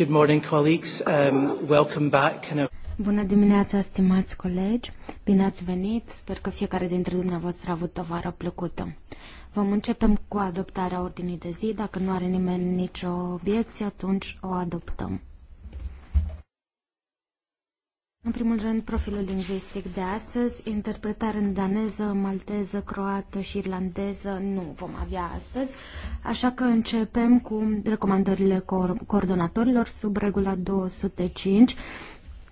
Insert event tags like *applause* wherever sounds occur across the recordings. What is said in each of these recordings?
Good morning, colleagues. Um, welcome back. Bună dimineața, stimați colegi! Bine ați venit! Sper că fiecare dintre dumneavoastră a avut o vară plăcută. Vom începem cu adoptarea ordinii de zi. Dacă nu are nimeni nicio obiecție, atunci o adoptăm. În primul rând, profilul lingvistic de astăzi, interpretare în daneză, malteză, croată și irlandeză nu vom avea astăzi, așa că începem cu recomandările coordonatorilor sub regula 205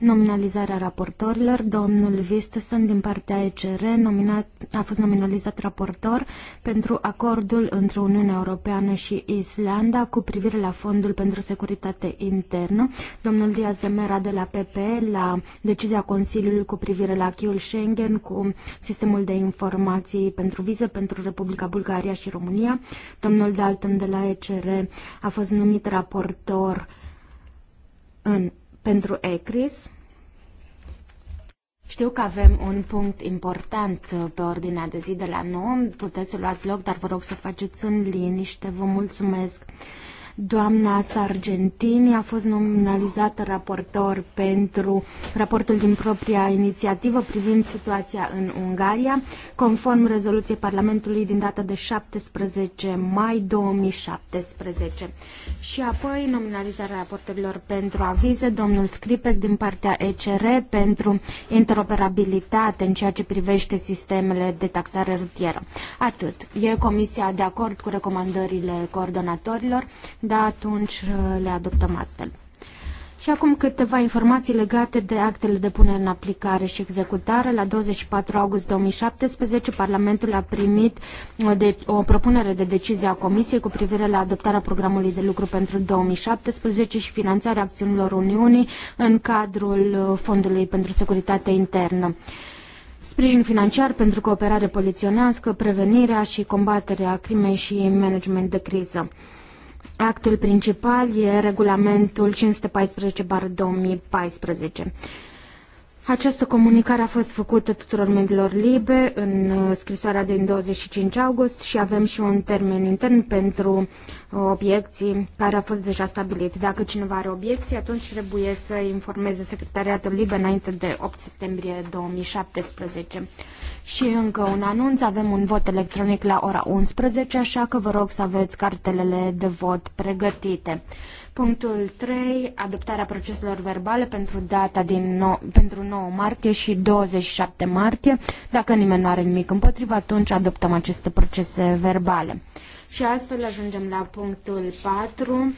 Nominalizarea raportorilor, domnul Vistesen din partea ECR nominat, a fost nominalizat raportor pentru acordul între Uniunea Europeană și Islanda cu privire la Fondul pentru Securitate Internă, domnul Diaz de Mera de la PP la decizia Consiliului cu privire la Chiul Schengen cu sistemul de informații pentru vize pentru Republica Bulgaria și România, domnul Dalton de la ECR a fost numit raportor în pentru ECRIS știu că avem un punct important uh, pe ordinea de zi de la 9. Puteți să luați loc, dar vă rog să faceți în liniște. Vă mulțumesc. Doamna Sargentini a fost nominalizată raportor pentru raportul din propria inițiativă privind situația în Ungaria, conform rezoluției Parlamentului din data de 17 mai 2017. Și apoi nominalizarea raportorilor pentru avize, domnul Scripec din partea ECR pentru interoperabilitate în ceea ce privește sistemele de taxare rutieră. Atât. E comisia de acord cu recomandările coordonatorilor. Da, atunci uh, le adoptăm astfel. Și acum câteva informații legate de actele de punere în aplicare și executare. La 24 august 2017, Parlamentul a primit o, uh, de, o propunere de decizie a Comisiei cu privire la adoptarea programului de lucru pentru 2017 și finanțarea acțiunilor Uniunii în cadrul uh, Fondului pentru Securitate Internă. Sprijin financiar pentru cooperare poliționească, prevenirea și combaterea crimei și management de criză. Actul principal e regulamentul 514-2014. Această comunicare a fost făcută tuturor membrilor LIBE în uh, scrisoarea din 25 august și avem și un termen intern pentru uh, obiecții care a fost deja stabilit. Dacă cineva are obiecții, atunci trebuie să informeze secretariatul LIBE înainte de 8 septembrie 2017. Și încă un anunț, avem un vot electronic la ora 11, așa că vă rog să aveți cartelele de vot pregătite. Punctul 3, adoptarea proceselor verbale pentru data din nou, pentru 9 martie și 27 martie. Dacă nimeni nu are nimic împotriva, atunci adoptăm aceste procese verbale. Și astfel ajungem la punctul 4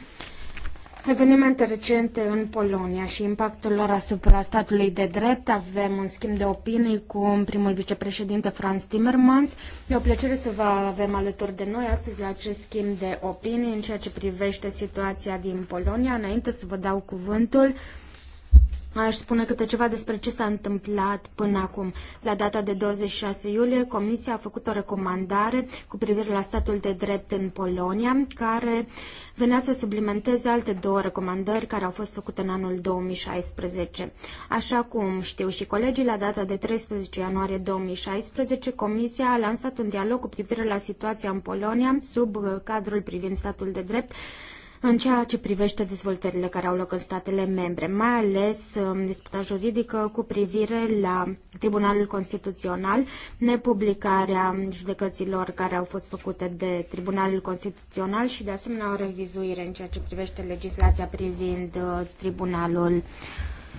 Evenimente recente în Polonia și impactul lor asupra statului de drept. Avem un schimb de opinii cu primul vicepreședinte Franz Timmermans. E o plăcere să vă avem alături de noi astăzi la acest schimb de opinii în ceea ce privește situația din Polonia. Înainte să vă dau cuvântul, Aș spune câte ceva despre ce s-a întâmplat până acum. La data de 26 iulie, Comisia a făcut o recomandare cu privire la statul de drept în Polonia, care venea să sublimenteze alte două recomandări care au fost făcute în anul 2016. Așa cum știu și colegii, la data de 13 ianuarie 2016, Comisia a lansat un dialog cu privire la situația în Polonia, sub cadrul privind statul de drept, în ceea ce privește dezvoltările care au loc în statele membre, mai ales um, disputa juridică cu privire la Tribunalul Constituțional, nepublicarea judecăților care au fost făcute de Tribunalul Constituțional și de asemenea o revizuire în ceea ce privește legislația privind uh, Tribunalul uh,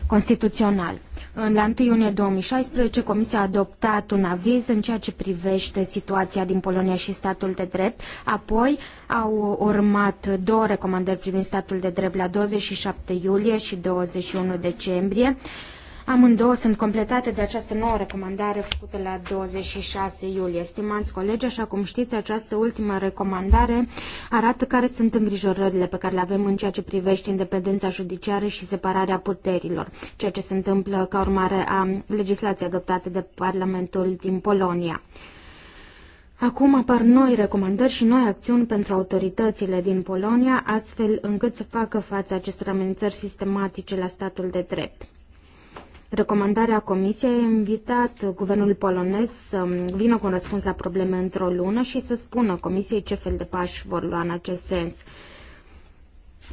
constituțional. În la 1 iunie 2016, Comisia a adoptat un aviz în ceea ce privește situația din Polonia și statul de drept. Apoi au urmat două recomandări privind statul de drept la 27 iulie și 21 decembrie. Amândouă sunt completate de această nouă recomandare făcută la 26 iulie. Stimați colegi, așa cum știți, această ultimă recomandare arată care sunt îngrijorările pe care le avem în ceea ce privește independența judiciară și separarea puterilor, ceea ce se întâmplă ca urmare a legislației adoptate de Parlamentul din Polonia. Acum apar noi recomandări și noi acțiuni pentru autoritățile din Polonia, astfel încât să facă față acestor amenințări sistematice la statul de drept. Recomandarea Comisiei a invitat guvernul polonez să vină cu un răspuns la probleme într-o lună și să spună Comisiei ce fel de pași vor lua în acest sens.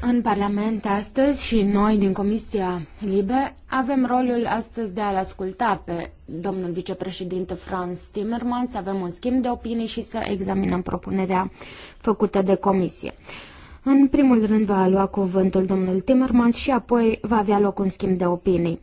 În Parlament astăzi și noi din Comisia Libe avem rolul astăzi de a-l asculta pe domnul vicepreședinte Franz Timmermans, să avem un schimb de opinii și să examinăm propunerea făcută de Comisie. În primul rând va lua cuvântul domnul Timmermans și apoi va avea loc un schimb de opinii.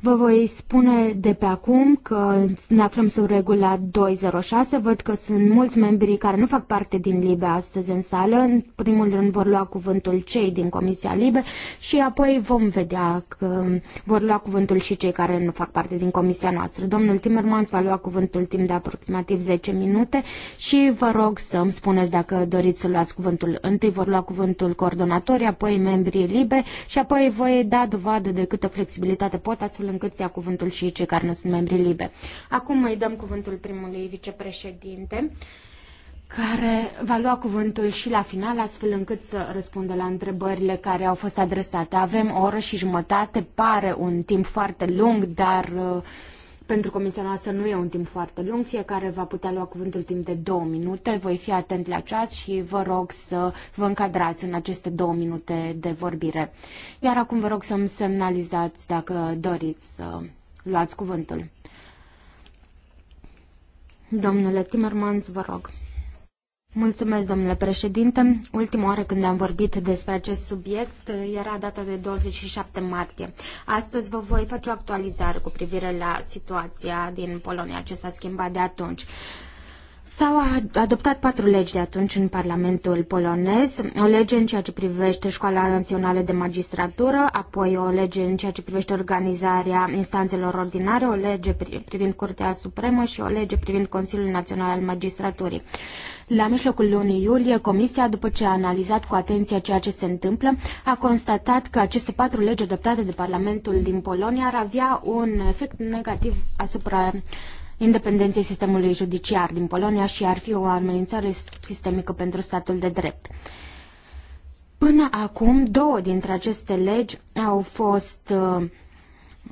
Vă voi spune de pe acum că ne aflăm sub regula 206. Văd că sunt mulți membri care nu fac parte din LIBE astăzi în sală. În primul rând vor lua cuvântul cei din Comisia LIBE și apoi vom vedea că vor lua cuvântul și cei care nu fac parte din Comisia noastră. Domnul Timmermans va lua cuvântul timp de aproximativ 10 minute și vă rog să îmi spuneți dacă doriți să luați cuvântul. Întâi vor lua cuvântul coordonatorii, apoi membrii LIBE și apoi voi da dovadă de câtă flexibilitate pot astfel astfel încât să ia cuvântul și cei care nu sunt membri libe. Acum îi dăm cuvântul primului vicepreședinte care va lua cuvântul și la final, astfel încât să răspundă la întrebările care au fost adresate. Avem o oră și jumătate, pare un timp foarte lung, dar uh, pentru comisia noastră nu e un timp foarte lung, fiecare va putea lua cuvântul timp de două minute. Voi fi atent la ceas și vă rog să vă încadrați în aceste două minute de vorbire. Iar acum vă rog să-mi semnalizați dacă doriți să luați cuvântul. Domnule Timmermans, vă rog. Mulțumesc, domnule președinte. Ultima oară când am vorbit despre acest subiect era data de 27 martie. Astăzi vă voi face o actualizare cu privire la situația din Polonia, ce s-a schimbat de atunci. S-au adoptat patru legi de atunci în Parlamentul polonez, o lege în ceea ce privește Școala Națională de Magistratură, apoi o lege în ceea ce privește organizarea instanțelor ordinare, o lege privind Curtea Supremă și o lege privind Consiliul Național al Magistraturii. La mijlocul lunii iulie, Comisia, după ce a analizat cu atenție ceea ce se întâmplă, a constatat că aceste patru legi adoptate de Parlamentul din Polonia ar avea un efect negativ asupra independenței sistemului judiciar din Polonia și ar fi o amenințare sistemică pentru statul de drept. Până acum, două dintre aceste legi au fost uh,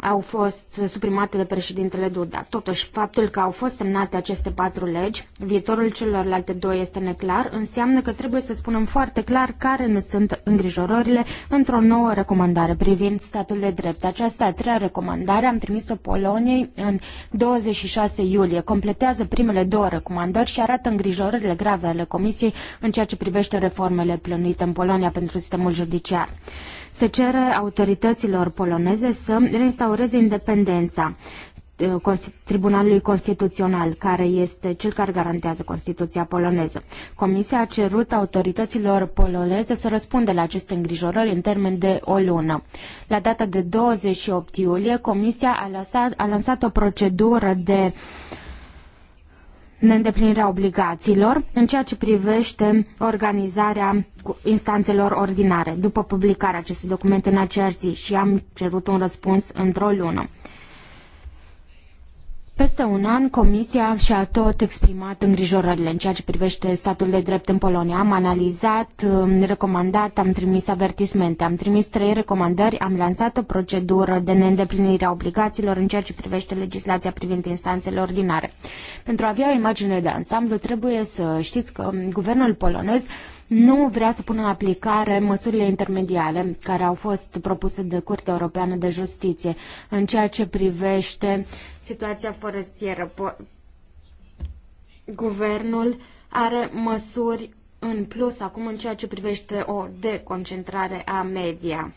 au fost suprimate de președintele Duda. Totuși, faptul că au fost semnate aceste patru legi, viitorul celorlalte două este neclar, înseamnă că trebuie să spunem foarte clar care ne sunt îngrijorările într-o nouă recomandare privind statul de drept. Aceasta a treia recomandare am trimis-o Poloniei în 26 iulie. Completează primele două recomandări și arată îngrijorările grave ale Comisiei în ceea ce privește reformele plănuite în Polonia pentru sistemul judiciar. Se cere autorităților poloneze să reinstaureze independența eh, Tribunalului Constituțional, care este cel care garantează Constituția poloneză. Comisia a cerut autorităților poloneze să răspundă la aceste îngrijorări în termen de o lună. La data de 28 iulie, Comisia a lansat, a lansat o procedură de uh, neîndeplinirea obligațiilor în ceea ce privește organizarea instanțelor ordinare după publicarea acestui document în aceeași zi și am cerut un răspuns într-o lună. Peste un an, Comisia și-a tot exprimat îngrijorările în ceea ce privește statul de drept în Polonia. Am analizat, um, recomandat, am trimis avertismente, am trimis trei recomandări, am lansat o procedură de neîndeplinire a obligațiilor în ceea ce privește legislația privind instanțele ordinare. Pentru a avea o imagine de ansamblu, trebuie să știți că guvernul polonez nu vrea să pună în aplicare măsurile intermediale care au fost propuse de Curtea Europeană de Justiție în ceea ce privește situația forestieră. Guvernul are măsuri în plus acum în ceea ce privește o deconcentrare a media.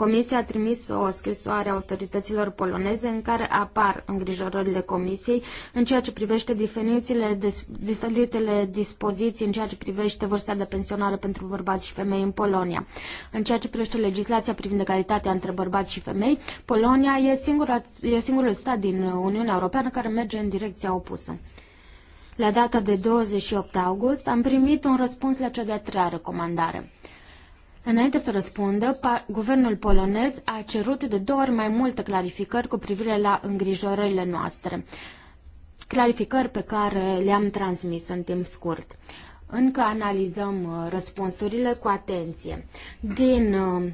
Comisia a trimis o scrisoare autorităților poloneze în care apar îngrijorările Comisiei în ceea ce privește diferitele, diferitele dispoziții în ceea ce privește vârsta de pensionare pentru bărbați și femei în Polonia. În ceea ce privește legislația privind egalitatea între bărbați și femei, Polonia e, singura, e singurul stat din Uniunea Europeană care merge în direcția opusă. La data de 28 august am primit un răspuns la cea de-a treia recomandare. Înainte să răspundă, guvernul polonez a cerut de două ori mai multe clarificări cu privire la îngrijorările noastre, clarificări pe care le-am transmis în timp scurt. Încă analizăm uh, răspunsurile cu atenție. Din uh,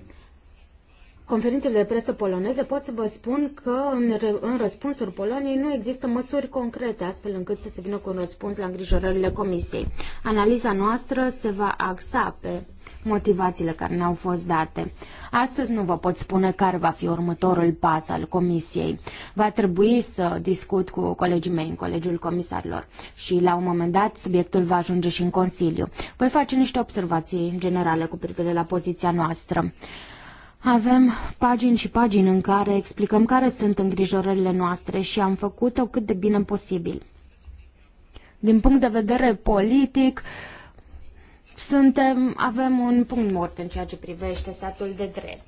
conferințele de presă poloneze, pot să vă spun că în, în răspunsul Poloniei nu există măsuri concrete, astfel încât să se vină cu un răspuns la îngrijorările Comisiei. Analiza noastră se va axa pe motivațiile care ne-au fost date. Astăzi nu vă pot spune care va fi următorul pas al Comisiei. Va trebui să discut cu colegii mei în Colegiul Comisarilor și la un moment dat subiectul va ajunge și în Consiliu. Voi face niște observații generale cu privire la poziția noastră. Avem pagini și pagini în care explicăm care sunt îngrijorările noastre și am făcut-o cât de bine posibil. Din punct de vedere politic, suntem, avem un punct mort în ceea ce privește statul de drept.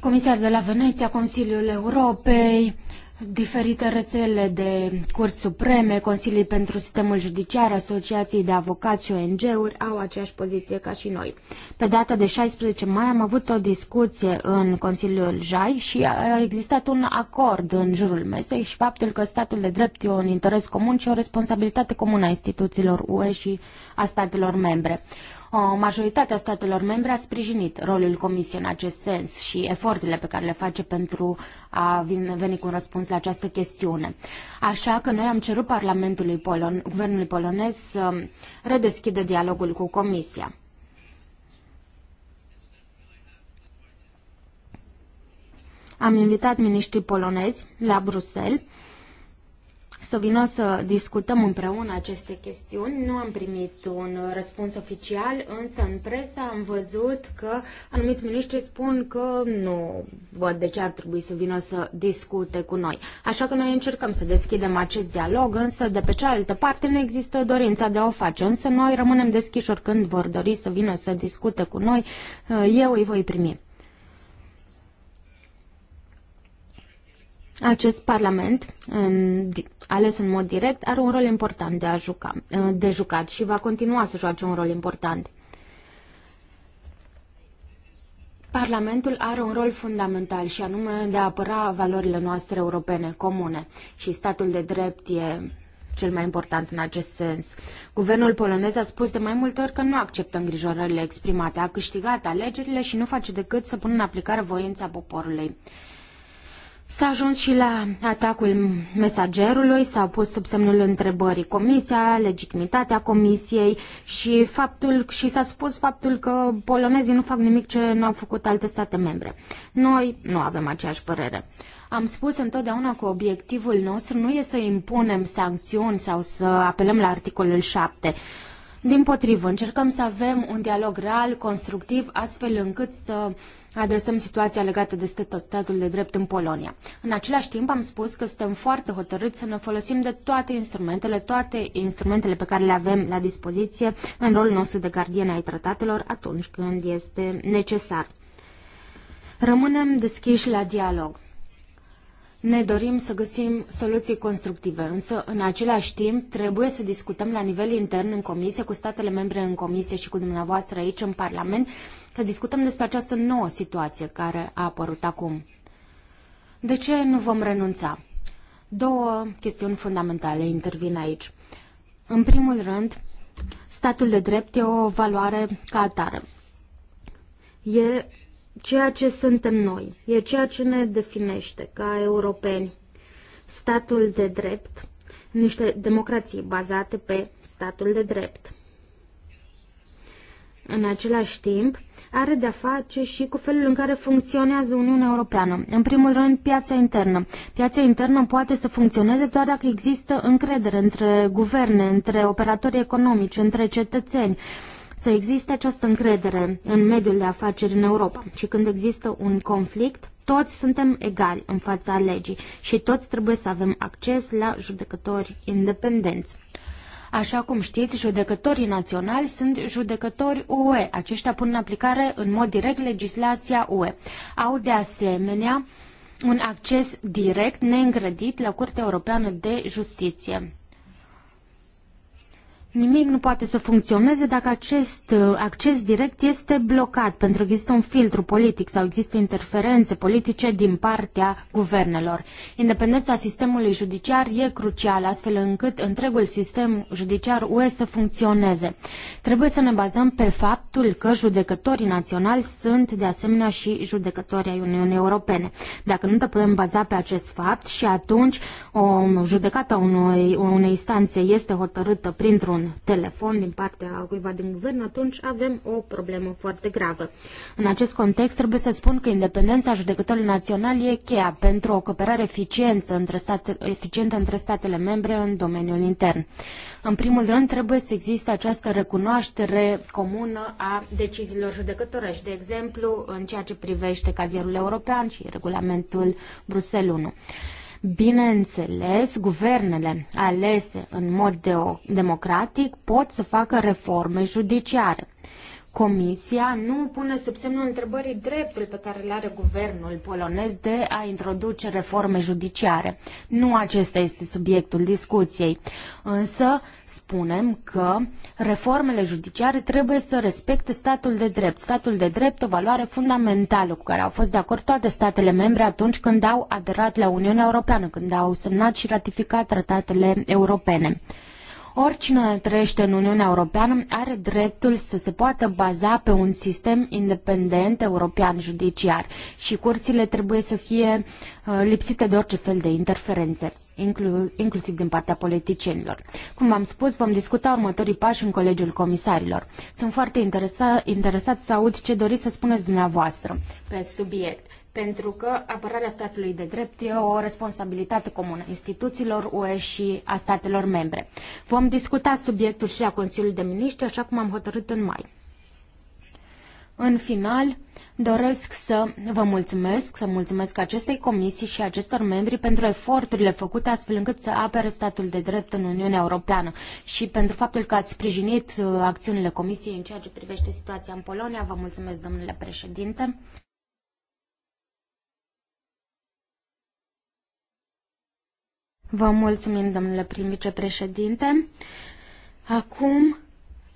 Comisar de la Veneția, Consiliul Europei, diferite rețele de curți supreme, Consilii pentru Sistemul Judiciar, Asociații de Avocați și ONG-uri au aceeași poziție ca și noi. Pe data de 16 mai am avut o discuție în Consiliul JAI și a existat un acord în jurul mesei și faptul că statul de drept e un interes comun și o responsabilitate comună a instituțiilor UE și a statelor membre majoritatea statelor membre a sprijinit rolul Comisiei în acest sens și eforturile pe care le face pentru a veni cu un răspuns la această chestiune. Așa că noi am cerut Parlamentului Polon, Guvernului polonez să redeschidă dialogul cu Comisia. Am invitat miniștrii polonezi la Bruxelles să vină să discutăm împreună aceste chestiuni. Nu am primit un răspuns oficial, însă în presă am văzut că anumiți miniștri spun că nu văd de ce ar trebui să vină să discute cu noi. Așa că noi încercăm să deschidem acest dialog, însă de pe cealaltă parte nu există dorința de a o face. Însă noi rămânem deschiși oricând vor dori să vină să discute cu noi, eu îi voi primi. Acest parlament, în, ales în mod direct, are un rol important de, a juca, de jucat și va continua să joace un rol important. Parlamentul are un rol fundamental și anume de a apăra valorile noastre europene comune și statul de drept e cel mai important în acest sens. Guvernul polonez a spus de mai multe ori că nu acceptă îngrijorările exprimate, a câștigat alegerile și nu face decât să pună în aplicare voința poporului. S-a ajuns și la atacul mesagerului, s-au pus sub semnul întrebării comisia, legitimitatea comisiei și faptul și s-a spus faptul că polonezii nu fac nimic ce nu au făcut alte state membre. Noi nu avem aceeași părere. Am spus întotdeauna că obiectivul nostru nu e să impunem sancțiuni sau să apelăm la articolul 7. Din potrivă, încercăm să avem un dialog real, constructiv, astfel încât să adresăm situația legată de statul de drept în Polonia. În același timp am spus că suntem foarte hotărâți să ne folosim de toate instrumentele, toate instrumentele pe care le avem la dispoziție în rolul nostru de gardien ai tratatelor atunci când este necesar. Rămânem deschiși la dialog. Ne dorim să găsim soluții constructive, însă în același timp trebuie să discutăm la nivel intern în comisie, cu statele membre în comisie și cu dumneavoastră aici în Parlament, să discutăm despre această nouă situație care a apărut acum. De ce nu vom renunța? Două chestiuni fundamentale intervin aici. În primul rând, statul de drept e o valoare ca atare. E ceea ce suntem noi, e ceea ce ne definește ca europeni. Statul de drept, niște democrații bazate pe statul de drept. În același timp, are de-a face și cu felul în care funcționează Uniunea Europeană. În primul rând, piața internă. Piața internă poate să funcționeze doar dacă există încredere între guverne, între operatori economici, între cetățeni. Uh, să existe această încredere în mediul de afaceri în Europa. Și când există un conflict, toți suntem egali în fața legii și toți trebuie să avem acces la judecători independenți. Așa cum știți, judecătorii naționali sunt judecători UE. Aceștia pun în aplicare în mod direct legislația UE. Au de asemenea un acces direct neîngrădit la Curtea Europeană de Justiție. Nimic nu poate să funcționeze dacă acest uh, acces direct este blocat, pentru că există un filtru politic sau există interferențe politice din partea guvernelor. Independența sistemului judiciar e crucială, astfel încât întregul sistem judiciar UE să funcționeze. Trebuie să ne bazăm pe faptul că judecătorii naționali sunt de asemenea și judecători ai Uniunii Europene. Dacă nu te putem baza pe acest fapt și atunci o judecată unui, unei instanțe este hotărâtă printr-un un telefon din partea cuiva din guvern, atunci avem o problemă foarte gravă. În acest context trebuie să spun că independența judecătorului național e cheia pentru o cooperare eficientă între state, eficientă între statele membre în domeniul intern. În primul rând trebuie să existe această recunoaștere comună a deciziilor judecătorești, de exemplu în ceea ce privește cazierul european și regulamentul Bruxelles 1. Bineînțeles, guvernele alese în mod de democratic pot să facă reforme judiciare. Comisia nu pune sub semnul întrebării dreptul pe care îl are guvernul polonez de a introduce reforme judiciare. Nu acesta este subiectul discuției, însă spunem că reformele judiciare trebuie să respecte statul de drept. Statul de drept, o valoare fundamentală cu care au fost de acord toate statele membre atunci când au aderat la Uniunea Europeană, când au semnat și ratificat tratatele europene. Oricine trăiește în Uniunea Europeană are dreptul să se poată baza pe un sistem independent european judiciar și curțile trebuie să fie uh, lipsite de orice fel de interferențe, inclusiv din partea politicienilor. Cum v-am spus, vom discuta următorii pași în Colegiul Comisarilor. Sunt foarte interesa, interesat să aud ce doriți să spuneți dumneavoastră pe subiect pentru că apărarea statului de drept e o responsabilitate comună a instituțiilor UE și a statelor membre. Vom discuta subiectul și a Consiliului de Miniștri, așa cum am hotărât în mai. În final, doresc să vă mulțumesc, să mulțumesc acestei comisii și acestor membri pentru eforturile făcute astfel încât să apere statul de drept în Uniunea Europeană și pentru faptul că ați sprijinit uh, acțiunile comisiei în ceea ce privește situația în Polonia. Vă mulțumesc, domnule președinte. Vă mulțumim, domnule prim-vicepreședinte. Acum,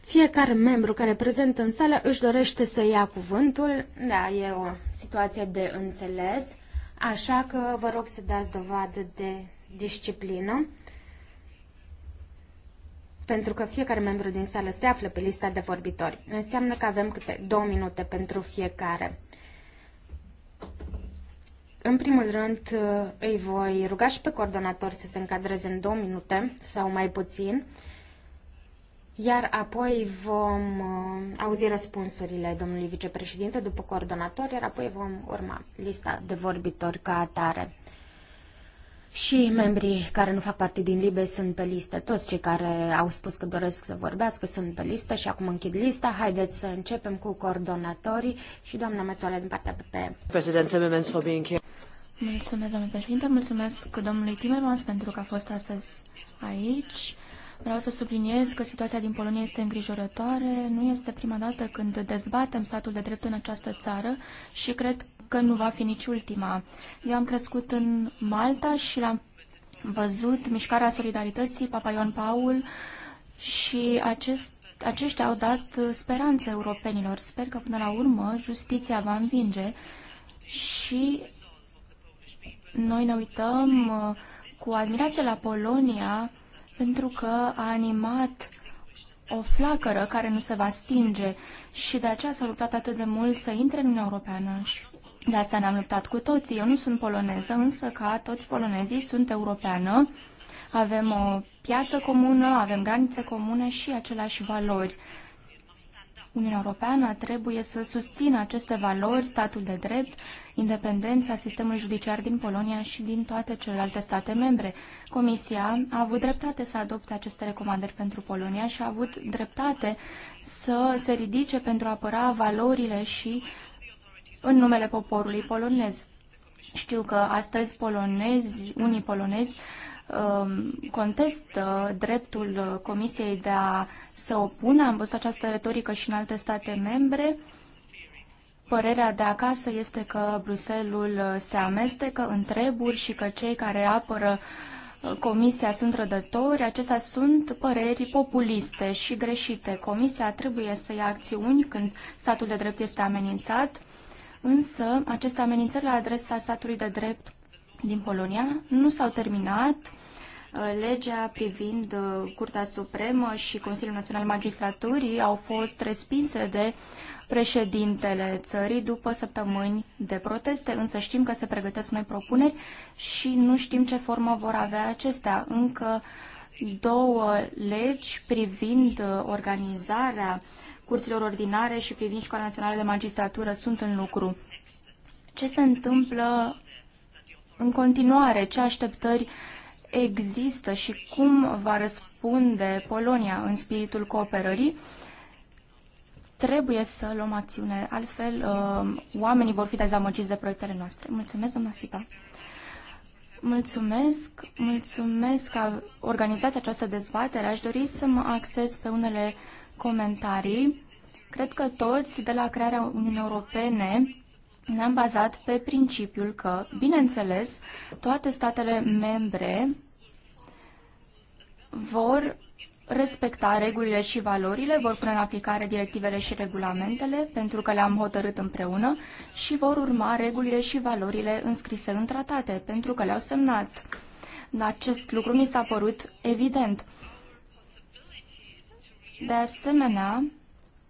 fiecare membru care prezent în sală își dorește să ia cuvântul. Da, e o situație de înțeles, așa că vă rog să dați dovadă de disciplină, pentru că fiecare membru din sală se află pe lista de vorbitori. Înseamnă că avem câte două minute pentru fiecare. În primul rând, uh, îi voi ruga și pe coordonatori să se încadreze în două minute sau mai puțin, iar apoi vom uh, auzi răspunsurile domnului vicepreședinte după coordonator, iar apoi vom urma lista de vorbitori ca atare. Și membrii care nu fac parte din LIBE sunt pe listă. Toți cei care au spus că doresc să vorbească sunt pe listă și acum închid lista. Haideți să începem cu coordonatorii și doamna Mețoale din partea PP. President, Mulțumesc, domnule președinte, mulțumesc domnului Timmermans pentru că a fost astăzi aici. Vreau să subliniez că situația din Polonia este îngrijorătoare. Nu este prima dată când dezbatem statul de drept în această țară și cred că nu va fi nici ultima. Eu am crescut în Malta și l-am văzut mișcarea solidarității, Papa Ion Paul și acest, aceștia au dat speranțe europenilor. Sper că până la urmă justiția va învinge și noi ne uităm uh, cu admirație la Polonia pentru că a animat o flacără care nu se va stinge și de aceea s-a luptat atât de mult să intre în Uniunea Europeană și de asta ne-am luptat cu toții. Eu nu sunt poloneză, însă ca toți polonezii sunt europeană. Avem o piață comună, avem granițe comune și aceleași valori. Uniunea Europeană trebuie să susțină aceste valori, statul de drept, independența sistemului judiciar din Polonia și din toate celelalte state membre. Comisia a avut dreptate să adopte aceste recomandări pentru Polonia și a avut dreptate să se ridice pentru a apăra valorile și în numele poporului polonez. Știu că astăzi polonezi, unii polonezi, Um, contestă dreptul Comisiei de a se opune. Am văzut această retorică și în alte state membre. Părerea de acasă este că Bruselul se amestecă în treburi și că cei care apără uh, Comisia sunt rădători, acestea sunt păreri populiste și greșite. Comisia trebuie să ia acțiuni când statul de drept este amenințat, însă aceste amenințări la adresa statului de drept din Polonia, nu s-au terminat uh, legea privind uh, Curtea Supremă și Consiliul Național Magistraturii au fost respinse de președintele țării după săptămâni de proteste, însă știm că se pregătesc noi propuneri și nu știm ce formă vor avea acestea. Încă două legi privind uh, organizarea curților ordinare și privind Școala Națională de Magistratură sunt în lucru. Ce se întâmplă în continuare ce așteptări există și cum va răspunde Polonia în spiritul cooperării, trebuie să luăm acțiune, altfel uh, oamenii vor fi dezamăgiți de proiectele noastre. Mulțumesc, doamna Sipa. Mulțumesc, mulțumesc că organizat această dezbatere. Aș dori să mă acces pe unele comentarii. Cred că toți, de la crearea Uniunii Europene, ne-am bazat pe principiul că, bineînțeles, toate statele membre vor respecta regulile și valorile, vor pune în aplicare directivele și regulamentele, pentru că le-am hotărât împreună, și vor urma regulile și valorile înscrise în tratate, pentru că le-au semnat. Acest lucru mi s-a părut evident. De asemenea,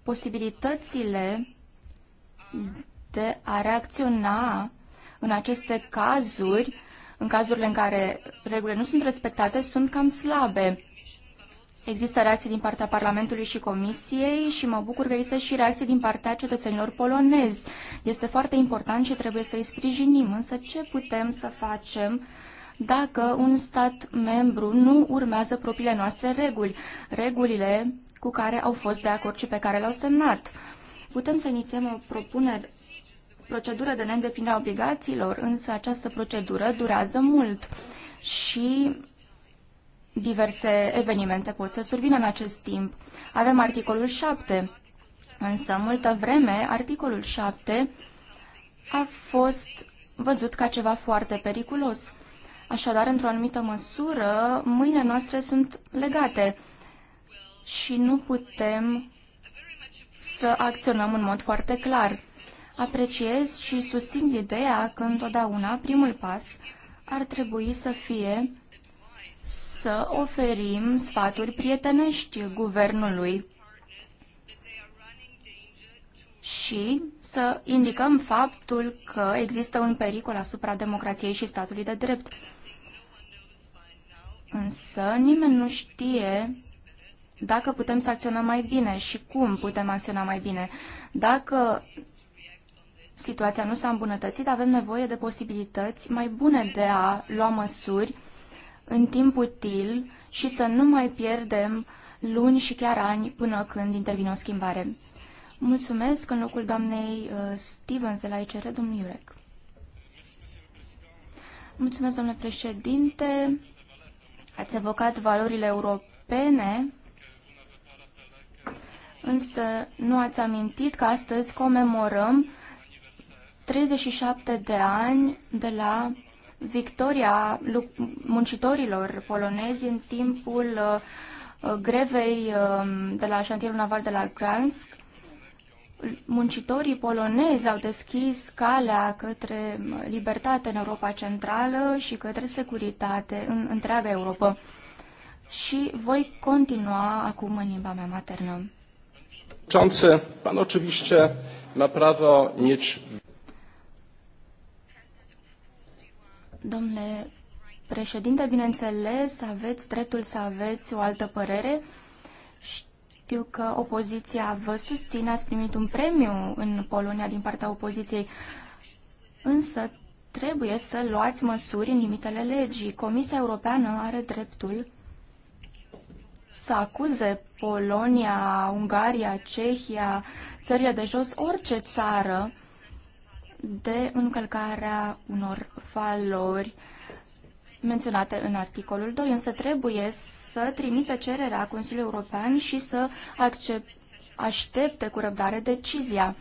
posibilitățile poate a reacționa în aceste cazuri, în cazurile în care regulile nu sunt respectate, sunt cam slabe. Există reacții din partea Parlamentului și Comisiei și mă bucur că există și reacții din partea cetățenilor polonezi. Este foarte important și trebuie să i sprijinim, însă ce putem să facem dacă un stat membru nu urmează propriile noastre reguli, regulile cu care au fost de acord și pe care le-au semnat? Putem să inițiem o propunere procedură de neîndeplinire a obligațiilor, însă această procedură durează mult și diverse evenimente pot să survină în acest timp. Avem articolul 7, însă multă vreme articolul 7 a fost văzut ca ceva foarte periculos. Așadar, într-o anumită măsură, mâinile noastre sunt legate și nu putem să acționăm în mod foarte clar. Apreciez și susțin ideea că întotdeauna primul pas ar trebui să fie să oferim sfaturi prietenești guvernului și să indicăm faptul că există un pericol asupra democrației și statului de drept. Însă nimeni nu știe dacă putem să acționăm mai bine și cum putem acționa mai bine. Dacă situația nu s-a îmbunătățit, avem nevoie de posibilități mai bune de a lua măsuri în timp util și să nu mai pierdem luni și chiar ani până când intervine o schimbare. Mulțumesc în locul doamnei uh, Stevens de la ICR, domnul Iurec. Mulțumesc, domnule președinte. Ați evocat valorile europene, însă nu ați amintit că astăzi comemorăm 37 de ani de la victoria muncitorilor polonezi în timpul uh, grevei um, de la șantierul naval de la Gdansk. Muncitorii polonezi au deschis calea către libertate în Europa Centrală și către securitate în întreaga Europa. Și voi continua acum în limba mea maternă. Pan oczywiście ma prawo mieć Domnule președinte, bineînțeles, aveți dreptul să aveți o altă părere. Știu că opoziția vă susține, ați primit un premiu în Polonia din partea opoziției, însă trebuie să luați măsuri în limitele legii. Comisia Europeană are dreptul să acuze Polonia, Ungaria, Cehia, țările de jos, orice țară de încălcarea unor valori menționate în articolul 2, însă trebuie să trimită cererea Consiliului European și să accept, aștepte cu răbdare decizia.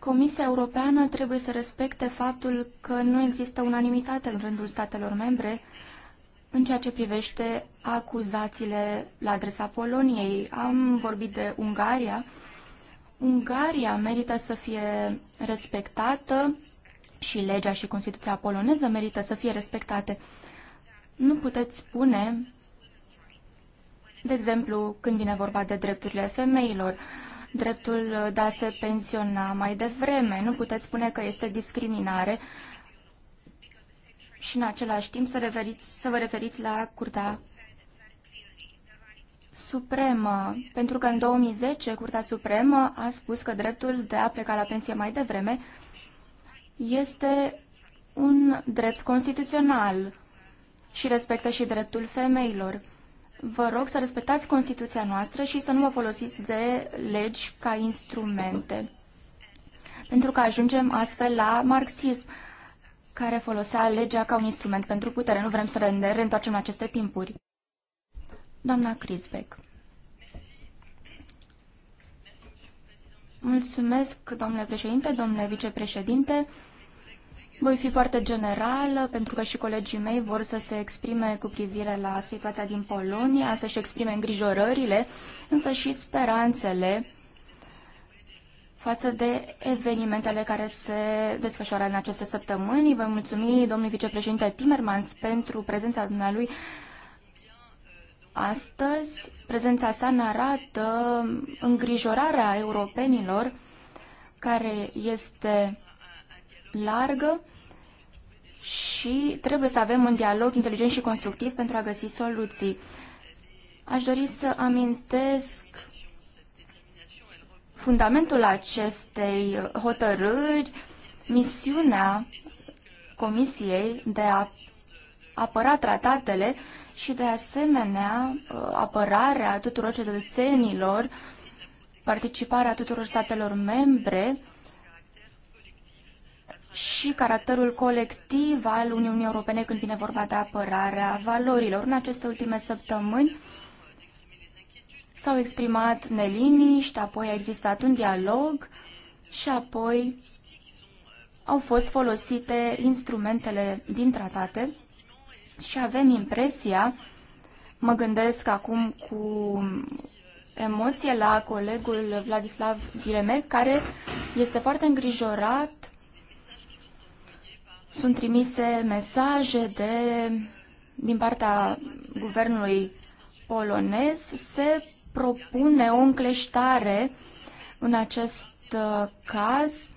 Comisia Europeană trebuie să respecte faptul că nu există unanimitate în rândul statelor membre în ceea ce privește acuzațiile la adresa Poloniei. Am vorbit de Ungaria, Ungaria merită să fie respectată și legea și Constituția poloneză merită să fie respectate. Nu puteți spune, de exemplu, când vine vorba de drepturile femeilor, dreptul de a se pensiona mai devreme, nu puteți spune că este discriminare și în același timp să, referiți, să vă referiți la Curtea Supremă, pentru că în 2010 Curtea Supremă a spus că dreptul de a pleca la pensie mai devreme este un drept constituțional și respectă și dreptul femeilor. Vă rog să respectați Constituția noastră și să nu vă folosiți de legi ca instrumente. Pentru că ajungem astfel la marxism, care folosea legea ca un instrument pentru putere. Nu vrem să ne reîntoarcem la aceste timpuri. Doamna Crisbeck. Mulțumesc, domnule președinte, domnule vicepreședinte. Voi fi foarte general, pentru că și colegii mei vor să se exprime cu privire la situația din Polonia, să-și exprime îngrijorările, însă și speranțele față de evenimentele care se desfășoară în aceste săptămâni. Vă mulțumim, domnul vicepreședinte Timmermans, pentru prezența dumnealui Astăzi, prezența sa ne arată îngrijorarea europenilor, care este largă și trebuie să avem un dialog inteligent și constructiv pentru a găsi soluții. Aș dori să amintesc fundamentul acestei hotărâri, misiunea Comisiei de a apăra tratatele și, de asemenea, uh, apărarea tuturor cetățenilor, participarea tuturor statelor membre și caracterul colectiv al Uniunii Europene când vine vorba de apărarea valorilor. În aceste ultime săptămâni, s-au exprimat neliniști, apoi a existat un dialog și apoi au fost folosite instrumentele din tratate și avem impresia, mă gândesc acum cu emoție la colegul Vladislav Vilemec, care este foarte îngrijorat. Sunt trimise mesaje de, din partea guvernului polonez. Se propune o încleștare în acest uh, caz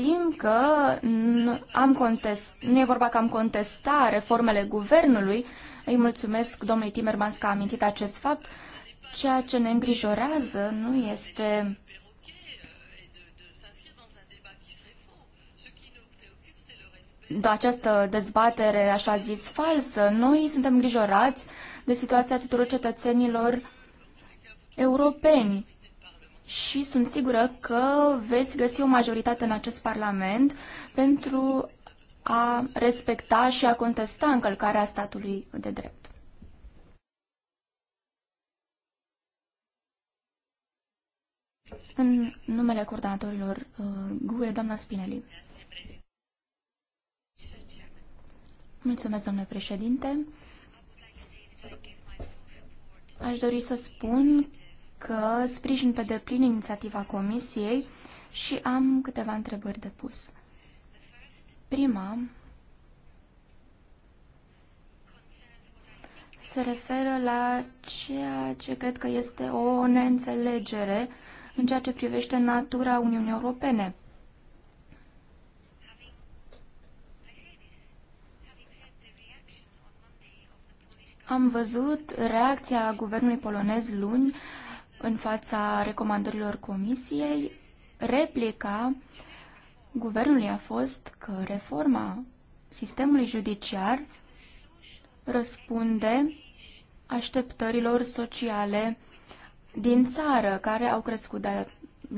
știm că am contest, nu e vorba că am contestat reformele guvernului. Îi mulțumesc domnului Timmermans că a amintit acest fapt. Ceea ce ne îngrijorează nu este de această dezbatere așa zis falsă. Noi suntem îngrijorați de situația tuturor cetățenilor europeni și sunt sigură că veți găsi o majoritate în acest Parlament pentru a respecta și a contesta încălcarea statului de drept. În numele coordonatorilor uh, GUE, doamna Spinelli. Mulțumesc, domnule președinte. Aș dori să spun că sprijin pe deplin inițiativa Comisiei și am câteva întrebări de pus. Prima se referă la ceea ce cred că este o neînțelegere în ceea ce privește natura Uniunii Europene. Am văzut reacția guvernului polonez luni în fața recomandărilor comisiei, replica guvernului a fost că reforma sistemului judiciar răspunde așteptărilor sociale din țară, care au crescut de-a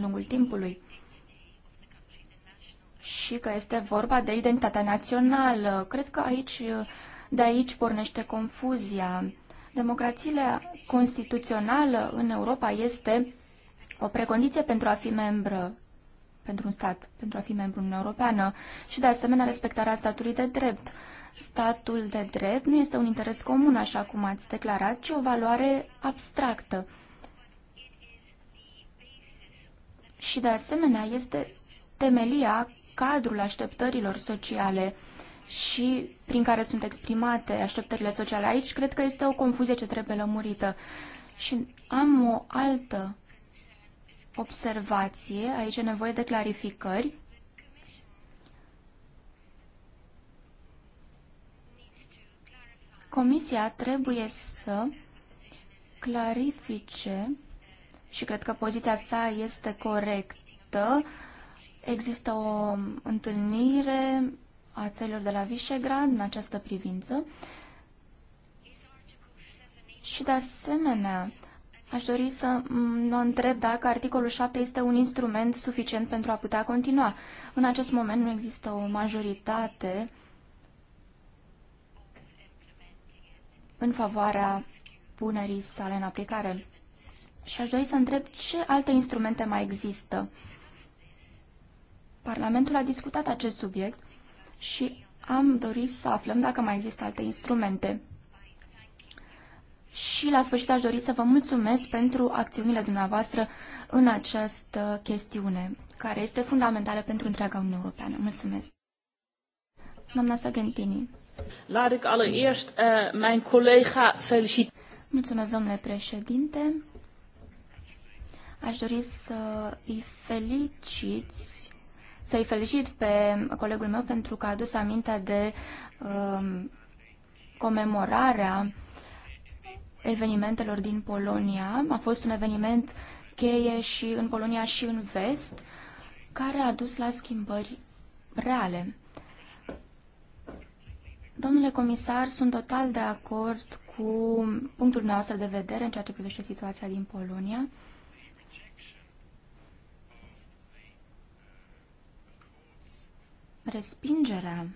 lungul timpului. Și că este vorba de identitatea națională. Cred că aici, de aici pornește confuzia Democrația constituțională în Europa este o precondiție pentru a fi membră pentru un stat, pentru a fi membru în Europeană și de asemenea respectarea statului de drept. Statul de drept nu este un interes comun, așa cum ați declarat, ci o valoare abstractă. Și de asemenea este temelia cadrul așteptărilor sociale și prin care sunt exprimate așteptările sociale aici, cred că este o confuzie ce trebuie lămurită. Și am o altă observație, aici e nevoie de clarificări. Comisia trebuie să clarifice și cred că poziția sa este corectă. Există o întâlnire a țărilor de la Visegrad în această privință. Și de asemenea, aș dori să mă întreb dacă articolul 7 este un instrument suficient pentru a putea continua. În acest moment nu există o majoritate în favoarea punerii sale în aplicare. Și aș dori să întreb ce alte instrumente mai există. Parlamentul a discutat acest subiect și am dorit să aflăm dacă mai există alte instrumente. Și la sfârșit aș dori să vă mulțumesc pentru acțiunile dumneavoastră în această chestiune, care este fundamentală pentru întreaga Uniune Europeană. Mulțumesc! Doamna Sagentini. Laat ik allereerst uh, mijn collega feliciteren. Mulțumesc, domnule președinte. Aș dori să îi feliciți să-i felicit pe colegul meu pentru că a adus aminte de um, comemorarea evenimentelor din Polonia. A fost un eveniment cheie și în Polonia și în vest, care a dus la schimbări reale. Domnule comisar, sunt total de acord cu punctul noastră de vedere în ceea ce privește situația din Polonia. Respingerea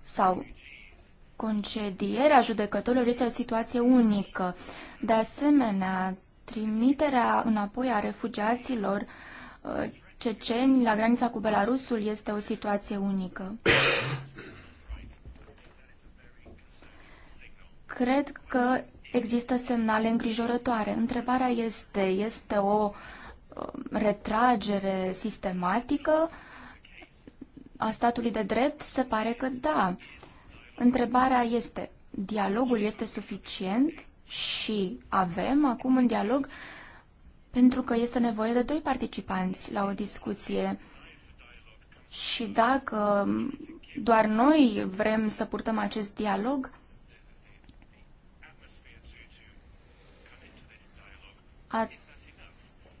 sau concedierea judecătorilor este o situație unică. De asemenea, trimiterea înapoi a refugiaților uh, ceceni la granița cu Belarusul este o situație unică. *coughs* Cred că există semnale îngrijorătoare. Întrebarea este, este o um, retragere sistematică a statului de drept? Se pare că da. Întrebarea este, dialogul este suficient și avem acum un dialog pentru că este nevoie de doi participanți la o discuție. Și dacă doar noi vrem să purtăm acest dialog,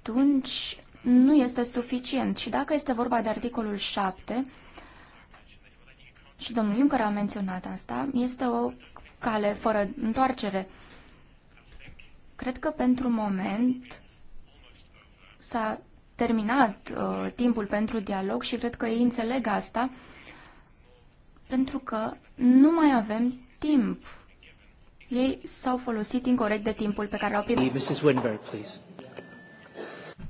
atunci nu este suficient. Și dacă este vorba de articolul 7, și domnul Juncker a menționat asta, este o cale fără întoarcere. Cred că pentru moment s-a terminat uh, timpul pentru dialog și cred că ei înțeleg asta, pentru că nu mai avem timp ei s-au folosit incorrect de timpul pe care l-au primit. Mrs. Winberg, please.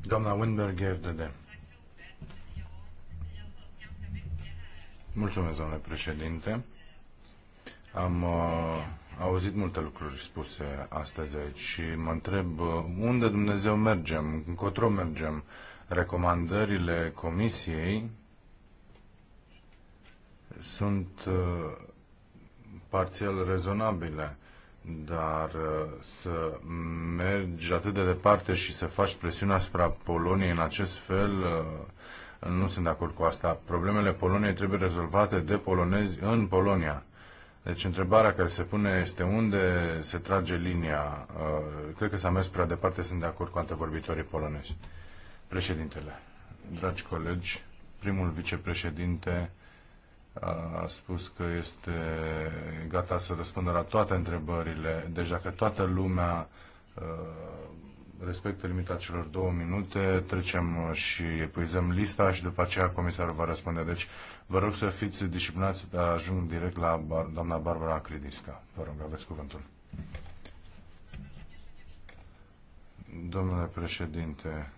Doamna Winberg, FDD. Mulțumesc, domnule președinte. Am uh, auzit multe lucruri spuse astăzi aici și mă întreb uh, unde Dumnezeu mergem, încotro mergem, recomandările comisiei sunt uh, parțial rezonabile dar uh, să mergi atât de departe și să faci presiune asupra Poloniei în acest fel, uh, nu sunt de acord cu asta. Problemele Poloniei trebuie rezolvate de polonezi în Polonia. Deci întrebarea care se pune este unde se trage linia. Uh, cred că s-a mers prea departe, sunt de acord cu antevorbitorii polonezi. Președintele, dragi colegi, primul vicepreședinte a spus că este gata să răspundă la toate întrebările. Deci dacă toată lumea respectă limita celor două minute, trecem și epuizăm lista și după aceea comisarul va răspunde. Deci vă rog să fiți disciplinați, dar ajung direct la doamna Barbara Acridisca. Vă rog, aveți cuvântul. Domnule președinte,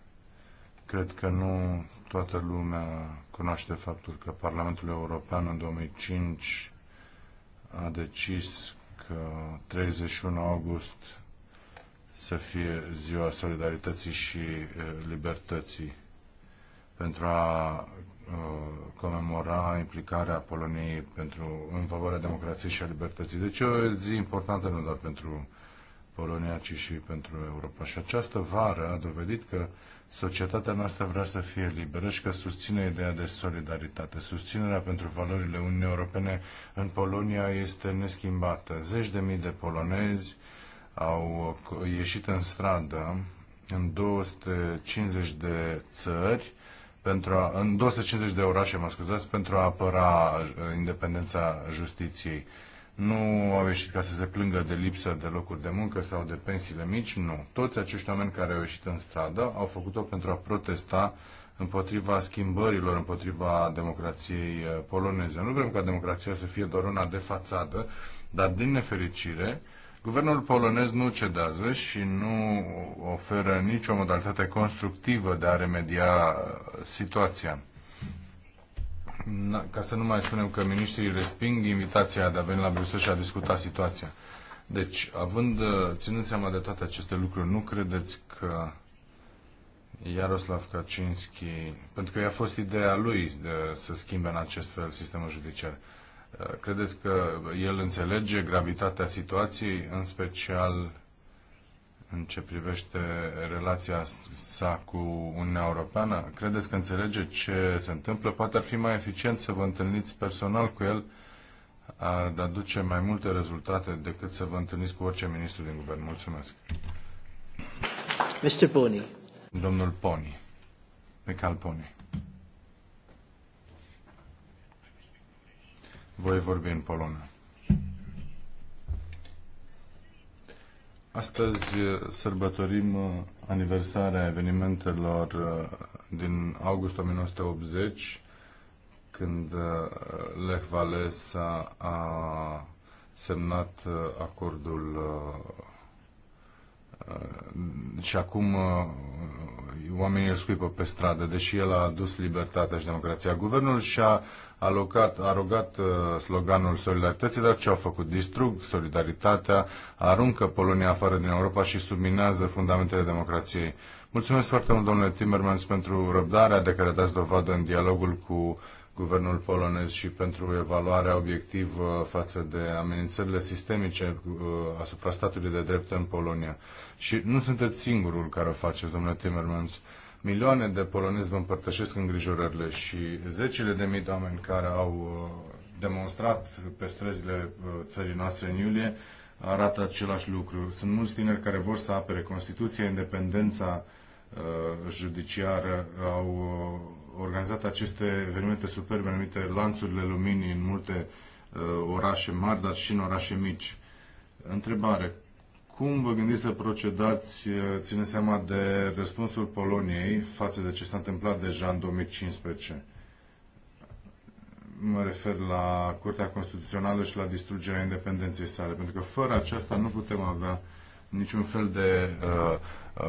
cred că nu toată lumea cunoaște faptul că Parlamentul European în 2005 a decis că 31 august să fie ziua solidarității și libertății pentru a comemora implicarea Poloniei pentru, în favoarea democrației și a libertății. Deci e o zi importantă nu doar pentru Polonia, ci și pentru Europa. Și această vară a dovedit că societatea noastră vrea să fie liberă și că susține ideea de solidaritate. Susținerea pentru valorile Uniunii Europene în Polonia este neschimbată. Zeci de mii de polonezi au ieșit în stradă în 250 de țări pentru a, în 250 de orașe, mă scuzați, pentru a apăra uh, independența justiției nu au ieșit ca să se plângă de lipsă de locuri de muncă sau de pensiile mici, nu. Toți acești oameni care au ieșit în stradă au făcut-o pentru a protesta împotriva schimbărilor, împotriva democrației eh, poloneze. Nu vrem ca democrația să fie doar una de fațadă, dar din nefericire, guvernul polonez nu cedează și nu oferă nicio modalitate constructivă de a remedia eh, situația ca să nu mai spunem că ministrii resping invitația de a veni la Bruxelles și a discuta situația. Deci, având, uh, ținând seama de toate aceste lucruri, nu credeți că Iaroslav Kaczynski, pentru că i-a fost ideea lui de, să schimbe în acest fel sistemul judiciar, uh, credeți că el înțelege gravitatea situației, în special în ce privește relația sa cu Uniunea Europeană? Credeți că înțelege ce se întâmplă? Poate ar fi mai eficient să vă întâlniți personal cu el, ar aduce mai multe rezultate decât să vă întâlniți cu orice ministru din guvern. Mulțumesc. Mr. Pony. Domnul Pony. Michael Pony. Voi vorbi în polonă. Astăzi uh, sărbătorim uh, aniversarea evenimentelor uh, din august 1980, când Lech Walesa a semnat acordul și acum oamenii îl scuipă pe stradă, deși el a adus libertatea și democrația. Guvernul și-a a a arogat uh, sloganul solidarității, dar ce au făcut? Distrug solidaritatea, aruncă Polonia afară din Europa și subminează fundamentele democrației. Mulțumesc foarte mult, domnule Timmermans, pentru răbdarea de care dați dovadă în dialogul cu guvernul polonez și pentru evaluarea obiectivă uh, față de amenințările sistemice uh, asupra statului de drept în Polonia. Și nu sunteți singurul care o faceți, domnule Timmermans. Milioane de polonezi vă împărtășesc îngrijorările și zecile de mii de oameni care au uh, demonstrat pe străzile uh, țării noastre în iulie arată același lucru. Sunt mulți tineri care vor să apere Constituția, independența uh, judiciară, au organizat aceste evenimente superbe numite lanțurile luminii în multe orașe mari, dar și în orașe mici. Întrebare. Cum vă gândiți să procedați, eh, ține seama de răspunsul Poloniei față de ce s-a întâmplat deja în 2015? Mă refer la Curtea Constituțională și la distrugerea independenței sale, pentru că fără aceasta nu putem avea niciun fel de uh, uh,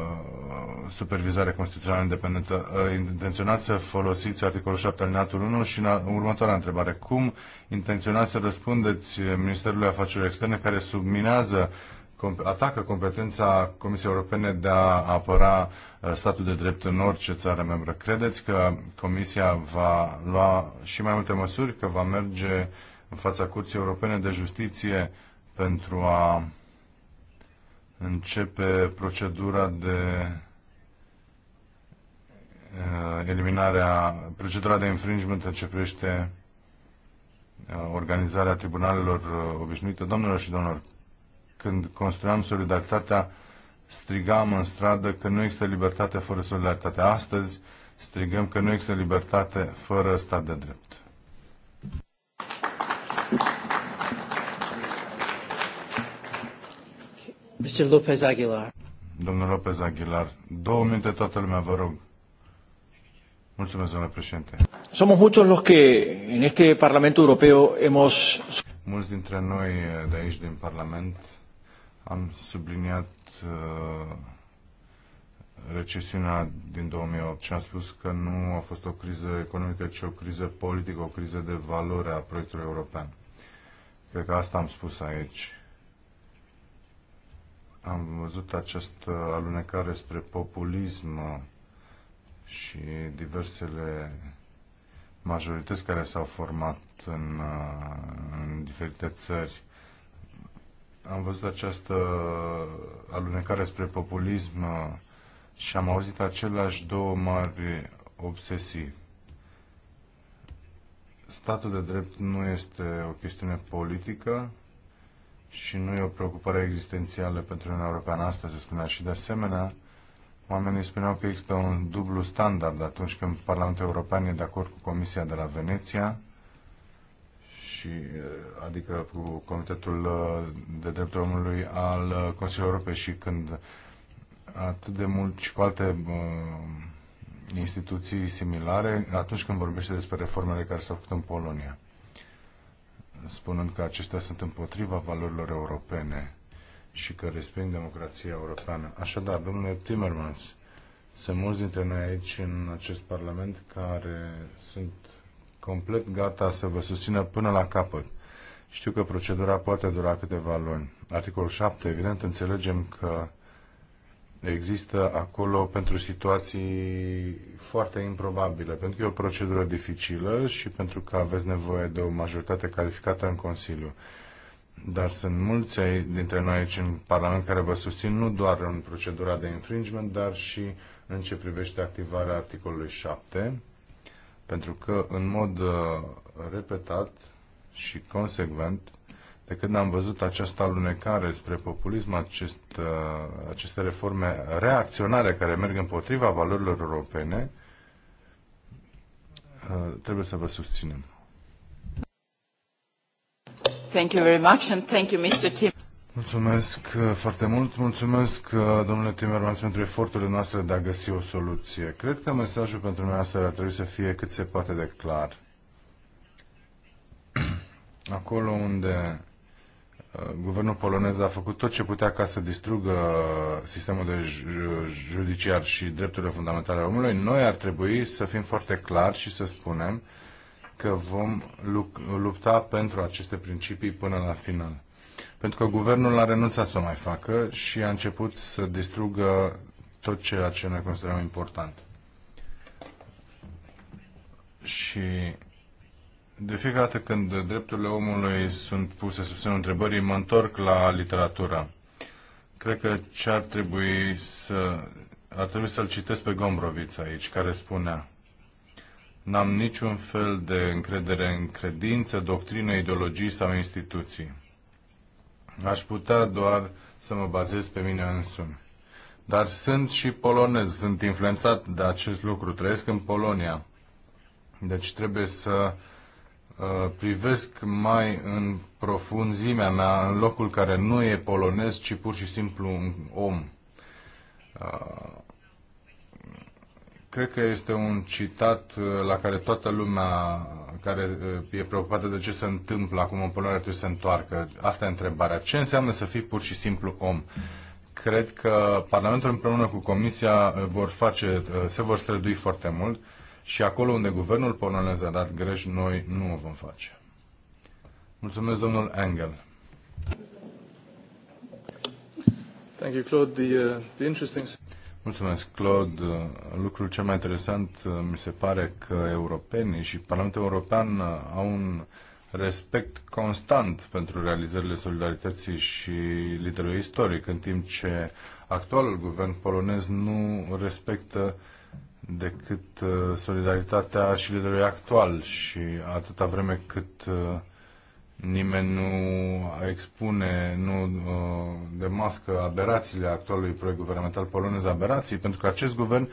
supervizare constituțională independentă. Uh, intenționați să folosiți articolul 7 al 1 și în următoarea întrebare. Cum intenționați să răspundeți Ministerului Afacerilor Externe care subminează uh, atacă competența Comisiei Europene de a apăra uh, statul de drept în orice țară membră. Credeți că Comisia va lua și mai multe măsuri, că va merge în fața Curții Europene de Justiție pentru a începe procedura de uh, eliminarea, procedura de infringement în ce privește uh, organizarea tribunalelor obișnuite. Domnilor și domnilor, când construiam solidaritatea, strigam în stradă că nu există libertate fără solidaritate. Astăzi strigăm că nu există libertate fără stat de drept. Mr. Lopez Aguilar. Domnul Lopez Aguilar, două minute toată lumea, vă rog. Mulțumesc, domnule președinte. Somos muchos los que en este Parlamento Europeo hemos... Mulți dintre noi de aici, din Parlament, am subliniat uh, recesiunea din 2008 și am spus că nu a fost o criză economică, ci o criză politică, o criză de valoare a proiectului european. Cred că asta am spus aici. Am văzut această alunecare spre populism uh, și diversele majorități care s-au format în, uh, în diferite țări am văzut această alunecare spre populism uh, și am auzit aceleași două mari obsesii. Statul de drept nu este o chestiune politică și nu e o preocupare existențială pentru Uniunea Europeană. Asta se spunea și de asemenea, oamenii spuneau că există un dublu standard atunci când Parlamentul European e de acord cu Comisia de la Veneția și, eh, adică cu Comitetul eh, de Drepturi Omului al eh, Consiliului Europei și când atât de mult și cu alte instituții similare atunci când vorbește despre reformele care s-au făcut în Polonia, spunând că acestea sunt împotriva valorilor europene și că resping democrația europeană. Așadar, domnule Timmermans, sunt mulți dintre noi aici în acest Parlament care sunt complet gata să vă susțină până la capăt. Știu că procedura poate dura câteva luni. Articolul 7, evident, înțelegem că există acolo pentru situații foarte improbabile, pentru că e o procedură dificilă și pentru că aveți nevoie de o majoritate calificată în Consiliu. Dar sunt mulți dintre noi aici în Parlament care vă susțin nu doar în procedura de infringement, dar și în ce privește activarea articolului 7 pentru că, în mod uh, repetat și consecvent, de când am văzut această alunecare spre populism, acest, uh, aceste reforme reacționare care merg împotriva valorilor europene, uh, trebuie să vă susținem. Thank you very much and thank you, Mr. Tim. Mulțumesc uh, foarte mult. Mulțumesc, uh, domnule Timmermans, pentru eforturile noastre de a găsi o soluție. Cred că mesajul pentru noi astăzi ar trebui să fie cât se poate de clar. *clears throat* Acolo unde uh, guvernul polonez a făcut tot ce putea ca să distrugă sistemul de judiciar și drepturile fundamentale ale omului, noi ar trebui să fim foarte clari și să spunem că vom lupta pentru aceste principii până la final pentru că guvernul a renunțat să o mai facă și a început să distrugă tot ceea ce noi considerăm important. Și de fiecare dată când drepturile omului sunt puse sub semnul întrebării, mă întorc la literatură. Cred că ce ar trebui să... ar trebui să-l citesc pe Gombroviț aici, care spunea N-am niciun fel de încredere în credință, doctrină, ideologii sau instituții. Aș putea doar să mă bazez pe mine însumi. Dar sunt și polonez, sunt influențat de acest lucru, trăiesc în Polonia. Deci trebuie să uh, privesc mai în profunzimea mea, în locul care nu e polonez, ci pur și simplu un om. Uh, cred că este un citat uh, la care toată lumea care e preocupată de ce se întâmplă acum în Polonia trebuie să se întoarcă. Asta e întrebarea. Ce înseamnă să fii pur și simplu om? Cred că Parlamentul împreună cu Comisia uh, vor face, uh, se vor strădui foarte mult și acolo unde guvernul polonez a dat greș, noi nu o vom face. Mulțumesc, domnul Engel. Thank you, Claude. The, uh, the interesting... Mulțumesc, Claude. Lucrul cel mai interesant uh, mi se pare că europenii și Parlamentul European uh, au un respect constant pentru realizările solidarității și liderului istoric, în timp ce actualul guvern polonez nu respectă decât uh, solidaritatea și liderului actual și atâta vreme cât uh, nimeni nu expune nu, de uh, demască aberațiile actualului proiect guvernamental polonez, aberații, pentru că acest guvern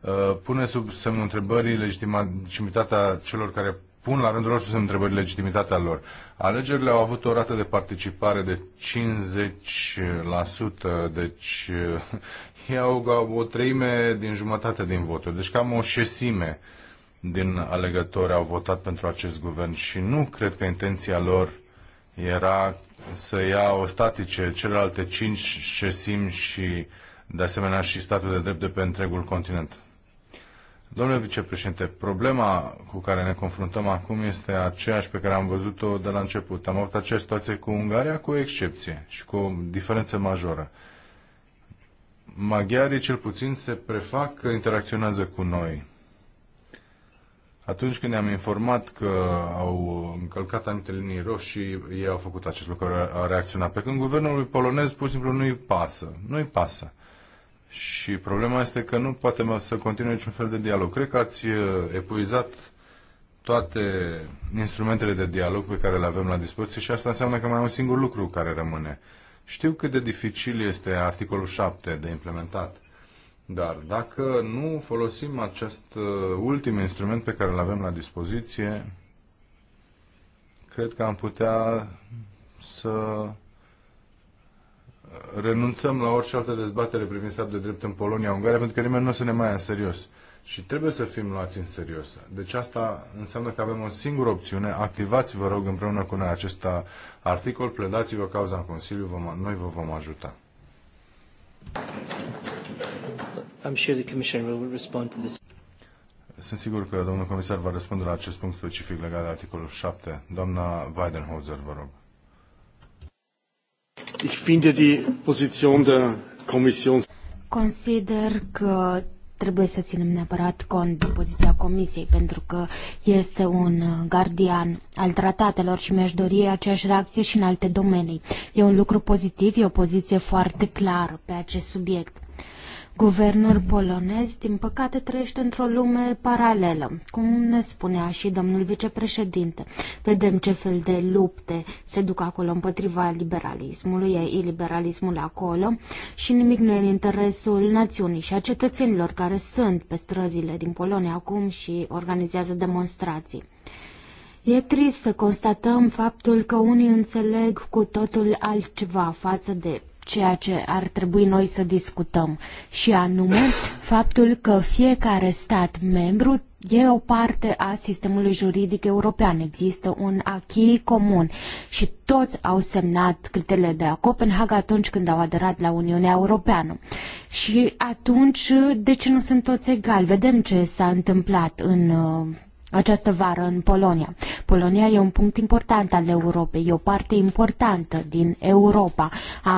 uh, pune sub semnul întrebării legitimitatea celor care pun la rândul lor sub semnul întrebării legitimitatea lor. Alegerile au avut o rată de participare de 50%, deci uh, *laughs* au o treime din jumătate din voturi, deci cam o șesime uh, din alegători au votat pentru acest guvern și nu cred că intenția lor era să ia o statice celelalte cinci sim și de asemenea și statul de drept de pe întregul continent. Domnule vicepreședinte, problema cu care ne confruntăm acum este aceeași pe care am văzut-o de la început. Am avut această situație cu Ungaria cu o excepție și cu o diferență majoră. Maghiarii cel puțin se prefac că interacționează cu noi atunci când ne-am informat că au încălcat anumite linii roșii, ei au făcut acest lucru, a reacționat. Pe când guvernul polonez pur și simplu nu-i pasă. Nu-i pasă. Și problema este că nu poate să continue niciun fel de dialog. Cred că ați uh, epuizat toate instrumentele de dialog pe care le avem la dispoziție și asta înseamnă că mai e un singur lucru care rămâne. Știu cât de dificil este articolul 7 de implementat dar dacă nu folosim acest uh, ultim instrument pe care îl avem la dispoziție, cred că am putea să uh, renunțăm la orice altă dezbatere privind statul de drept în Polonia, Ungaria, pentru că nimeni nu o să ne mai ia în serios. Și trebuie să fim luați în serios. Deci asta înseamnă că avem o singură opțiune. Activați, vă rog, împreună cu noi acest articol, pledați-vă cauza în Consiliu, noi vă vom ajuta. Sunt sigur că domnul comisar va răspunde la acest punct specific legat de articolul 7. Doamna Weidenhauser, vă rog. Consider că trebuie să ținem neapărat cont de poziția Comisiei, pentru că este un gardian al tratatelor și mi-aș dori aceeași reacție și în alte domenii. E un lucru pozitiv, e o poziție foarte clară pe acest subiect. Guvernul polonez, din păcate, trăiește într-o lume paralelă, cum ne spunea și domnul vicepreședinte. Vedem ce fel de lupte se duc acolo împotriva liberalismului, e iliberalismul acolo și nimic nu e în interesul națiunii și a cetățenilor care sunt pe străzile din Polonia acum și organizează demonstrații. E trist să constatăm faptul că unii înțeleg cu totul altceva față de ceea ce ar trebui noi să discutăm, și anume faptul că fiecare stat membru e o parte a sistemului juridic european. Există un achii comun și toți au semnat criteriile de la Copenhaga atunci când au aderat la Uniunea Europeană. Și atunci, de ce nu sunt toți egali? Vedem ce s-a întâmplat în uh, această vară în Polonia. Polonia e un punct important al Europei, e o parte importantă din Europa.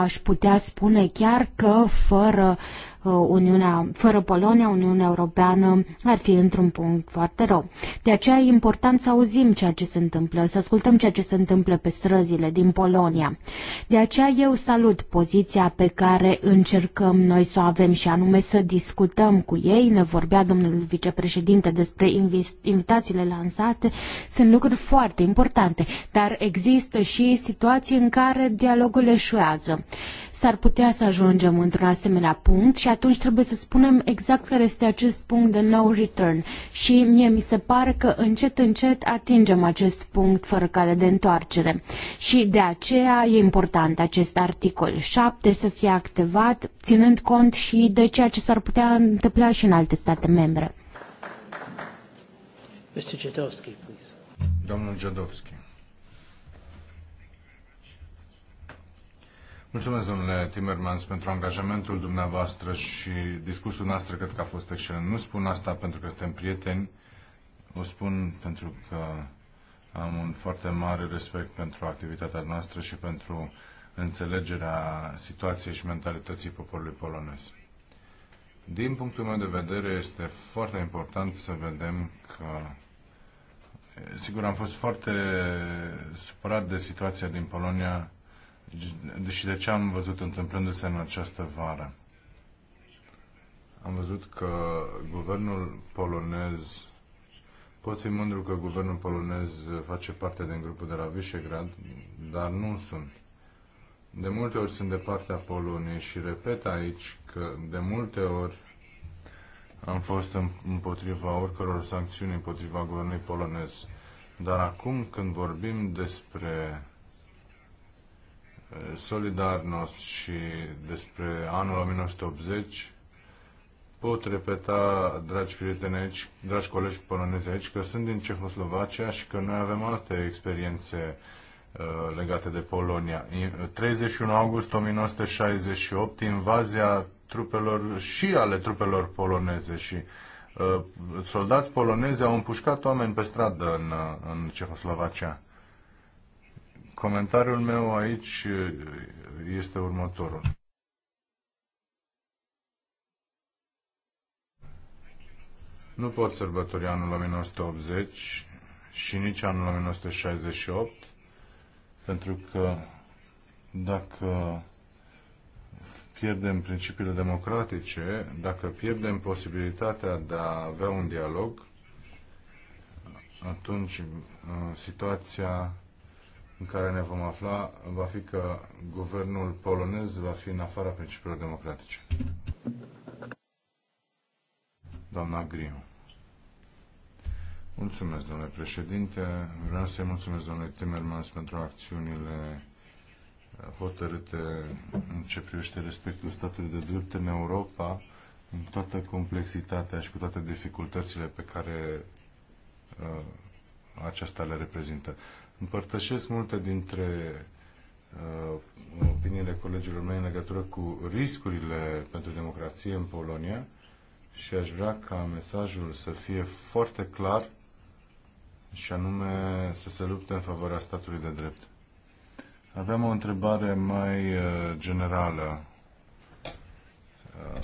Aș putea spune chiar că fără uh, Uh, Uniunea, fără Polonia, Uniunea Europeană ar fi într-un punct foarte rău. De aceea e important să auzim ceea ce se întâmplă, să ascultăm ceea ce se întâmplă pe străzile din Polonia. De aceea eu salut poziția pe care încercăm noi să o avem și anume să discutăm cu ei. Ne vorbea domnul vicepreședinte despre invitațiile lansate. Sunt lucruri foarte importante, dar există și situații în care dialogul eșuează s-ar putea să ajungem într-un asemenea punct și atunci trebuie să spunem exact care este acest punct de no return. Și mie mi se pare că încet, încet atingem acest punct fără cale de întoarcere. Și de aceea e important acest articol 7 să fie activat, ținând cont și de ceea ce s-ar putea întâmpla și în alte state membre. Mr. Jadovski, please. Domnul Jadovski. Mulțumesc, domnule Timmermans, pentru angajamentul dumneavoastră și discursul noastră cred că a fost excelent. Nu spun asta pentru că suntem prieteni, o spun pentru că am un foarte mare respect pentru activitatea noastră și pentru înțelegerea situației și mentalității poporului polonez. Din punctul meu de vedere, este foarte important să vedem că Sigur, am fost foarte supărat de situația din Polonia și de ce am văzut întâmplându-se în această vară? Am văzut că guvernul polonez, pot fi mândru că guvernul polonez face parte din grupul de la Visegrad, dar nu sunt. De multe ori sunt de partea Poloniei și repet aici că de multe ori am fost împotriva oricăror sancțiuni împotriva guvernului polonez. Dar acum când vorbim despre Solidarnos și despre anul 1980, pot repeta, dragi prieteni aici, dragi colegi polonezi aici, că sunt din Cehoslovacia și că noi avem alte experiențe uh, legate de Polonia. 31 august 1968, invazia trupelor și ale trupelor poloneze și uh, soldați polonezi au împușcat oameni pe stradă în, uh, în Cehoslovacia. Comentariul meu aici este următorul. Nu pot sărbători anul 1980 și nici anul 1968, pentru că dacă pierdem principiile democratice, dacă pierdem posibilitatea de a avea un dialog, atunci uh, situația în care ne vom afla va fi că guvernul polonez va fi în afara principiilor democratice. Doamna Griu. Mulțumesc, domnule președinte. Vreau să-i mulțumesc, domnule Timmermans, pentru acțiunile hotărâte în ce privește respectul statului de drept în Europa, în toată complexitatea și cu toate dificultățile pe care uh, aceasta le reprezintă. Împărtășesc multe dintre uh, opiniile colegilor mei în legătură cu riscurile pentru democrație în Polonia și aș vrea ca mesajul să fie foarte clar și anume să se lupte în favoarea statului de drept. Aveam o întrebare mai uh, generală. Uh,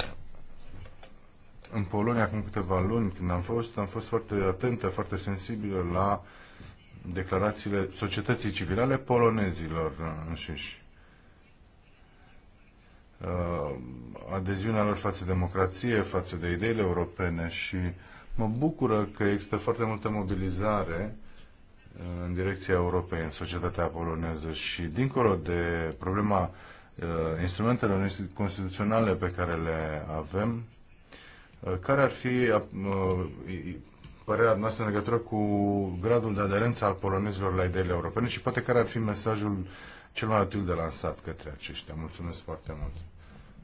în Polonia, acum câteva luni, când am fost, am fost foarte atentă, foarte sensibilă la uh, declarațiile societății civile ale polonezilor uh, înșiși. Uh, adeziunea lor față de democrație, față de ideile europene și mă bucură că există foarte multă mobilizare uh, în direcția Europei, în societatea poloneză și dincolo de problema instrumentelor constituționale pe care le avem, care ar fi părerea noastră în legătură cu gradul de aderență al polonezilor la ideile europene și poate care ar fi mesajul cel mai util de lansat către aceștia. Mulțumesc foarte mult.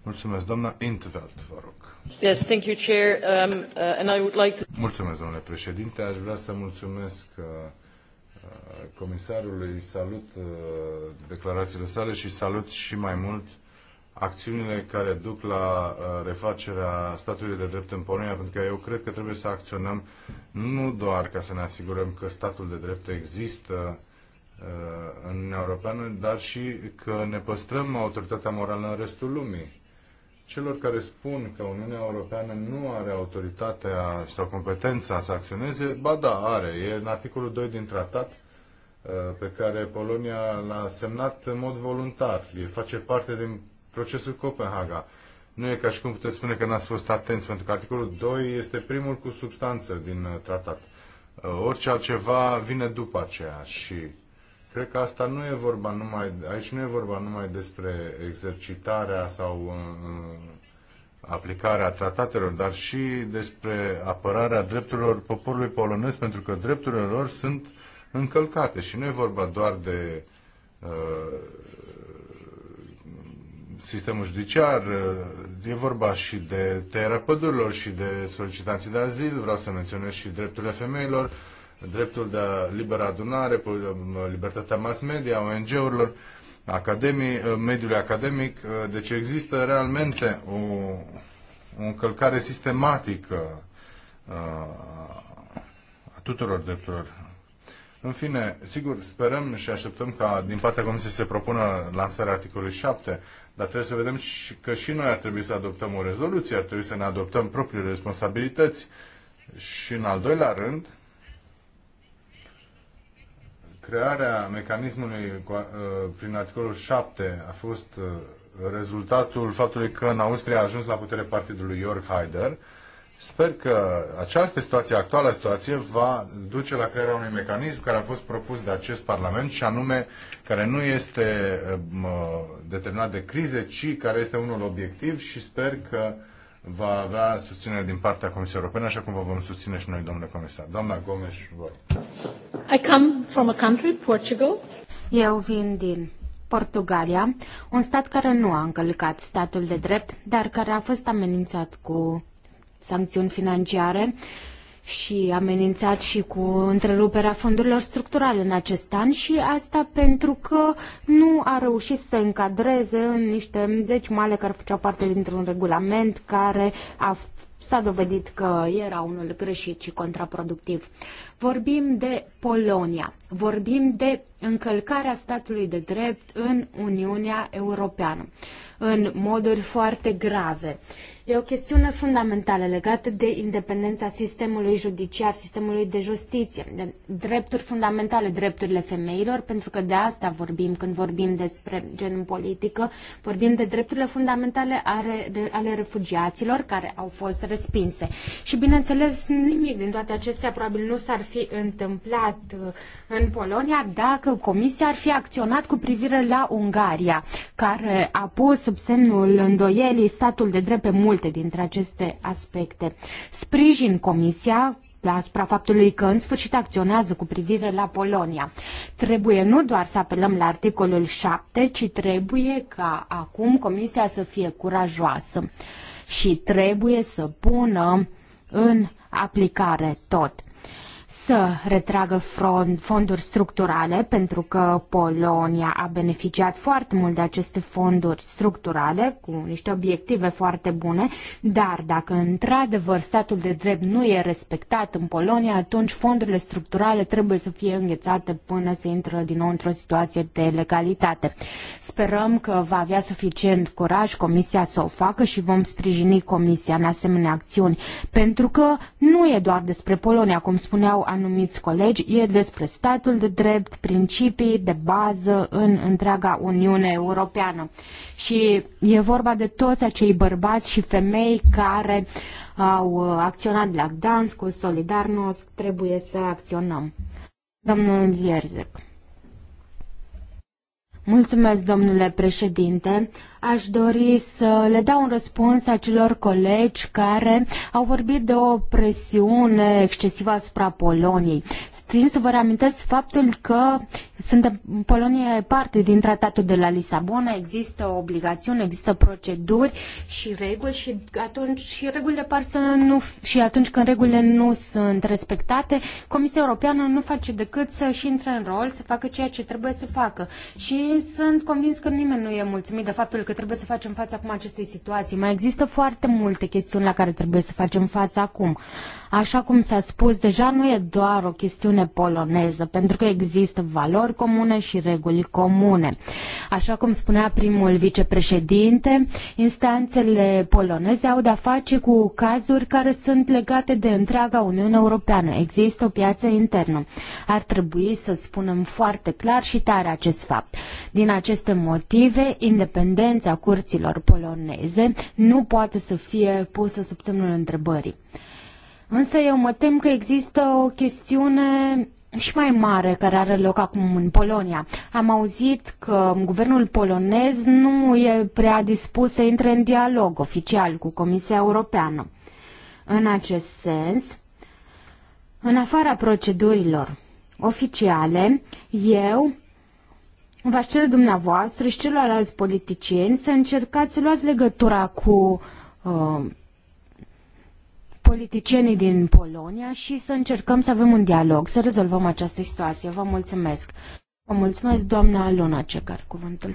Mulțumesc, doamna Intveld, vă rog. Yes, thank you, Chair, um, uh, and I would like to... Mulțumesc, domnule președinte. Aș vrea să mulțumesc uh, uh comisarului, salut uh, declarațiile sale și salut și mai mult uh, acțiunile care duc la uh, refacerea statului de drept în Polonia, pentru că eu cred că trebuie să acționăm nu doar ca să ne asigurăm că statul de drept există uh, în Uniunea Europeană, dar și că ne păstrăm autoritatea morală în restul lumii. Celor care spun că Uniunea Europeană nu are autoritatea sau competența să acționeze, ba da, are. E în articolul 2 din tratat uh, pe care Polonia l-a semnat în mod voluntar. E face parte din procesul Copenhaga. Nu e ca și cum puteți spune că n-ați fost atenți, pentru că articolul 2 este primul cu substanță din uh, tratat. Uh, orice altceva vine după aceea și cred că asta nu e vorba numai, aici nu e vorba numai despre exercitarea sau uh, aplicarea tratatelor, dar și despre apărarea drepturilor poporului polonez, pentru că drepturile lor sunt încălcate și nu e vorba doar de uh, sistemul judiciar, e vorba și de tăierea pădurilor și de solicitații de azil, vreau să menționez și drepturile femeilor, dreptul de liberă adunare, libertatea mass media, ONG-urilor, academii, mediului academic, deci există realmente o, o încălcare sistematică a tuturor drepturilor în fine, sigur, sperăm și așteptăm ca din partea Comisiei să se propună lansarea articolului 7, dar trebuie să vedem și că și noi ar trebui să adoptăm o rezoluție, ar trebui să ne adoptăm propriile responsabilități. Și în al doilea rând, crearea mecanismului uh, prin articolul 7 a fost uh, rezultatul faptului că în Austria a ajuns la putere partidului York Jörg Haider, Sper că această situație, actuală situație, va duce la crearea unui mecanism care a fost propus de acest Parlament și anume care nu este uh, determinat de crize, ci care este unul obiectiv și sper că va avea susținere din partea Comisiei Europene, așa cum vă vom susține și noi, domnule comisar. Doamna Gomes, vă I come from a country, Portugal. Eu vin din Portugalia, un stat care nu a încălcat statul de drept, dar care a fost amenințat cu sancțiuni financiare și amenințat și cu întreruperea fondurilor structurale în acest an și asta pentru că nu a reușit să încadreze în niște zeci male care făceau parte dintr-un regulament care a s-a dovedit că era unul greșit și contraproductiv. Vorbim de Polonia, vorbim de încălcarea statului de drept în Uniunea Europeană, în moduri foarte grave. E o chestiune fundamentală legată de independența sistemului judiciar, sistemului de justiție, de drepturi fundamentale, drepturile femeilor, pentru că de asta vorbim când vorbim despre genul politică, vorbim de drepturile fundamentale ale, ale refugiaților care au fost respinse. Și bineînțeles, nimic din toate acestea probabil nu s-ar fi întâmplat uh, în Polonia dacă Comisia ar fi acționat cu privire la Ungaria, care a pus sub semnul îndoielii statul de drept pe mult multe dintre aceste aspecte. Sprijin Comisia asupra faptului că în sfârșit acționează cu privire la Polonia. Trebuie nu doar să apelăm la articolul 7, ci trebuie ca acum Comisia să fie curajoasă și trebuie să pună în aplicare tot să retragă front, fonduri structurale, pentru că Polonia a beneficiat foarte mult de aceste fonduri structurale, cu niște obiective foarte bune, dar dacă într-adevăr statul de drept nu e respectat în Polonia, atunci fondurile structurale trebuie să fie înghețate până se intră din nou într-o situație de legalitate. Sperăm că va avea suficient curaj Comisia să o facă și vom sprijini Comisia în asemenea acțiuni, pentru că nu e doar despre Polonia, cum spuneau anumiți colegi, e despre statul de drept, principii de bază în întreaga Uniune Europeană. Și e vorba de toți acei bărbați și femei care au acționat la Gdansk cu Solidarnosc, trebuie să acționăm. Domnul Ierzec. Mulțumesc, domnule președinte. Aș dori să le dau un răspuns acelor colegi care au vorbit de o presiune excesivă asupra Poloniei țin să vă reamintesc faptul că suntem, Polonia e parte din tratatul de la Lisabona, există obligațiuni, există proceduri și reguli și atunci și regulile par să nu și atunci când regulile nu sunt respectate, Comisia Europeană nu face decât să și intre în rol, să facă ceea ce trebuie să facă. Și sunt convins că nimeni nu e mulțumit de faptul că trebuie să facem față acum acestei situații. Mai există foarte multe chestiuni la care trebuie să facem față acum. Așa cum s-a spus, deja nu e doar o chestiune Uniune poloneză, pentru că există valori comune și reguli comune. Așa cum spunea primul vicepreședinte, instanțele poloneze au de-a face cu cazuri care sunt legate de întreaga Uniune Europeană. Există o piață internă. Ar trebui să spunem foarte clar și tare acest fapt. Din aceste motive, independența curților poloneze nu poate să fie pusă sub semnul întrebării. Însă eu mă tem că există o chestiune și mai mare care are loc acum în Polonia. Am auzit că guvernul polonez nu e prea dispus să intre în dialog oficial cu Comisia Europeană. În acest sens, în afara procedurilor oficiale, eu vă cer dumneavoastră și celorlalți politicieni să încercați să luați legătura cu uh, politicienii din Polonia și să încercăm să avem un dialog, să rezolvăm această situație. Vă mulțumesc. Vă mulțumesc, doamna Alona Cecar, cuvântul.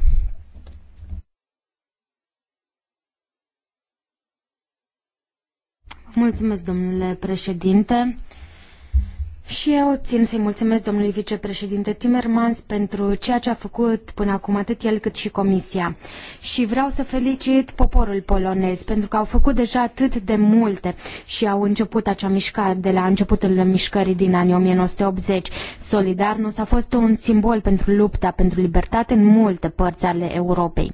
Mulțumesc, domnule președinte. Și eu țin să-i mulțumesc domnului vicepreședinte Timmermans pentru ceea ce a făcut până acum atât el cât și Comisia. Și vreau să felicit poporul polonez pentru că au făcut deja atât de multe și au început acea mișcare de la începutul mișcării din anii 1980. Solidarnos a fost un simbol pentru lupta pentru libertate în multe părți ale Europei.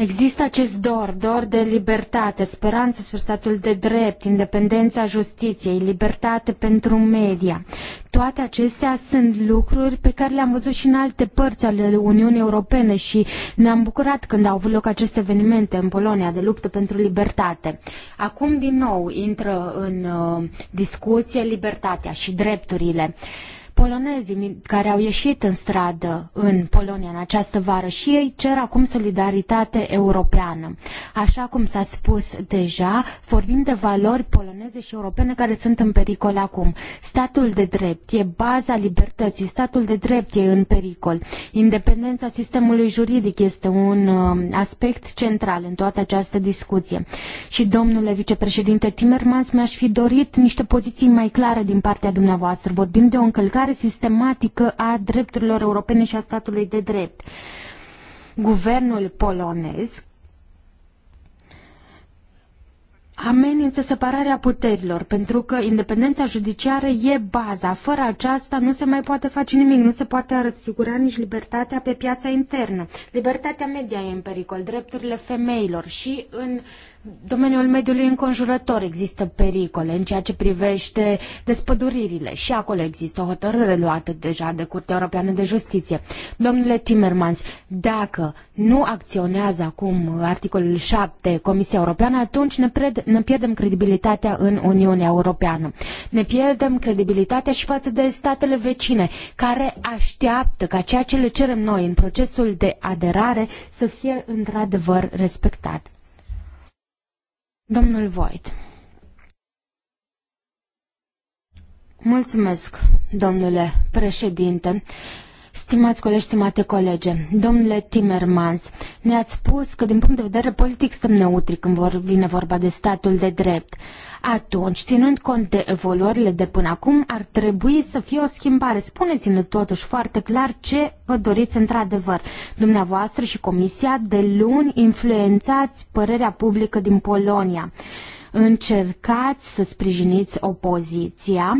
Există acest dor, dor de libertate, speranță spre statul de drept, independența justiției, libertate pentru media. Toate acestea sunt lucruri pe care le-am văzut și în alte părți ale Uniunii Europene și ne-am bucurat când au avut loc aceste evenimente în Polonia de luptă pentru libertate. Acum din nou intră în uh, discuție libertatea și drepturile. Uh, polonezii care au ieșit în stradă în Polonia în această vară și ei cer acum solidaritate europeană. Așa cum s-a spus deja, vorbim de valori poloneze și europene care sunt în pericol acum. Statul de drept e baza libertății, statul de drept e în pericol. Independența sistemului juridic este un um, aspect central în toată această discuție. Și domnule vicepreședinte Timmermans, mi-aș fi dorit niște poziții mai clare din partea dumneavoastră. Vorbim de o încălcare încălcare sistematică a drepturilor europene și a statului de drept. Guvernul polonez amenință separarea puterilor, pentru că independența judiciară e baza. Fără aceasta nu se mai poate face nimic, nu se poate asigura nici libertatea pe piața internă. Libertatea media e în pericol, drepturile femeilor și în domeniul mediului înconjurător există pericole în ceea ce privește despăduririle și acolo există o hotărâre luată deja de Curtea Europeană de Justiție. Domnule Timmermans, dacă nu acționează acum articolul 7 Comisia Europeană, atunci ne, pred, ne pierdem credibilitatea în Uniunea Europeană. Ne pierdem credibilitatea și față de statele vecine care așteaptă ca ceea ce le cerem noi în procesul de aderare să fie într-adevăr respectat. Domnul Voigt. Mulțumesc, domnule președinte. Stimați colegi, stimate colege, domnule Timmermans, ne-ați spus că din punct de vedere politic suntem neutri când vor, vine vorba de statul de drept. Atunci, ținând cont de evoluările de până acum, ar trebui să fie o schimbare. Spuneți-ne totuși foarte clar ce vă doriți într-adevăr. Dumneavoastră și Comisia de luni influențați părerea publică din Polonia. Încercați să sprijiniți opoziția,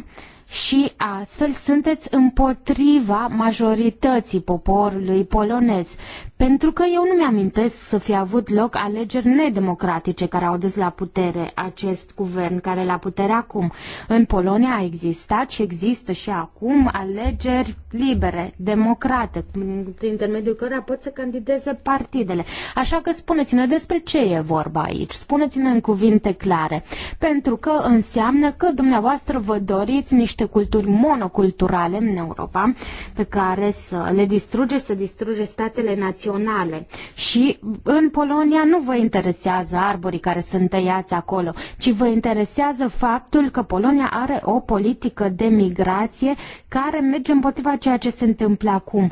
și astfel sunteți împotriva majorității poporului polonez, pentru că eu nu mi-amintesc să fi avut loc alegeri nedemocratice care au dus la putere acest guvern care la putere acum. În Polonia a existat și există și acum alegeri libere, democrate, prin intermediul cărora pot să candideze partidele. Așa că spuneți-ne despre ce e vorba aici, spuneți-ne în cuvinte clare, pentru că înseamnă că dumneavoastră vă doriți niște niște culturi monoculturale în Europa pe care să le distruge, să distruge statele naționale. Și în Polonia nu vă interesează arborii care sunt tăiați acolo, ci vă interesează faptul că Polonia are o politică de migrație care merge împotriva ceea ce se întâmplă acum,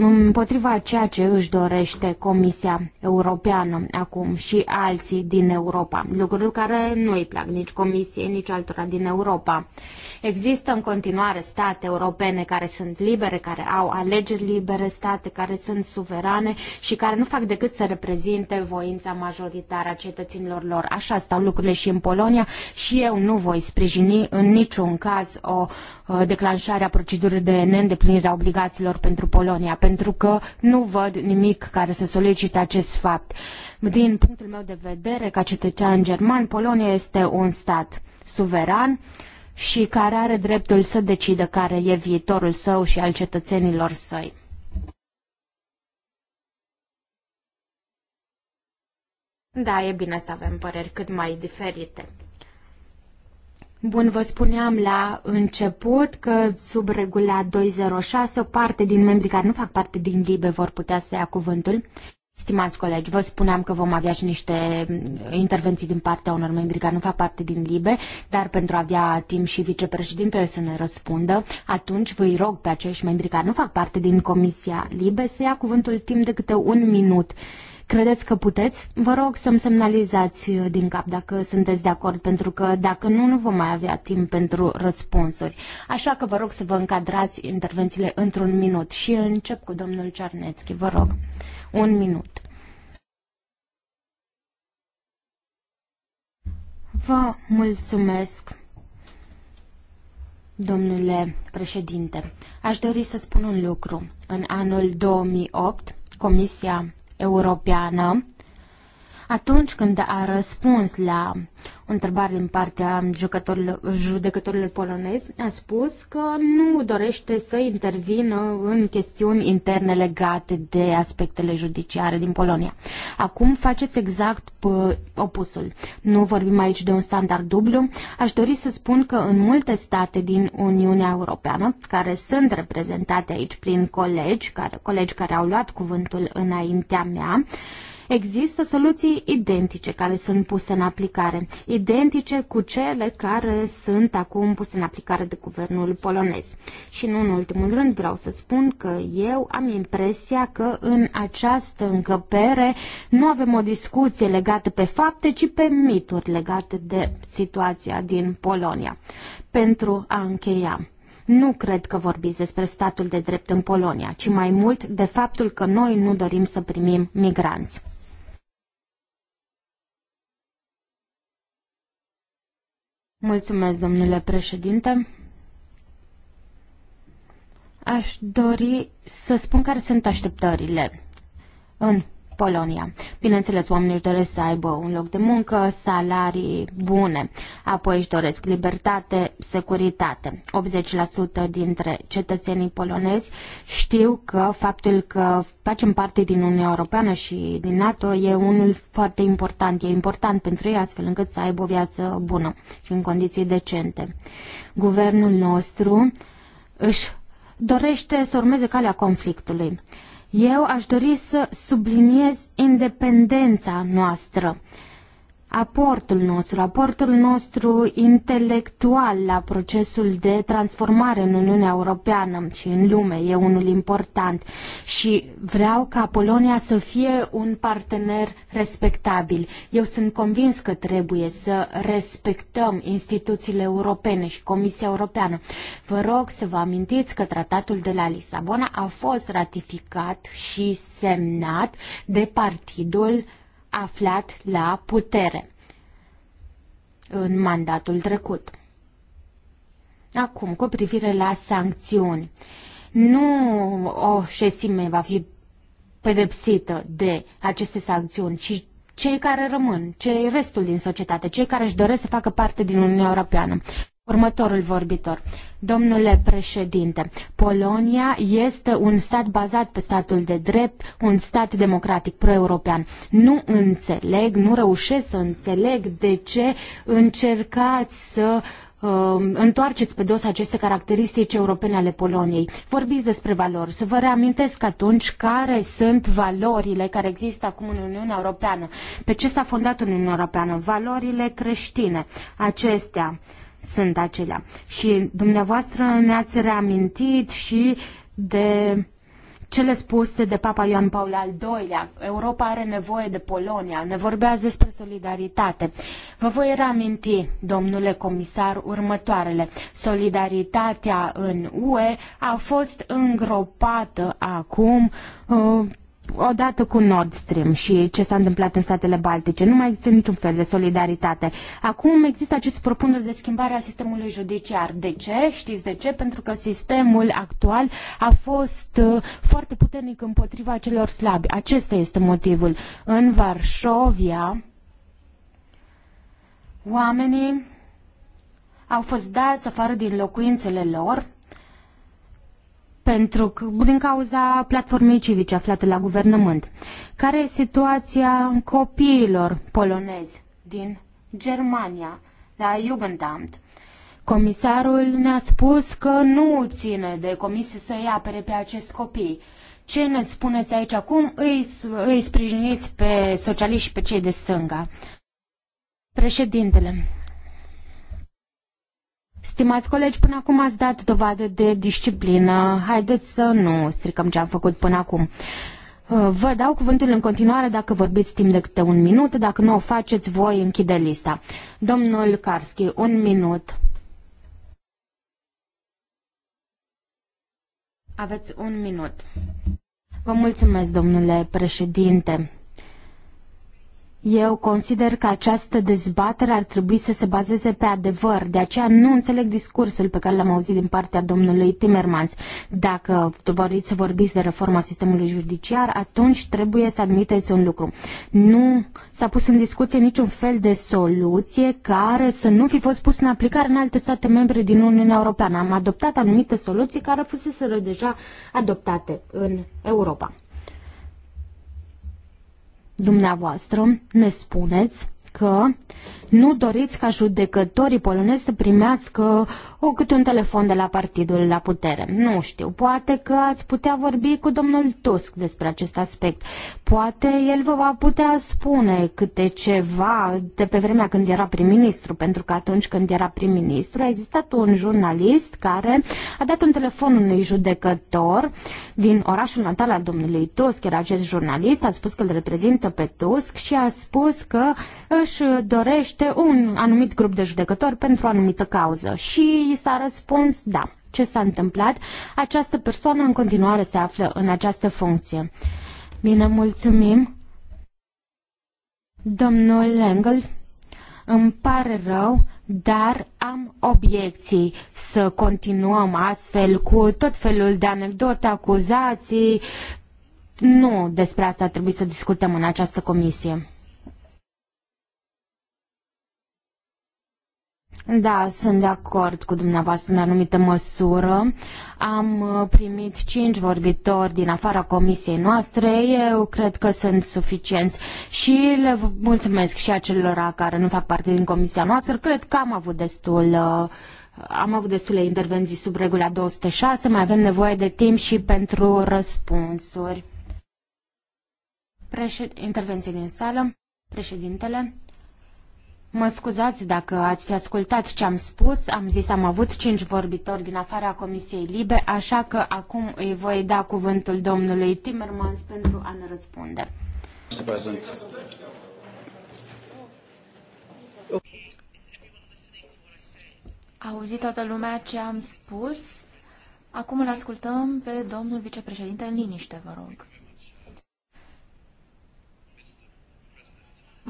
împotriva ceea ce își dorește Comisia Europeană acum și alții din Europa, lucruri care nu îi plac nici Comisiei, nici altora din Europa. Există în continuare state europene care sunt libere, care au alegeri libere, state care sunt suverane și care nu fac decât să reprezinte voința majoritară a cetățenilor lor. Așa stau lucrurile și în Polonia și eu nu voi sprijini în niciun caz o declanșare a procedurii de neîndeplinire a obligațiilor pentru Polonia, pentru că nu văd nimic care să solicite acest fapt. Din punctul meu de vedere, ca cetățean german, Polonia este un stat suveran și care are dreptul să decidă care e viitorul său și al cetățenilor săi. Da, e bine să avem păreri cât mai diferite. Bun, vă spuneam la început că sub regula 206 o parte din membrii care nu fac parte din LIBE vor putea să ia cuvântul. Stimați colegi, vă spuneam că vom avea și niște mm, intervenții din partea unor membri care nu fac parte din LIBE, dar pentru a avea timp și vicepreședintele să ne răspundă, atunci vă rog pe acești membri care nu fac parte din Comisia LIBE să ia cuvântul timp de câte un minut. Credeți că puteți? Vă rog să-mi semnalizați uh, din cap dacă sunteți de acord, pentru că dacă nu, nu vom mai avea timp pentru răspunsuri. Așa că vă rog să vă încadrați intervențiile într-un minut și încep cu domnul Cearnețchi. vă rog. Mm. Un minut. Vă mulțumesc, domnule președinte. Aș dori să spun un lucru. În anul 2008, Comisia Europeană atunci când a răspuns la o întrebare din partea judecătorilor polonezi, a spus că nu dorește să intervină în chestiuni interne legate de aspectele judiciare din Polonia. Acum faceți exact opusul. Nu vorbim aici de un standard dublu. Aș dori să spun că în multe state din Uniunea Europeană, care sunt reprezentate aici prin colegi, care, colegi care au luat cuvântul înaintea mea, Există soluții identice care sunt puse în aplicare, identice cu cele care sunt acum puse în aplicare de guvernul polonez. Și nu în ultimul rând vreau să spun că eu am impresia că în această încăpere nu avem o discuție legată pe fapte, ci pe mituri legate de situația din Polonia. Pentru a încheia nu cred că vorbiți despre statul de drept în Polonia, ci mai mult de faptul că noi nu dorim să primim migranți. Mulțumesc, domnule președinte. Aș dori să spun care sunt așteptările în Polonia. Bineînțeles, oamenii își doresc să aibă un loc de muncă, salarii bune, apoi își doresc libertate, securitate. 80% dintre cetățenii polonezi știu că faptul că facem parte din Uniunea Europeană și din NATO e unul foarte important. E important pentru ei astfel încât să aibă o viață bună și în condiții decente. Guvernul nostru își dorește să urmeze calea conflictului. Eu aș dori să subliniez independența noastră aportul nostru, aportul nostru intelectual la procesul de transformare în Uniunea Europeană și în lume e unul important și vreau ca Polonia să fie un partener respectabil. Eu sunt convins că trebuie să respectăm instituțiile europene și Comisia Europeană. Vă rog să vă amintiți că tratatul de la Lisabona a fost ratificat și semnat de partidul aflat la putere în mandatul trecut. Acum, cu privire la sancțiuni, nu o șesime va fi pedepsită de aceste sancțiuni, ci cei care rămân, cei restul din societate, cei care își doresc să facă parte din Uniunea Europeană. Următorul vorbitor. Domnule președinte, Polonia este un stat bazat pe statul de drept, un stat democratic pro-european. Nu înțeleg, nu reușesc să înțeleg de ce încercați să uh, întoarceți pe dos aceste caracteristici europene ale Poloniei. Vorbiți despre valori. Să vă reamintesc atunci care sunt valorile care există acum în Uniunea Europeană. Pe ce s-a fondat Uniunea Europeană? Valorile creștine. Acestea sunt acelea. Și dumneavoastră ne-ați reamintit și de cele spuse de Papa Ioan Paul al II-lea. Europa are nevoie de Polonia. Ne vorbează despre solidaritate. Vă voi reaminti, domnule comisar, următoarele. Solidaritatea în UE a fost îngropată acum uh, odată cu Nord Stream și ce s-a întâmplat în statele Baltice, nu mai există niciun fel de solidaritate. Acum există acest propunere de schimbare a sistemului judiciar. De ce? Știți de ce? Pentru că sistemul actual a fost uh, foarte puternic împotriva celor slabi. Acesta este motivul. În Varșovia, oamenii au fost dați afară din locuințele lor pentru că, din cauza platformei civice aflate la guvernământ. Care e situația copiilor polonezi din Germania, la Jugendamt? Comisarul ne-a spus că nu ține de comisie să i apere pe acest copii. Ce ne spuneți aici acum? Îi, îi sprijiniți pe socialiști și pe cei de stânga. Președintele, Stimați colegi, până acum ați dat dovadă de disciplină. Haideți să nu stricăm ce am făcut până acum. Uh, vă dau cuvântul în continuare dacă vorbiți timp de câte un minut, dacă nu o faceți, voi închide lista. Domnul Karski, un minut. Aveți un minut. Vă mulțumesc, domnule președinte. Eu consider că această dezbatere ar trebui să se bazeze pe adevăr, de aceea nu înțeleg discursul pe care l-am auzit din partea domnului Timmermans. Dacă doriți să vorbiți de reforma sistemului judiciar, atunci trebuie să admiteți un lucru. Nu s-a pus în discuție niciun fel de soluție care să nu fi fost pus în aplicare în alte state membre din Uniunea Europeană. Am adoptat anumite soluții care fuseseră deja adoptate în Europa dumneavoastră ne spuneți că nu doriți ca judecătorii polonezi să primească o, câte un telefon de la partidul la putere. Nu știu, poate că ați putea vorbi cu domnul Tusk despre acest aspect. Poate el vă va putea spune câte ceva de pe vremea când era prim-ministru, pentru că atunci când era prim-ministru a existat un jurnalist care a dat un telefon unui judecător din orașul natal al domnului Tusk. Era acest jurnalist, a spus că îl reprezintă pe Tusk și a spus că își dorește numește un anumit grup de judecători pentru o anumită cauză și i s-a răspuns da. Ce s-a întâmplat? Această persoană în continuare se află în această funcție. Bine, mulțumim. Domnul Lengel, îmi pare rău, dar am obiecții să continuăm astfel cu tot felul de anecdote, acuzații. Nu despre asta trebuie să discutăm în această comisie. Da, sunt de acord cu dumneavoastră în anumită măsură. Am uh, primit cinci vorbitori din afara comisiei noastre. Eu cred că sunt suficienți și le mulțumesc și acelora care nu fac parte din comisia noastră. Cred că am avut destul uh, am avut destule intervenții sub regula 206, mai avem nevoie de timp și pentru răspunsuri. Președ... Intervenție din sală. Președintele. Mă scuzați dacă ați fi ascultat ce am spus. Am zis am avut cinci vorbitori din afara Comisiei Libe, așa că acum îi voi da cuvântul domnului Timmermans pentru a ne răspunde. A auzit toată lumea ce am spus? Acum îl ascultăm pe domnul vicepreședinte în liniște, vă rog.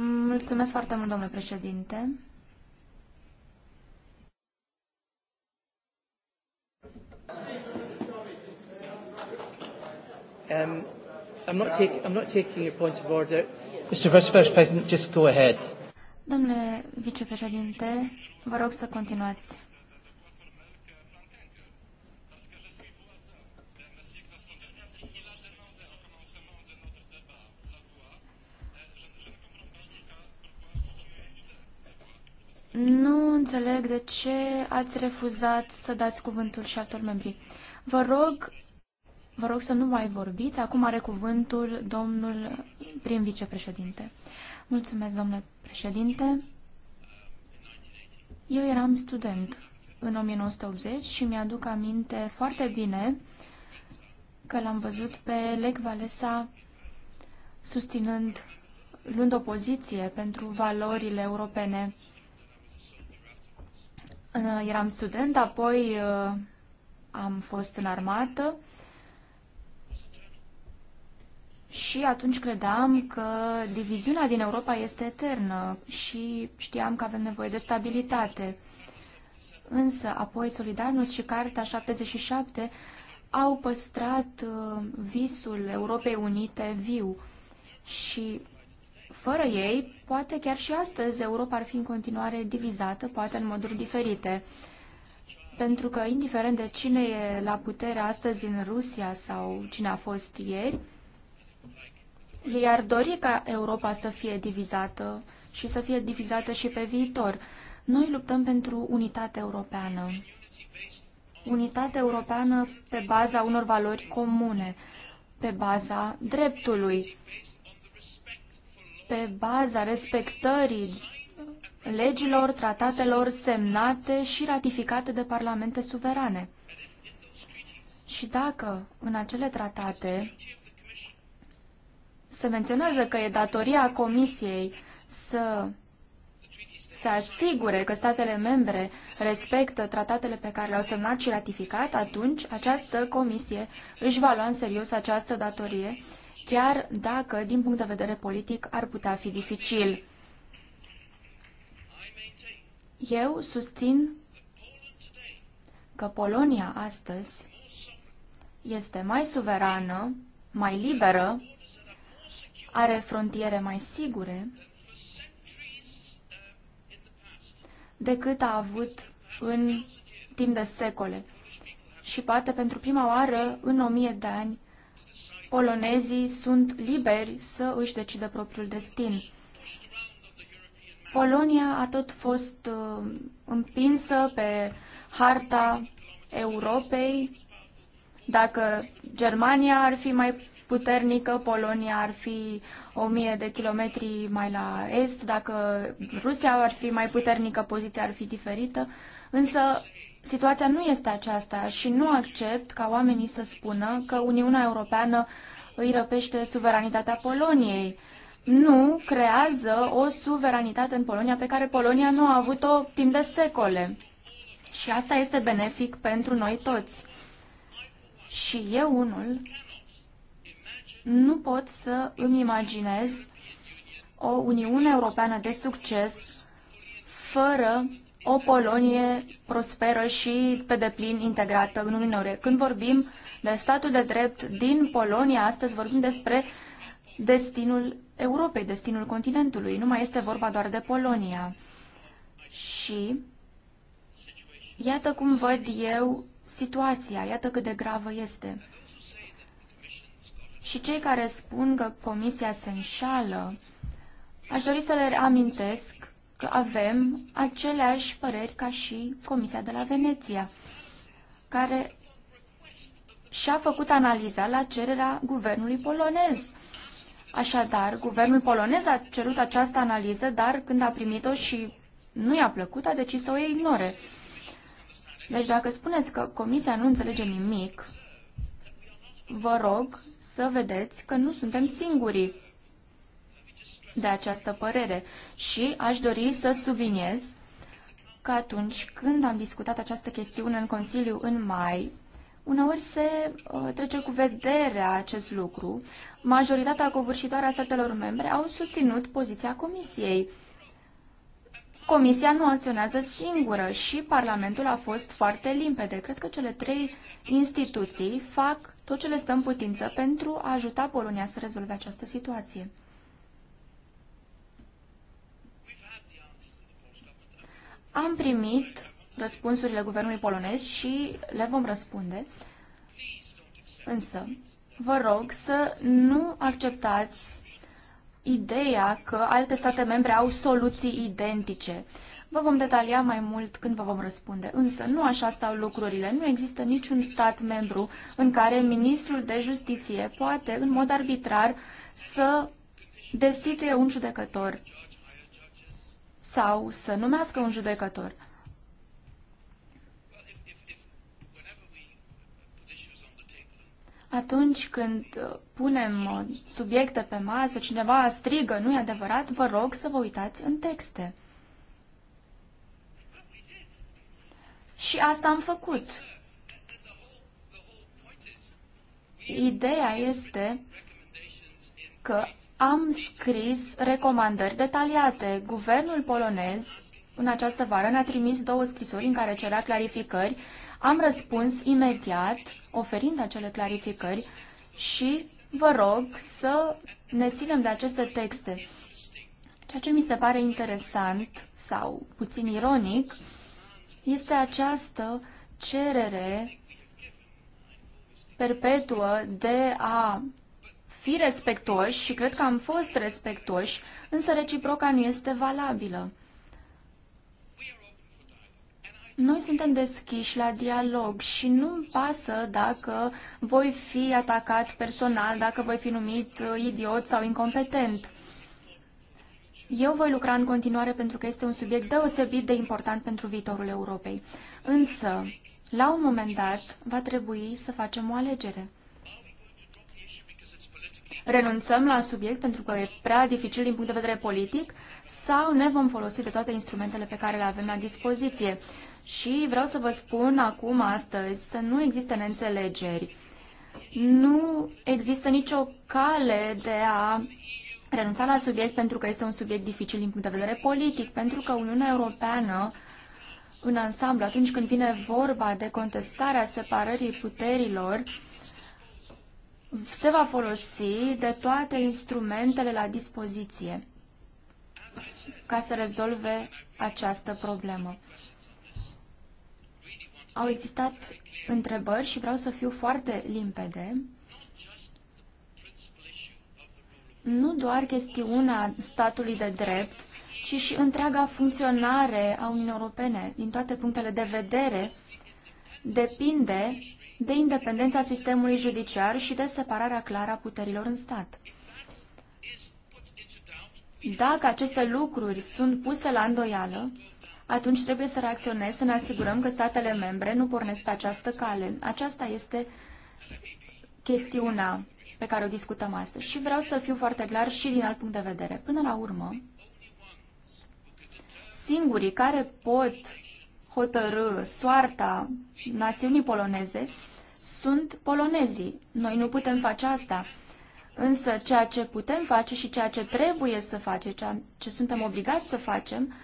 Mulțumesc foarte mult, domnule președinte. Um, I'm not, take, I'm not taking your point of order. Mr. Vice President, just go ahead. Domnule vicepreședinte, vă rog să continuați. Nu înțeleg de ce ați refuzat să dați cuvântul și altor membri. Vă rog, vă rog să nu mai vorbiți. Acum are cuvântul domnul prim vicepreședinte. Mulțumesc, domnule președinte. Eu eram student în 1980 și mi-aduc aminte foarte bine că l-am văzut pe Lech Valesa susținând, luând o poziție pentru valorile europene Uh, eram student, apoi uh, am fost în armată și atunci credeam că diviziunea din Europa este eternă și știam că avem nevoie de stabilitate. Însă, apoi Solidarnos și Carta 77 au păstrat uh, visul Europei Unite viu și fără ei, poate chiar și astăzi Europa ar fi în continuare divizată, poate în moduri diferite. Pentru că, indiferent de cine e la putere astăzi în Rusia sau cine a fost ieri, ei ar dori ca Europa să fie divizată și să fie divizată și pe viitor. Noi luptăm pentru unitate europeană. Unitate europeană pe baza unor valori comune, pe baza dreptului, pe baza respectării legilor, tratatelor semnate și ratificate de parlamente suverane. Și dacă în acele tratate se menționează că e datoria Comisiei să se asigure că statele membre respectă tratatele pe care le-au semnat și ratificat, atunci această comisie își va lua în serios această datorie chiar dacă, din punct de vedere politic, ar putea fi dificil. Eu susțin că Polonia astăzi este mai suverană, mai liberă, are frontiere mai sigure decât a avut în timp de secole. Și poate pentru prima oară în o mie de ani polonezii sunt liberi să își decidă propriul destin. Polonia a tot fost uh, împinsă pe harta Europei. Dacă Germania ar fi mai puternică, Polonia ar fi o mie de kilometri mai la est, dacă Rusia ar fi mai puternică, poziția ar fi diferită. Însă situația nu este aceasta și nu accept ca oamenii să spună că Uniunea Europeană îi răpește suveranitatea Poloniei. Nu creează o suveranitate în Polonia pe care Polonia nu a avut-o timp de secole. Și asta este benefic pentru noi toți. Și eu unul nu pot să îmi imaginez o Uniune Europeană de succes fără o Polonie prosperă și pe deplin integrată în Uniunea Europeană. Când vorbim de statul de drept din Polonia, astăzi vorbim despre destinul Europei, destinul continentului. Nu mai este vorba doar de Polonia. Și iată cum văd eu situația, iată cât de gravă este. Și cei care spun că Comisia se înșală, aș dori să le amintesc că avem aceleași păreri ca și Comisia de la Veneția, care și-a făcut analiza la cererea guvernului polonez. Așadar, guvernul polonez a cerut această analiză, dar când a primit-o și nu i-a plăcut, a decis să o ignore. Deci dacă spuneți că Comisia nu înțelege nimic, vă rog să vedeți că nu suntem singurii de această părere și aș dori să subliniez că atunci când am discutat această chestiune în Consiliu în mai, uneori se uh, trece cu vederea acest lucru. Majoritatea covârșitoare a statelor membre au susținut poziția Comisiei. Comisia nu acționează singură și Parlamentul a fost foarte limpede. Cred că cele trei instituții fac tot ce le stă în putință pentru a ajuta Polonia să rezolve această situație. Am primit răspunsurile guvernului polonez și le vom răspunde. Însă, vă rog să nu acceptați ideea că alte state membre au soluții identice. Vă vom detalia mai mult când vă vom răspunde, însă nu așa stau lucrurile. Nu există niciun stat membru în care ministrul de justiție poate, în mod arbitrar, să destituie un judecător sau să numească un judecător. Atunci când uh, punem uh, subiecte pe masă, cineva strigă, nu-i adevărat, vă rog să vă uitați în texte. Și asta am făcut. Ideea este că am scris recomandări detaliate. Guvernul polonez în această vară ne-a trimis două scrisori în care cerea clarificări. Am răspuns imediat, oferind acele clarificări și vă rog să ne ținem de aceste texte. Ceea ce mi se pare interesant sau puțin ironic este această cerere perpetuă de a fi respectuoși și cred că am fost respectuoși, însă reciproca nu este valabilă. Noi suntem deschiși la dialog și nu-mi pasă dacă voi fi atacat personal, dacă voi fi numit uh, idiot sau incompetent. Eu voi lucra în continuare pentru că este un subiect deosebit de important pentru viitorul Europei. Însă, la un moment dat, va trebui să facem o alegere renunțăm la subiect pentru că e prea dificil din punct de vedere politic sau ne vom folosi de toate instrumentele pe care le avem la dispoziție. Și vreau să vă spun acum, astăzi, să nu existe neînțelegeri. Nu există nicio cale de a renunța la subiect pentru că este un subiect dificil din punct de vedere politic, pentru că Uniunea Europeană în ansamblu, atunci când vine vorba de contestarea separării puterilor, se va folosi de toate instrumentele la dispoziție ca să rezolve această problemă. Au existat întrebări și vreau să fiu foarte limpede. Nu doar chestiunea statului de drept, ci și întreaga funcționare a Uniunii Europene, din toate punctele de vedere, depinde de independența sistemului judiciar și de separarea clară a puterilor în stat. Dacă aceste lucruri sunt puse la îndoială, atunci trebuie să reacționez, să ne asigurăm că statele membre nu pornesc pe această cale. Aceasta este chestiunea pe care o discutăm astăzi. Și vreau să fiu foarte clar și din alt punct de vedere. Până la urmă, singurii care pot hotărâ soarta națiunii poloneze sunt polonezii. Noi nu putem face asta. Însă ceea ce putem face și ceea ce trebuie să facem, ceea ce suntem obligați să facem,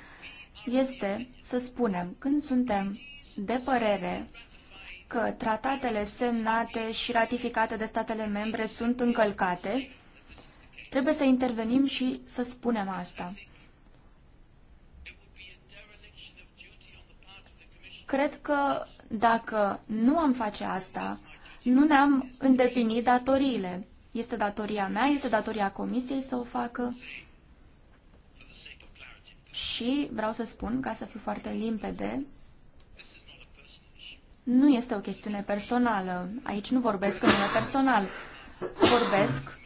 este să spunem când suntem de părere că tratatele semnate și ratificate de statele membre sunt încălcate, trebuie să intervenim și să spunem asta. Cred că dacă nu am face asta, nu ne-am îndeplinit datoriile. Este datoria mea, este datoria Comisiei să o facă. Și vreau să spun, ca să fiu foarte limpede, nu este o chestiune personală. Aici nu vorbesc în nume personal. Vorbesc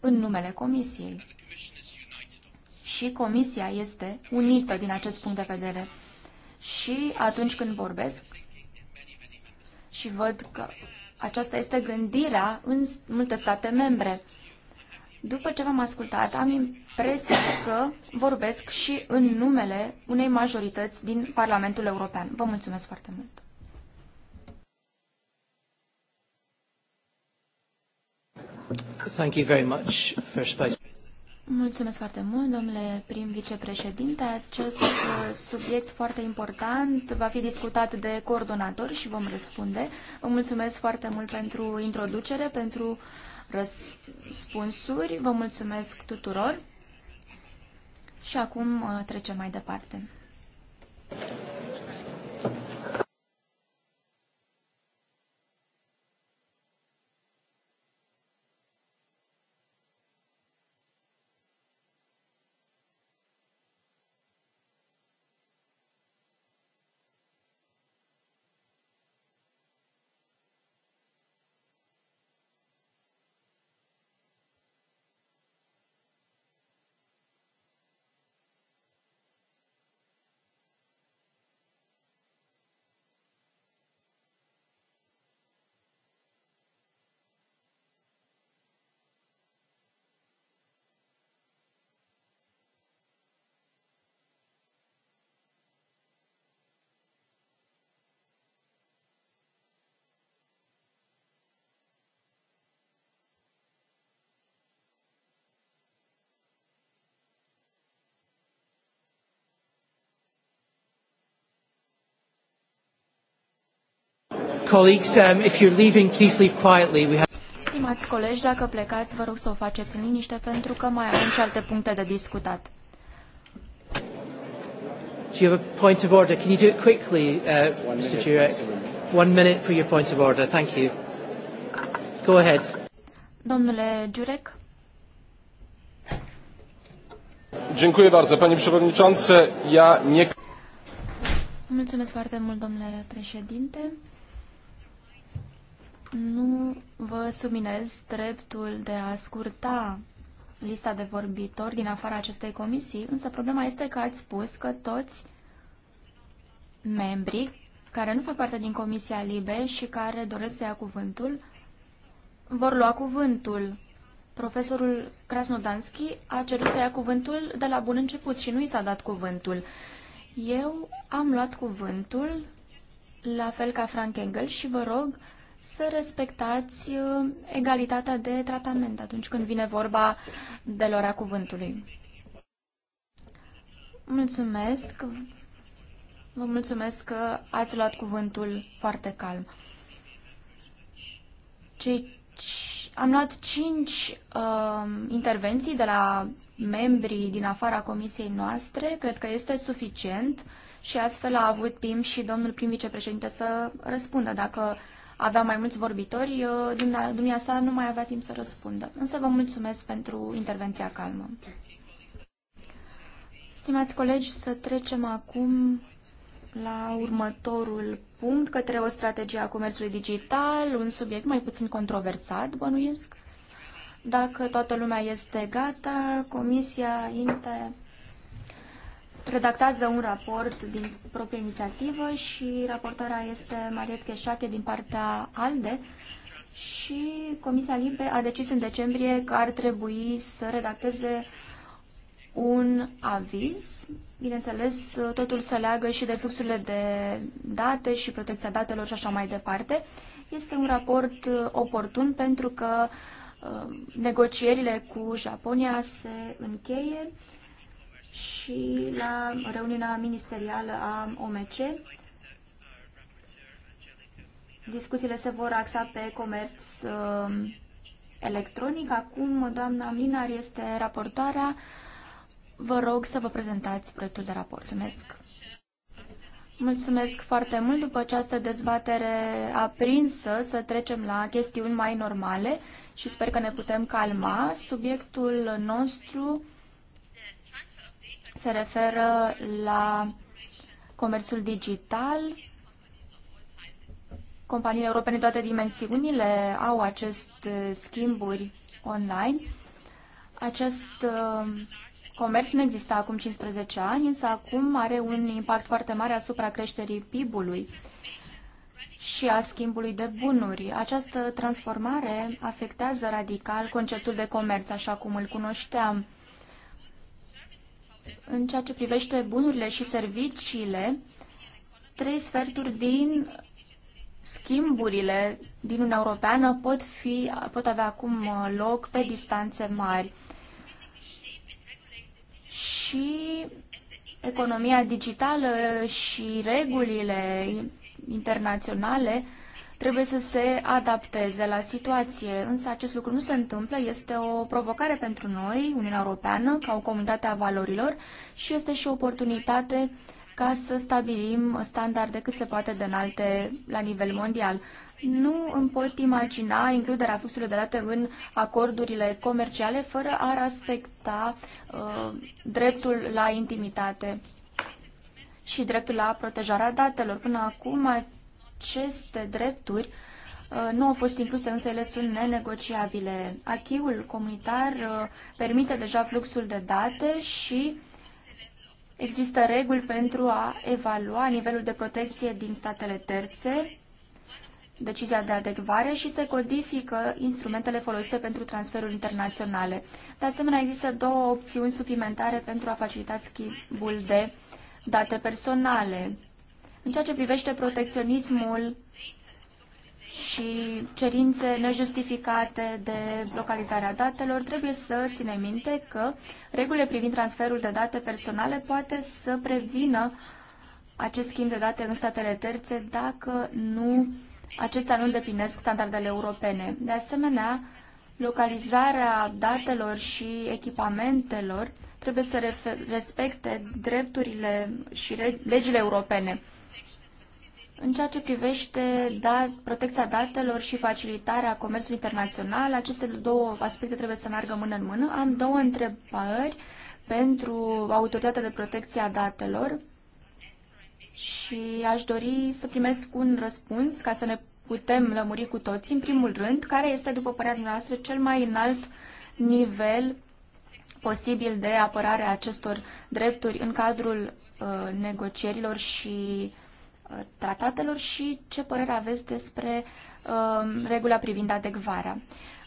în numele Comisiei. Și Comisia este unită din acest punct de vedere. Și atunci când vorbesc, și văd că aceasta este gândirea în multe state membre. După ce v-am ascultat, am impresia că vorbesc și în numele unei majorități din Parlamentul European. Vă mulțumesc foarte mult! Thank you very much, First Vice Mulțumesc foarte mult, domnule prim vicepreședinte. Acest uh, subiect foarte important va fi discutat de coordonator și vom răspunde. Vă mulțumesc foarte mult pentru introducere, pentru răspunsuri. Vă mulțumesc tuturor. Și acum uh, trecem mai departe. Colleagues, um, if you're leaving, please leave quietly. We have... Stimați colegi, dacă plecați, vă rog să o faceți în liniște pentru că mai avem și alte puncte de discutat. Do you have a point of order? Can you do it quickly, uh, Mr. Jurek? One minute for your point of order. Thank you. Go ahead. Domnule Jurek. Dziękuję bardzo, panie przewodniczący. Ja nie... Mulțumesc foarte mult, domnule președinte nu vă subminez dreptul de a scurta lista de vorbitori din afara acestei comisii, însă problema este că ați spus că toți membrii care nu fac parte din Comisia Libe și care doresc să ia cuvântul, vor lua cuvântul. Profesorul Krasnodanski a cerut să ia cuvântul de la bun început și nu i s-a dat cuvântul. Eu am luat cuvântul, la fel ca Frank Engel, și vă rog să respectați uh, egalitatea de tratament atunci când vine vorba de lorea cuvântului. Mulțumesc. Vă mulțumesc că ați luat cuvântul foarte calm. Cei am luat cinci uh, intervenții de la membrii din afara comisiei noastre. Cred că este suficient și astfel a avut timp și domnul prim vicepreședinte să răspundă dacă avea mai mulți vorbitori, uh, dumneavoastră nu mai avea timp să răspundă. Însă vă mulțumesc pentru intervenția calmă. Stimați colegi, să trecem acum la următorul punct, către o strategie a comerțului digital, un subiect mai puțin controversat, bănuiesc. Dacă toată lumea este gata, Comisia Inter redactează un raport din proprie inițiativă și raportarea este Mariet Cheșache din partea ALDE și Comisia Libe a decis în decembrie că ar trebui să redacteze un aviz. Bineînțeles, totul se leagă și de fluxurile de date și protecția datelor și așa mai departe. Este un raport uh, oportun pentru că uh, negocierile cu Japonia se încheie și la reuniunea ministerială a OMC. Discuțiile se vor axa pe comerț uh, electronic. Acum, doamna Mlinar este raportoarea. Vă rog să vă prezentați proiectul de raport. Mulțumesc! Mulțumesc foarte mult. După această dezbatere aprinsă, să trecem la chestiuni mai normale și sper că ne putem calma. Subiectul nostru se referă la comerțul digital. Companiile europene toate dimensiunile au acest uh, schimburi online. Acest uh, comerț nu exista acum 15 ani, însă acum are un impact foarte mare asupra creșterii PIB-ului și a schimbului de bunuri. Această transformare afectează radical conceptul de comerț, așa cum îl cunoșteam. În ceea ce privește bunurile și serviciile, trei sferturi din schimburile din Uniunea Europeană pot, fi, pot avea acum uh, loc pe distanțe mari. Și economia digitală și regulile internaționale trebuie să se adapteze la situație. Însă acest lucru nu se întâmplă, este o provocare pentru noi, Uniunea Europeană, ca o comunitate a valorilor și este și o oportunitate ca să stabilim standarde cât se poate de înalte la nivel mondial. Nu îmi pot imagina includerea fluxului de date în acordurile comerciale fără a respecta uh, dreptul la intimitate și dreptul la protejarea datelor. Până acum, aceste drepturi uh, nu au fost incluse, însă ele sunt nenegociabile. Achiul comunitar uh, permite deja fluxul de date și există reguli pentru a evalua nivelul de protecție din statele terțe, decizia de adecvare și se codifică instrumentele folosite pentru transferuri internaționale. De asemenea, există două opțiuni suplimentare pentru a facilita schimbul de date personale. În ceea ce privește protecționismul și cerințe nejustificate de localizarea datelor, trebuie să ținem minte că regulile privind transferul de date personale poate să prevină acest schimb de date în statele terțe dacă nu, acestea nu îndeplinesc standardele europene. De asemenea, localizarea datelor și echipamentelor trebuie să respecte drepturile și legile europene. În ceea ce privește dat, protecția datelor și facilitarea comerțului internațional, aceste două aspecte trebuie să meargă mână în mână. Am două întrebări pentru Autoritatea de Protecție a Datelor și aș dori să primesc un răspuns ca să ne putem lămuri cu toții. În primul rând, care este, după părerea noastră, cel mai înalt nivel posibil de apărare a acestor drepturi în cadrul uh, negocierilor și uh, Uh, tratatelor și ce părere aveți despre um, regula privind adecvarea.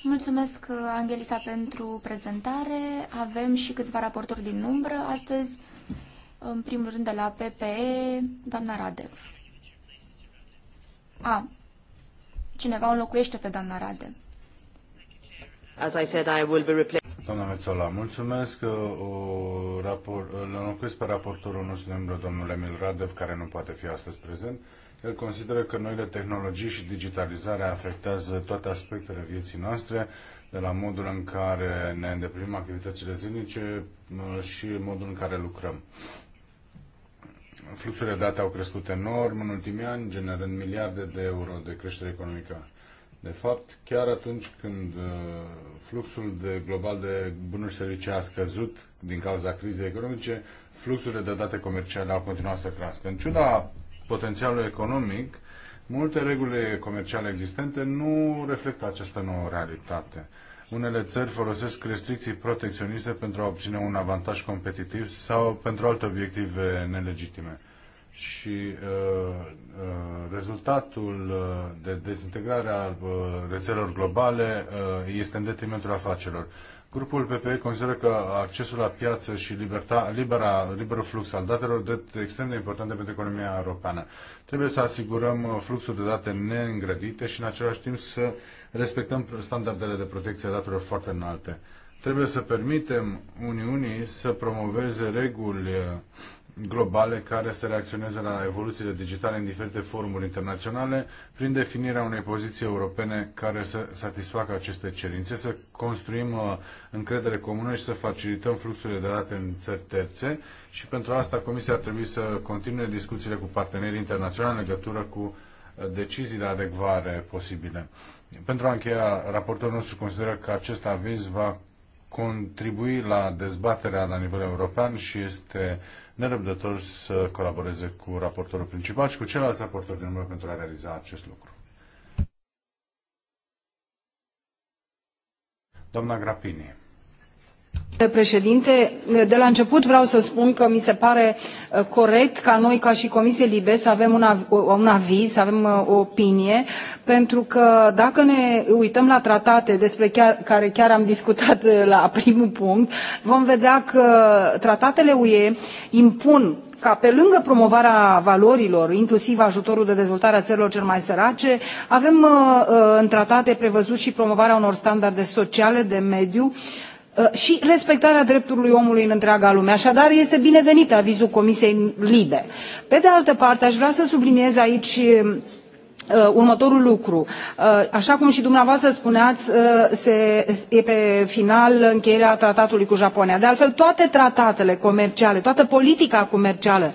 Mulțumesc, uh, Angelica, pentru prezentare. Avem și câțiva raportori din umbră astăzi. În primul rând de la PPE, doamna Radev. A, cineva înlocuiește pe doamna Radev. As I said, I will be replaced. Doamna Mețola, mulțumesc. O rapor, îl înlocuiesc pe raportorul nostru membru, domnul Emil Radev, care nu poate fi astăzi prezent. El consideră că noile tehnologii și digitalizarea afectează toate aspectele vieții noastre, de la modul în care ne îndeplinim activitățile zilnice uh, și modul în care lucrăm. Fluxurile de date au crescut enorm în ultimii ani, generând miliarde de euro de creștere economică de fapt, chiar atunci când uh, fluxul de global de bunuri și servicii a scăzut din cauza crizei economice, fluxurile de date comerciale au continuat să crească. În ciuda potențialului economic, multe reguli comerciale existente nu reflectă această nouă realitate. Unele țări folosesc restricții protecționiste pentru a obține un avantaj competitiv sau pentru alte obiective nelegitime și uh, uh, rezultatul uh, de dezintegrare a uh, rețelor globale uh, este în detrimentul afacerilor. Grupul PPE consideră că accesul la piață și liberta, libera, liberul flux al datelor drept extrem de importante pentru economia europeană. Trebuie să asigurăm uh, fluxul de date neîngrădite și în același timp să respectăm standardele de protecție a datelor foarte înalte. Trebuie să permitem Uniunii să promoveze reguli uh, globale care să reacționeze la evoluțiile digitale în diferite forumuri internaționale prin definirea unei poziții europene care să satisfacă aceste cerințe, să construim uh, încredere comună și să facilităm fluxurile de date în țări terțe și pentru asta Comisia ar trebui să continue discuțiile cu partenerii internaționali în legătură cu uh, decizii de adecvare posibile. Pentru a încheia, raportul nostru consideră că acest aviz va contribui la dezbaterea la nivel european și este nerăbdător să colaboreze cu raportorul principal și cu celălalt raportor din urmă pentru a realiza acest lucru. Doamna Grapini. Domnule președinte, de la început vreau să spun că mi se pare uh, corect ca noi, ca și Comisie Libe, să avem un aviz, să avem uh, o opinie, pentru că dacă ne uităm la tratate, despre care chiar am discutat uh, la primul punct, vom vedea că tratatele UE impun ca pe lângă promovarea valorilor inclusiv ajutorul de dezvoltare a țărilor cele mai sărace avem în tratate prevăzut și promovarea unor standarde sociale de mediu și Uh, și respectarea drepturilor omului în întreaga lume. Așadar, este binevenit avizul Comisiei Libe. Pe de altă parte, aș vrea să subliniez aici um, uh, următorul lucru uh, așa cum și dumneavoastră spuneați se, e pe final încheierea tratatului cu japonia de altfel toate tratatele comerciale toată politica comercială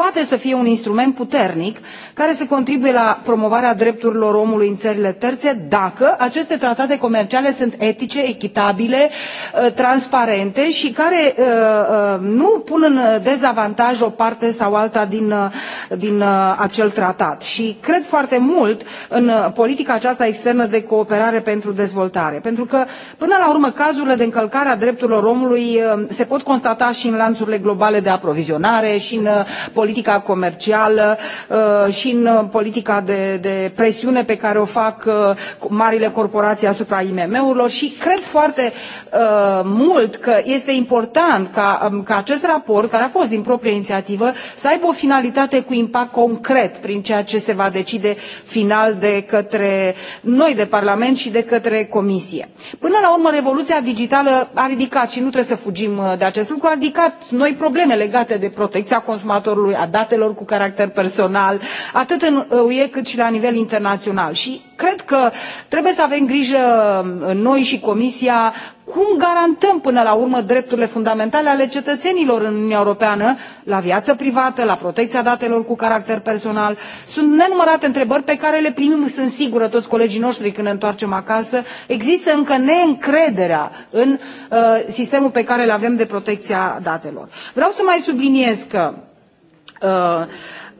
poate să fie un instrument puternic care să contribuie la promovarea drepturilor omului în țările terțe dacă aceste tratate comerciale sunt etice echitabile uh, transparente și care uh, uh, nu pun în dezavantaj o parte sau alta din, din acel tratat. Și cred foarte mult în politica aceasta externă de cooperare pentru dezvoltare pentru că până la urmă cazurile de încălcare a drepturilor omului se pot constata și în lanțurile globale de aprovizionare și în politica politica comercială uh, și în uh, politica de, de presiune pe care o fac uh, marile corporații asupra imm urilor și cred foarte mult că este important ca, um, ca acest raport care a fost din proprie inițiativă să aibă o finalitate cu impact concret prin ceea ce se va decide final de către noi de parlament și de către comisie. până la urmă revoluția digitală a ridicat și nu trebuie să fugim de acest lucru a ridicat noi probleme legate de protecția consumatorului controlului a datelor cu caracter personal atât în ue cât și la nivel internațional și cred că trebuie să avem grijă uh, noi și comisia cum garantăm până la urmă drepturile fundamentale ale cetățenilor în uniunea europeană la viață privată la protecția datelor cu caracter personal? sunt nenumărate întrebări pe care le primim sunt sigură toți colegii noștri când ne întoarcem acasă există încă neîncrederea în uh, sistemul pe care îl avem de protecție a datelor. vreau să mai subliniez că Uh,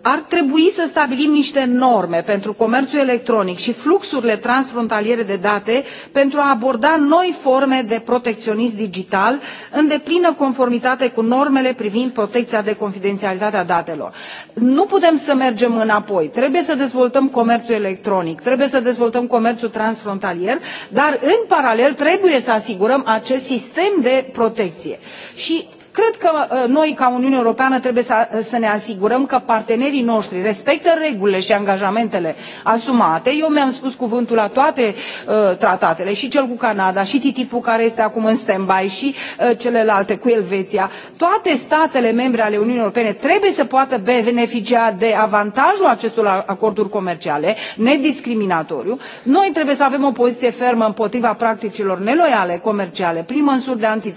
ar trebui să stabilim niște norme pentru comerțul electronic și fluxurile transfrontaliere de date pentru a aborda noi forme de protecționism digital în deplină conformitate cu normele privind protecția de confidențialitate a datelor. Nu putem să mergem înapoi. Trebuie să dezvoltăm comerțul electronic, trebuie să dezvoltăm comerțul transfrontalier, dar în paralel trebuie să asigurăm acest sistem de protecție. Și cred că uh, noi ca uniune europeană trebuie uh, să, ne asigurăm că partenerii noștri respectă regulile și angajamentele asumate eu mi am spus cuvântul la toate uh, tratatele și cel cu canada și ttip ul care este acum în stand by și celelalte cu elveția toate statele membre ale uniunii europene trebuie să poată beneficia de avantajul acestor acorduri comerciale nediscriminatoriu noi trebuie să avem o poziție fermă împotriva practicilor neloiale comerciale prin măsuri de anti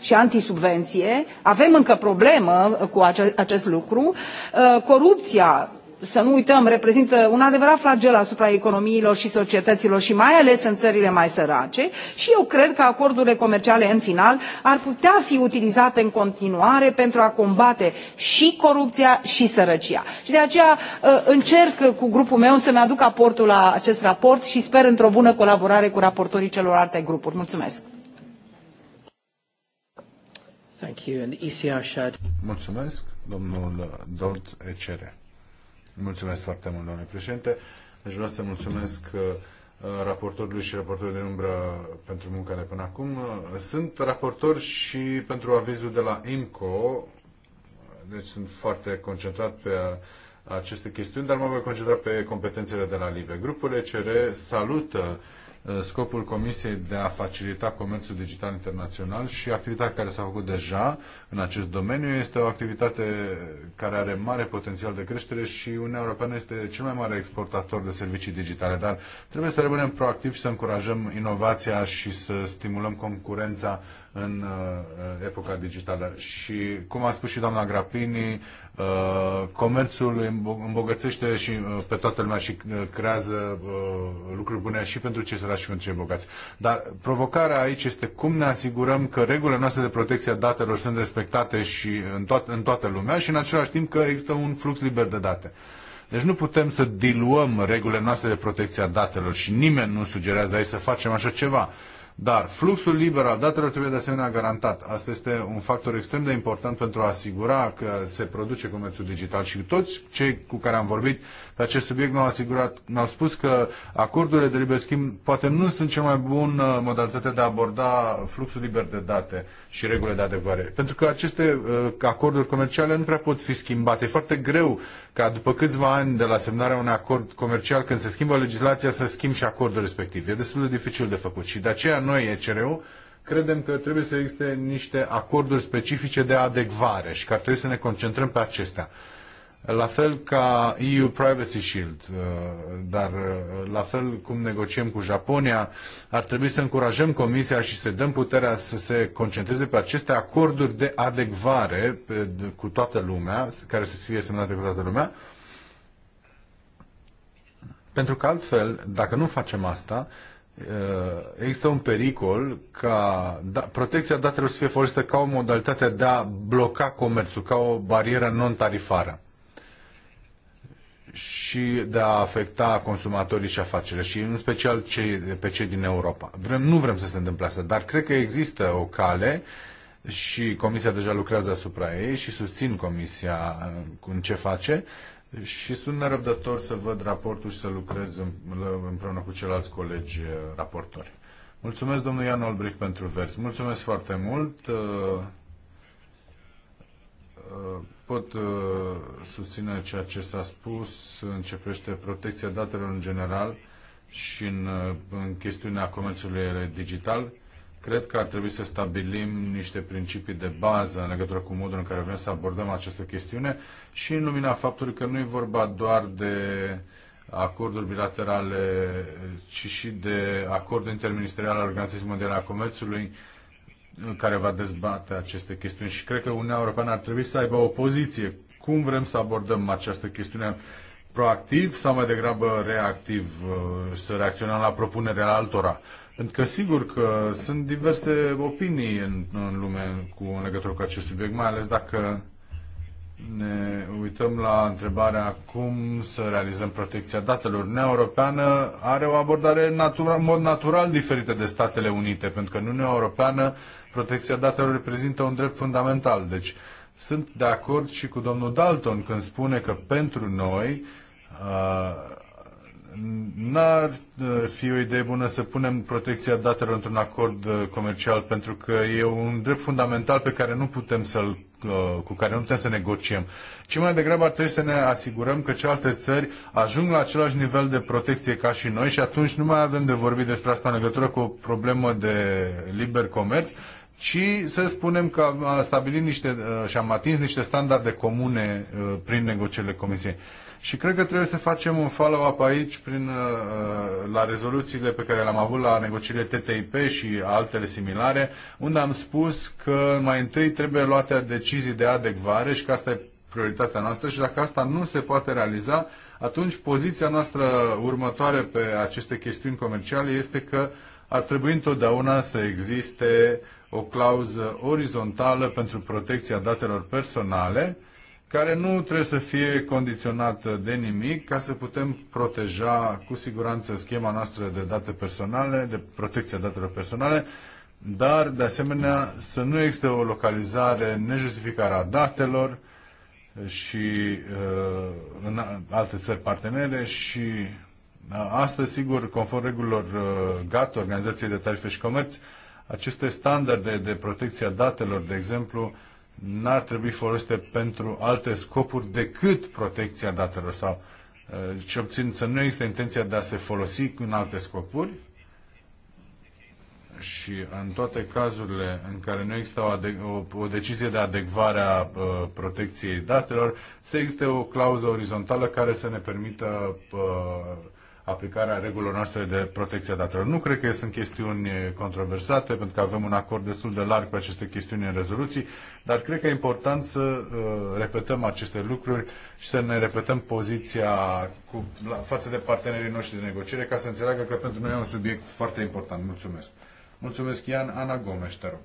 și anti corupție avem încă problemă uh, cu acest, lucru uh, corupția să nu uităm reprezintă un adevărat flagel asupra economiilor și societăților și mai ales în țările mai sărace și eu cred că acordurile comerciale în final ar putea fi utilizate în continuare pentru a combate și corupția și sărăcia și de aceea uh, încerc cu grupul meu să mi aduc aportul la acest raport și sper într o bună colaborare cu raportorii celorlalte grupuri. mulțumesc. Thank you. And ECR Shad. Mulțumesc, domnul Dolt, ECR. Mulțumesc foarte mult, domnule președinte. Aș vrea să mulțumesc uh, raportorului și raportorului de umbră pentru munca de până acum. Uh, sunt raportor și pentru avizul de la IMCO, deci sunt foarte concentrat pe uh, aceste chestiuni, dar mă voi concentra pe competențele de la LIBE. Grupul ECR salută uh, Uh, scopul Comisiei de a facilita comerțul digital internațional și activitatea care s-a făcut deja în acest domeniu este o activitate care are mare potențial de creștere și Uniunea Europeană este cel mai mare exportator de servicii digitale, dar trebuie să rămânem proactivi și să încurajăm inovația și să stimulăm concurența în uh, uh, epoca digitală. Și, cum a spus și doamna Grapini, uh, comerțul îmbogățește și pe toată lumea și creează lucruri bune și pentru cei săraci și pentru cei bogați. Dar provocarea aici este cum ne asigurăm că regulile noastre de protecție a datelor sunt respectate și în, toat, în toată lumea și în același timp că există un flux liber de date. Deci nu putem să diluăm regulile noastre de protecție a datelor și nimeni nu sugerează aici să facem așa ceva. Dar fluxul liber al datelor trebuie de asemenea garantat. Asta este un factor extrem de important pentru a asigura că se produce comerțul digital și toți cei cu care am vorbit pe acest subiect ne-au asigurat, ne-au spus că acordurile de liber schimb poate nu sunt cea mai bună modalitate de a aborda fluxul liber de date și regulile de adecvare. Pentru că aceste uh, acorduri comerciale nu prea pot fi schimbate. E foarte greu ca după câțiva ani de la semnarea unui acord comercial, când se schimbă legislația, să schimb și acordul respectiv. E destul de dificil de făcut și de aceea noi, ECRU, credem că trebuie să existe niște acorduri specifice de adecvare și că ar trebui să ne concentrăm pe acestea la fel ca EU Privacy Shield, uh, dar uh, la fel cum negociem cu Japonia, ar trebui să încurajăm Comisia și să dăm puterea să se concentreze pe aceste acorduri de adecvare cu toată lumea, care să fie semnate cu toată lumea, pentru că altfel, dacă nu facem asta, uh, există un pericol ca da, protecția datelor să fie folosită ca o modalitate de a bloca comerțul, ca o barieră non-tarifară și de a afecta consumatorii și afacerile și în special cei, pe cei din Europa. Vrem, nu vrem să se întâmple asta, dar cred că există o cale și Comisia deja lucrează asupra ei și susțin Comisia uh, în ce face și sunt nerăbdător să văd raportul și să lucrez împreună cu ceilalți colegi uh, raportori. Mulțumesc, domnul Ian Olbrich, pentru vers. Mulțumesc foarte mult. Uh, pot uh, susține ceea ce s-a spus în ce privește protecția datelor în general și în, uh, în chestiunea comerțului digital. Cred că ar trebui să stabilim niște principii de bază în legătură cu modul în care vrem să abordăm această chestiune și în lumina faptului că nu e vorba doar de acorduri bilaterale, ci și de acordul interministerial al Organizației Mondiale a Comerțului, uh, care va dezbate aceste chestiuni și cred că Uniunea Europeană ar trebui să aibă o poziție. Cum vrem să abordăm această chestiune? Proactiv sau mai degrabă reactiv uh, să reacționăm la propunerea altora? Pentru că sigur că sunt diverse opinii în, în lume cu în legătură cu acest subiect, mai ales dacă ne uităm la întrebarea cum să realizăm protecția datelor. Uniunea Europeană are o abordare natura, în mod natural diferită de Statele Unite, pentru că în Uniunea Europeană protecția datelor reprezintă un drept fundamental. Deci sunt de acord și cu domnul Dalton când spune că pentru noi uh, N-ar uh, fi o idee bună să punem protecția datelor într-un acord uh, comercial, pentru că e un drept fundamental pe care nu putem să-l, uh, cu care nu putem să negociem. Ci mai degrabă ar trebui să ne asigurăm că celelalte țări ajung la același nivel de protecție ca și noi și atunci nu mai avem de vorbit despre asta în legătură cu o problemă de liber comerț, ci să spunem că am stabilit niște și am atins niște standarde comune prin negocierile Comisiei. Și cred că trebuie să facem un follow-up aici prin, uh, uh, la rezoluțiile pe care le-am avut la negocierile TTIP și altele similare, unde am spus că mai întâi trebuie luate decizii de adecvare și că asta e prioritatea noastră și dacă asta nu se poate realiza, atunci poziția noastră următoare pe aceste chestiuni comerciale este că ar trebui întotdeauna să existe o clauză orizontală pentru protecția datelor personale, care nu trebuie să fie condiționată de nimic ca să putem proteja cu siguranță schema noastră de date personale, de protecția datelor personale, dar de asemenea să nu există o localizare nejustificată a datelor și uh, în alte țări partenere și uh, astăzi, sigur, conform regulilor uh, GATT, Organizației de Tarife și Comerț, aceste standarde de protecție a datelor, de exemplu, n-ar trebui folosite pentru alte scopuri decât protecția datelor sau uh, ce obțin să nu există intenția de a se folosi în alte scopuri și în toate cazurile în care nu există o, o, o decizie de adecvare a uh, protecției datelor, să existe o clauză orizontală care să ne permită uh, aplicarea regulilor noastre de protecție a datelor. Nu cred că sunt chestiuni controversate, pentru că avem un acord destul de larg pe aceste chestiuni în rezoluții, dar cred că e important să uh, repetăm aceste lucruri și să ne repetăm poziția cu, la, față de partenerii noștri de negociere, ca să înțeleagă că pentru noi e un subiect foarte important. Mulțumesc! Mulțumesc, Ian. Ana Gomes, te rog.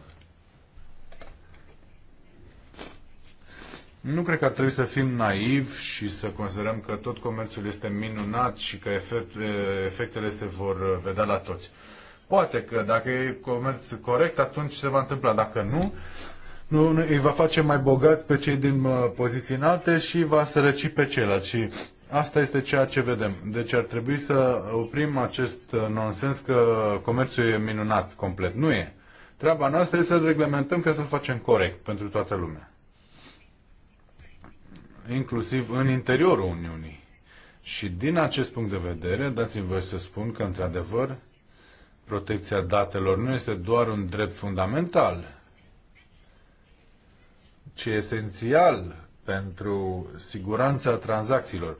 Nu cred că ar trebui să fim naivi și să considerăm că tot comerțul este minunat și că efectele se vor vedea la toți. Poate că dacă e comerț corect, atunci se va întâmpla. Dacă nu, nu, nu îi va face mai bogați pe cei din uh, poziții înalte și va sărăci pe ceilalți. Și asta este ceea ce vedem. Deci ar trebui să oprim acest uh, nonsens că comerțul e minunat complet. Nu e. Treaba noastră este să-l reglementăm ca să-l facem corect pentru toată lumea inclusiv în interiorul Uniunii. Și din acest punct de vedere, dați-mi voi să spun că, într-adevăr, protecția datelor nu este doar un drept fundamental, ci esențial pentru siguranța tranzacțiilor.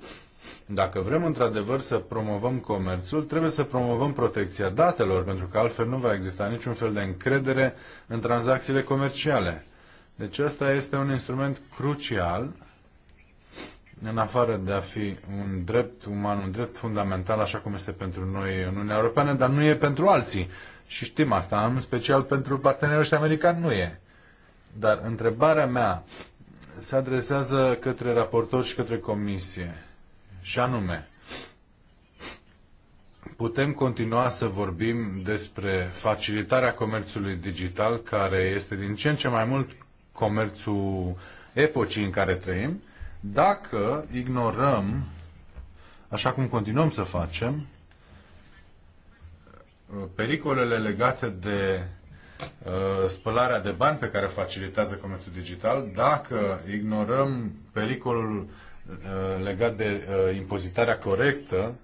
Dacă vrem într-adevăr să promovăm comerțul, trebuie să promovăm protecția datelor, pentru că altfel nu va exista niciun fel de încredere în tranzacțiile comerciale. Deci ăsta este un instrument crucial în afară de a fi un drept uman, un drept fundamental, așa cum este pentru noi în Uniunea Europeană, dar nu e pentru alții. Și știm asta, în special pentru partenerii ăștia americani nu e. Dar întrebarea mea se adresează către raportor și către comisie. Și anume, putem continua să vorbim despre facilitarea comerțului digital, care este din ce în ce mai mult comerțul epocii în care trăim, dacă ignorăm, așa cum continuăm să facem, pericolele legate de uh, spălarea de bani pe care facilitează comerțul digital, dacă ignorăm pericolul uh, legat de uh, impozitarea corectă,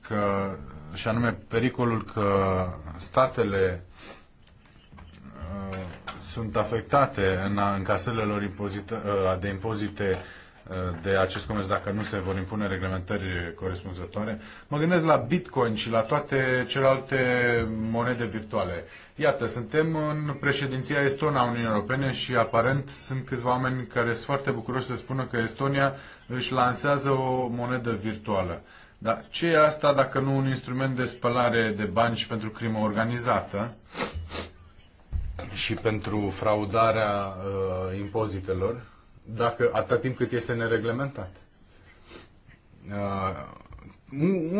că, și anume pericolul că statele sunt afectate în încasările lor ă, de impozite ă, de acest comerț dacă nu se vor impune reglementări corespunzătoare. Mă gândesc la Bitcoin și la toate celelalte monede virtuale. Iată, suntem în președinția Estona a Uniunii Europene și aparent sunt câțiva oameni care sunt foarte bucuroși să spună că Estonia își lansează o monedă virtuală. Dar ce e asta dacă nu un instrument de spălare de bani și pentru crimă organizată? și pentru fraudarea uh, impozitelor, dacă atât timp cât este nereglementat. Uh,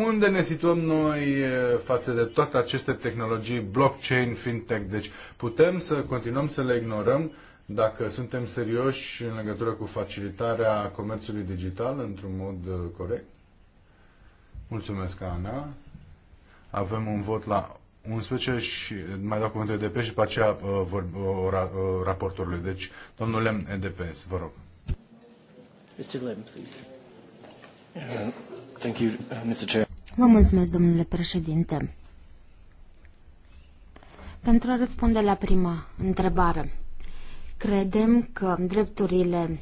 unde ne situăm noi uh, față de toate aceste tehnologii, blockchain, fintech? Deci putem să continuăm să le ignorăm dacă suntem serioși în legătură cu facilitarea comerțului digital într-un mod uh, corect? Mulțumesc, Ana. Avem un vot la 11 și mai dau cuvântul EDP și după aceea uh, vor, uh, uh, raportorului. Deci, domnule Lem, EDP, vă rog. Mr. Lem, please. thank you, Mr. Chair. Vă mulțumesc, domnule președinte. Pentru a răspunde la prima întrebare, credem că drepturile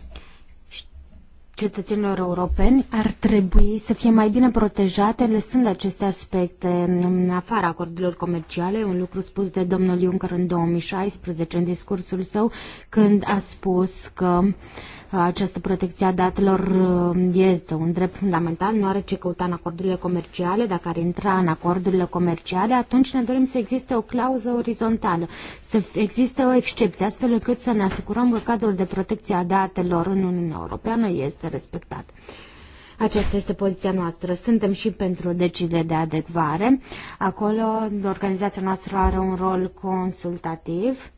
cetățenilor europeni ar trebui să fie mai bine protejate, lăsând aceste aspecte în afara acordurilor comerciale, un lucru spus de domnul Juncker în 2016 în discursul său, când a spus că uh, această protecție a datelor uh, este un drept fundamental, nu are ce căuta în acordurile comerciale. Dacă ar intra în acordurile comerciale, atunci ne dorim să existe o clauză orizontală, să existe o excepție, astfel încât să ne asigurăm că cadrul de protecție a datelor în Uniunea Europeană este respectat. Aceasta este poziția noastră. Suntem și pentru decide de adecvare. Acolo, organizația noastră are un rol consultativ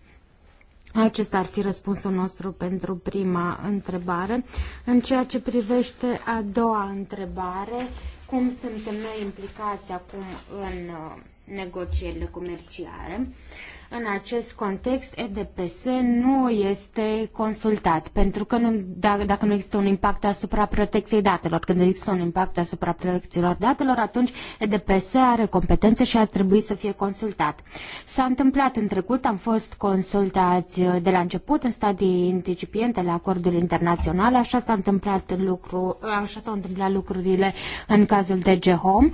acesta ar fi răspunsul nostru pentru prima întrebare. În ceea ce privește a doua întrebare, cum suntem noi implicați acum în uh, negocierile comerciale? Uh, în acest context, EDPS nu este consultat, pentru că nu, da, dacă nu există un impact asupra protecției datelor, când există un impact asupra protecțiilor datelor, atunci EDPS are competențe și ar trebui să fie consultat. S-a întâmplat în trecut, am fost consultați de la început în stadii anticipiente la acordurile internațional, așa s-a întâmplat lucru, așa s-au întâmplat lucrurile în cazul de Home.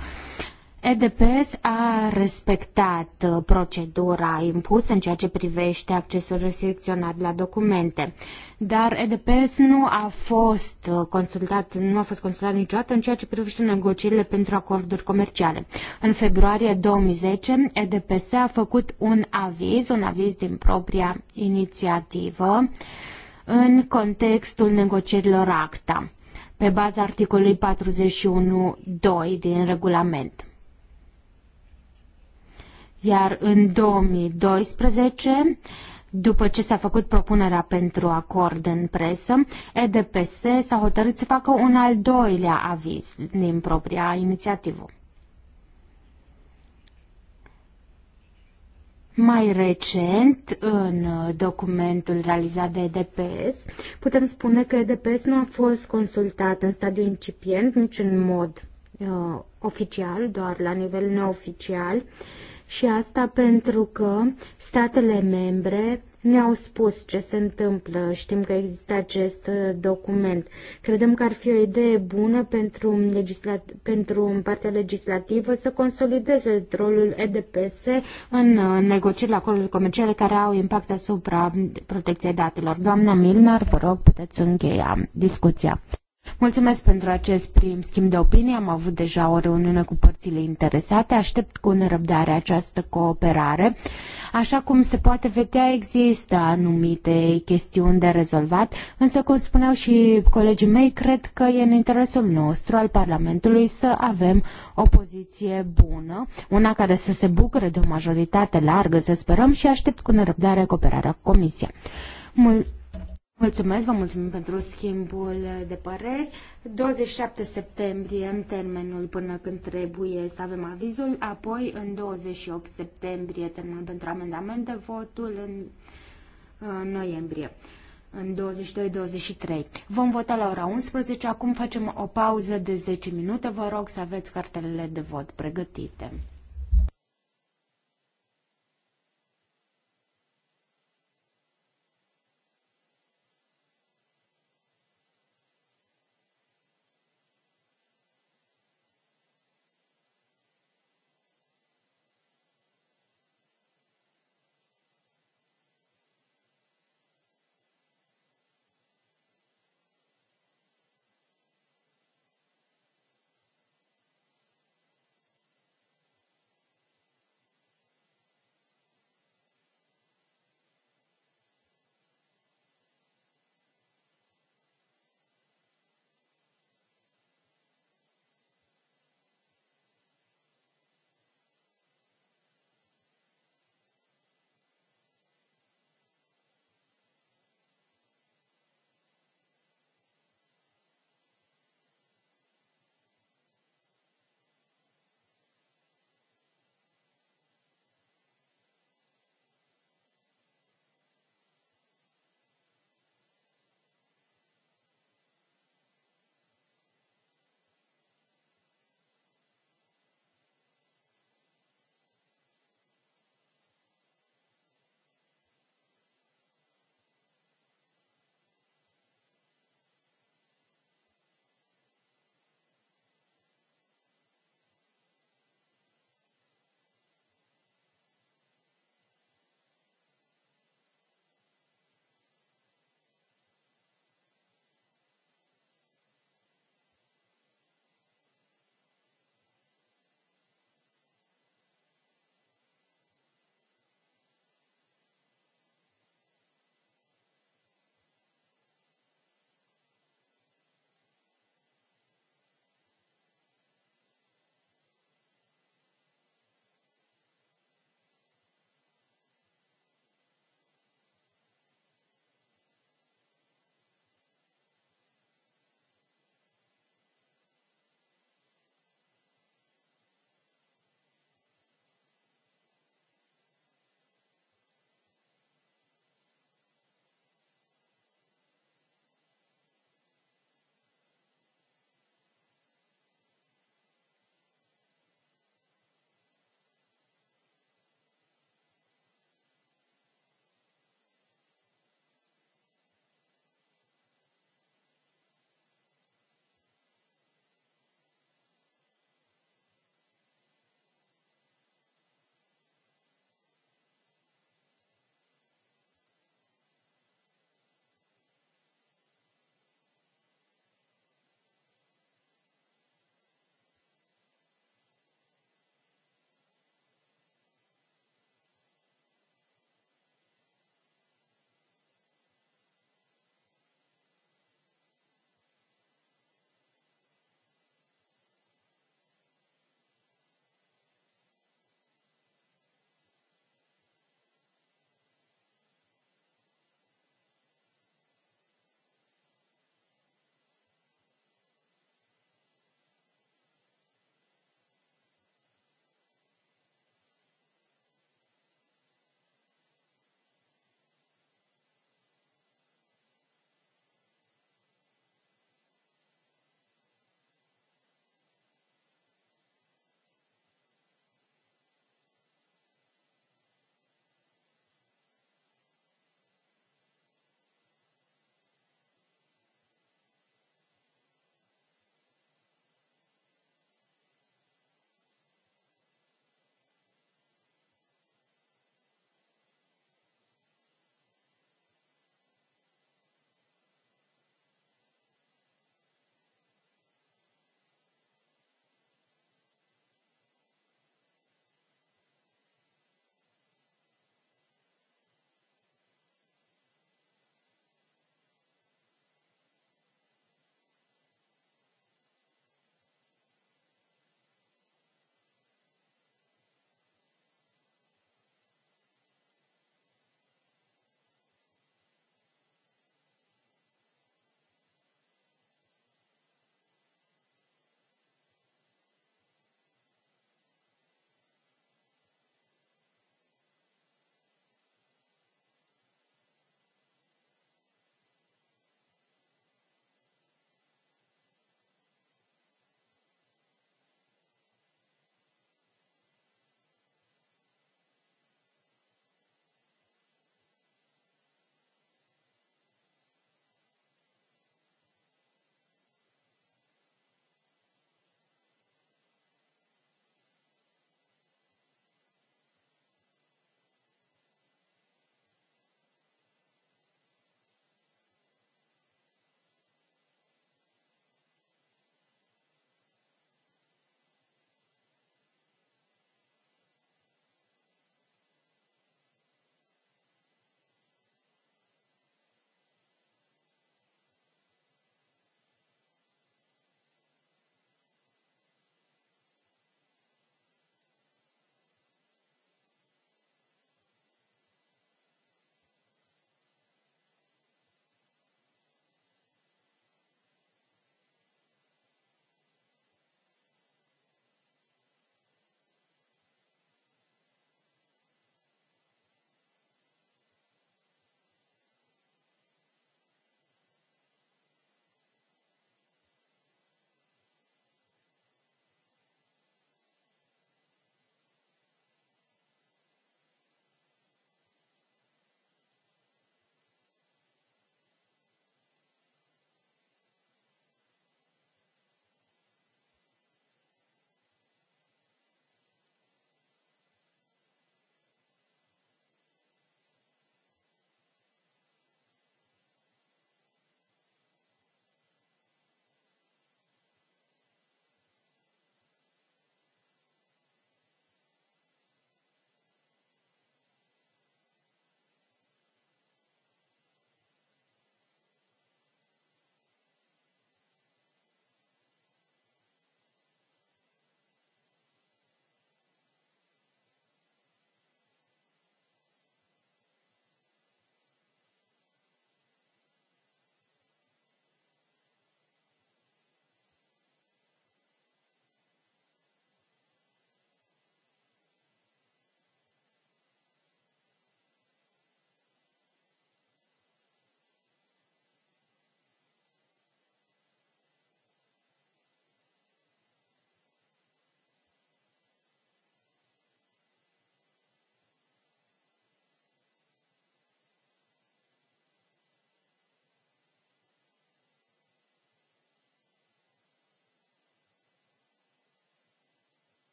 EDPS a respectat uh, procedura impusă în ceea ce privește accesul restricționat la documente, dar EDPS nu a fost uh, consultat, nu a fost consultat niciodată în ceea ce privește negocierile pentru acorduri comerciale. În februarie 2010, EDPS a făcut un aviz, un aviz din propria inițiativă, în contextul negocierilor ACTA pe baza articolului 41.2 din regulament. Iar în 2012, după ce s-a făcut propunerea pentru acord în presă, EDPS s-a hotărât să facă un al doilea aviz din propria inițiativă. Mai recent, în documentul realizat de EDPS, putem spune că EDPS nu a fost consultat în stadiu incipient, nici în mod uh, oficial, doar la nivel neoficial. Uh, și asta pentru că statele membre ne-au spus ce se întâmplă, știm că există acest uh, document. Credem că ar fi o idee bună pentru, legisla- pentru partea legislativă să consolideze rolul EDPS în uh, negocierile acordurilor comerciale care au impact asupra protecției datelor. Doamna Milnar, vă rog, puteți încheia discuția. Mulțumesc pentru acest prim schimb de opinie. Am avut deja o reuniune cu părțile interesate. Aștept cu nerăbdare această cooperare. Așa cum se poate vedea, există anumite chestiuni de rezolvat, însă, cum spuneau și colegii mei, cred că e în interesul nostru al Parlamentului să avem o poziție bună, una care să se bucure de o majoritate largă, să sperăm, și aștept cu nerăbdare cooperarea cu Comisia. Mul- Mulțumesc, vă mulțumim pentru schimbul de păreri. 27 septembrie în termenul până când trebuie să avem avizul, apoi în 28 septembrie termenul pentru amendamente, votul în, în noiembrie în 22-23. Vom vota la ora 11, acum facem o pauză de 10 minute, vă rog să aveți cartelele de vot pregătite.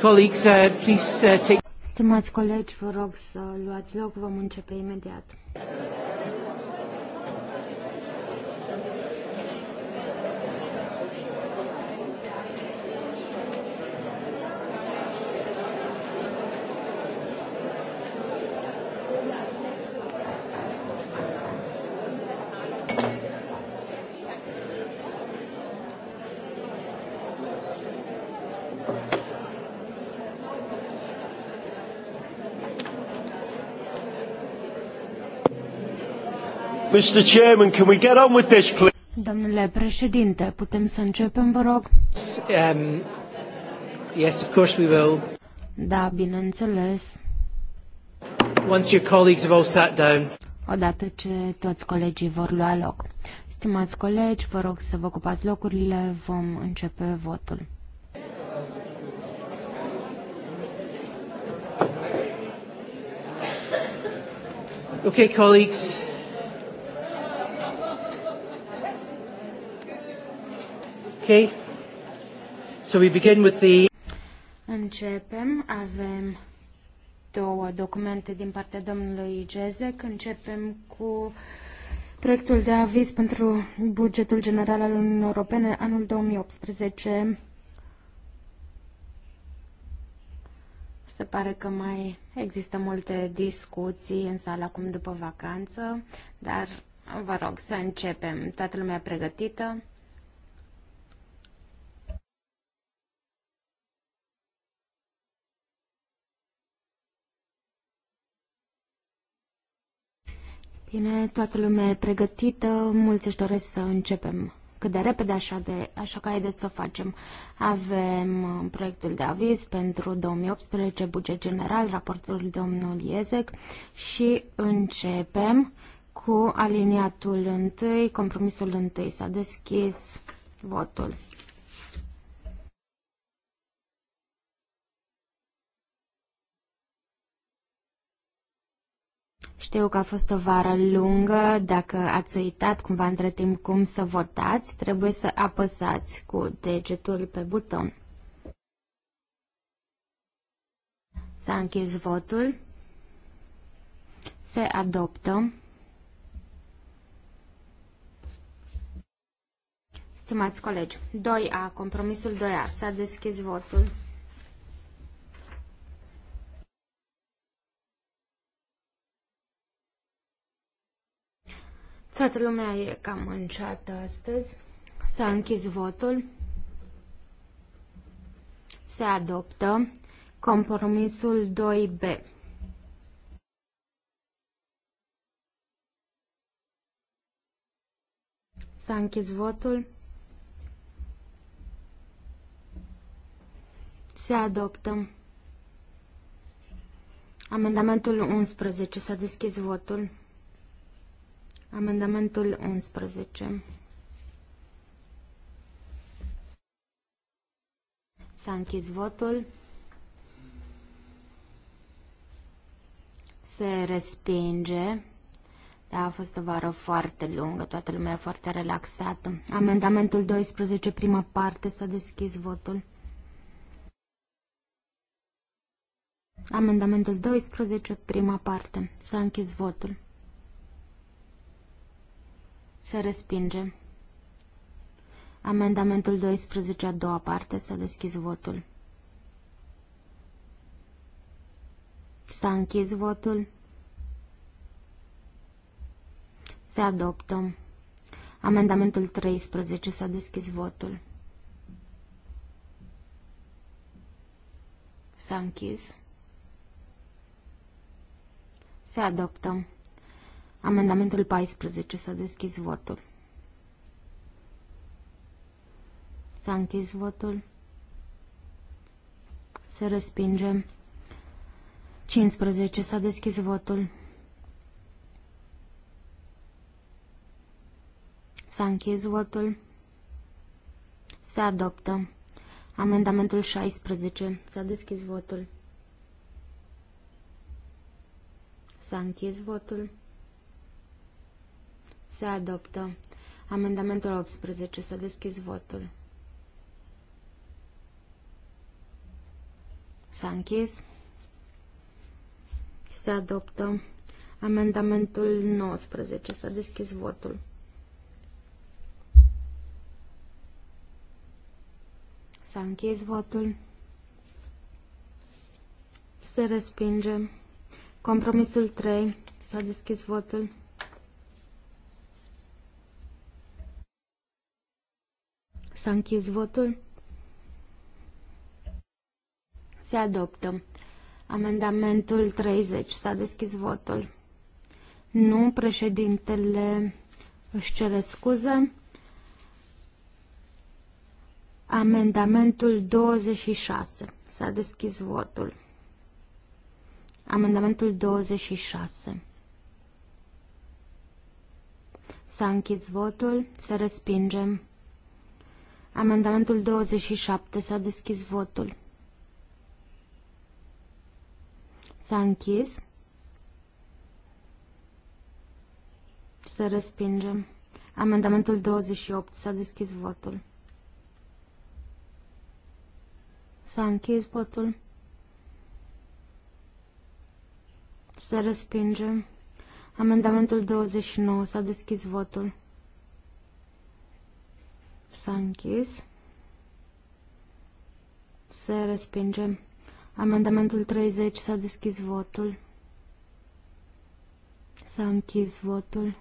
Colleagues, uh, please uh, take... Stimați colegi, vă rog să luați loc, vom începe imediat. Mr. Chairman, can we get on with this, please? Domnule președinte, putem să începem, vă rog? Um, yes, of course we will. Da, bineînțeles. Once your colleagues have all sat down. Odată ce toți colegii vor lua loc. Stimați colegi, vă rog să vă ocupați locurile, vom începe votul. Okay, colleagues. Okay. So we begin with the... Începem. Avem două documente din partea domnului Jezek. Începem cu proiectul de aviz pentru bugetul general al Uniunii Europene anul 2018. Se pare că mai există multe discuții în sală acum după vacanță, dar vă rog să începem. Toată lumea pregătită? Bine, toată lumea e pregătită, mulți își doresc să începem cât de repede, așa, de, așa că haideți să o facem. Avem uh, proiectul de aviz pentru 2018, buget general, raportul domnului Iezec și începem cu aliniatul 1, compromisul 1. S-a deschis votul. Știu că a fost o vară lungă, dacă ați uitat cumva între timp cum să votați, trebuie să apăsați cu degetul pe buton. S-a închis votul. Se adoptă. Stimați colegi, 2A, compromisul 2A, s-a deschis votul. Toată lumea e cam înceată astăzi. S-a închis votul. Se adoptă compromisul 2B. S-a închis votul. Se adoptă. Amendamentul 11. S-a deschis votul. Amendamentul 11. S-a închis votul. Se respinge. Da, a fost o vară foarte lungă, toată lumea foarte relaxată. Amendamentul 12, prima parte, s-a deschis votul. Amendamentul 12, prima parte, s-a închis votul. Se respinge. Amendamentul 12, a doua parte, să deschis votul. S-a închis votul. Se adoptă. Amendamentul 13, s-a deschis votul. S-a închis. Se adoptă. Amendamentul 14. S-a deschis votul. S-a închis votul. Se respinge. 15. S-a deschis votul. S-a închis votul. Se adoptă. Amendamentul 16. S-a deschis votul. S-a închis votul. Se adoptă. Amendamentul 18. S-a deschis votul. S-a închis. Se adoptă. Amendamentul 19. S-a deschis votul. S-a închis votul. Se respinge. Compromisul 3. S-a deschis votul. S-a închis votul. Se adoptă. Amendamentul 30. S-a deschis votul. Nu, președintele își cere scuză. Amendamentul 26. S-a deschis votul. Amendamentul 26. S-a închis votul. Se respingem. Amendamentul 27. S-a deschis votul. S-a închis. Să respingem. Amendamentul 28. S-a deschis votul. S-a închis votul. Să respingem. Amendamentul 29. S-a deschis votul. S-a închis. Se respinge. Amendamentul 30. S-a deschis votul. S-a închis votul.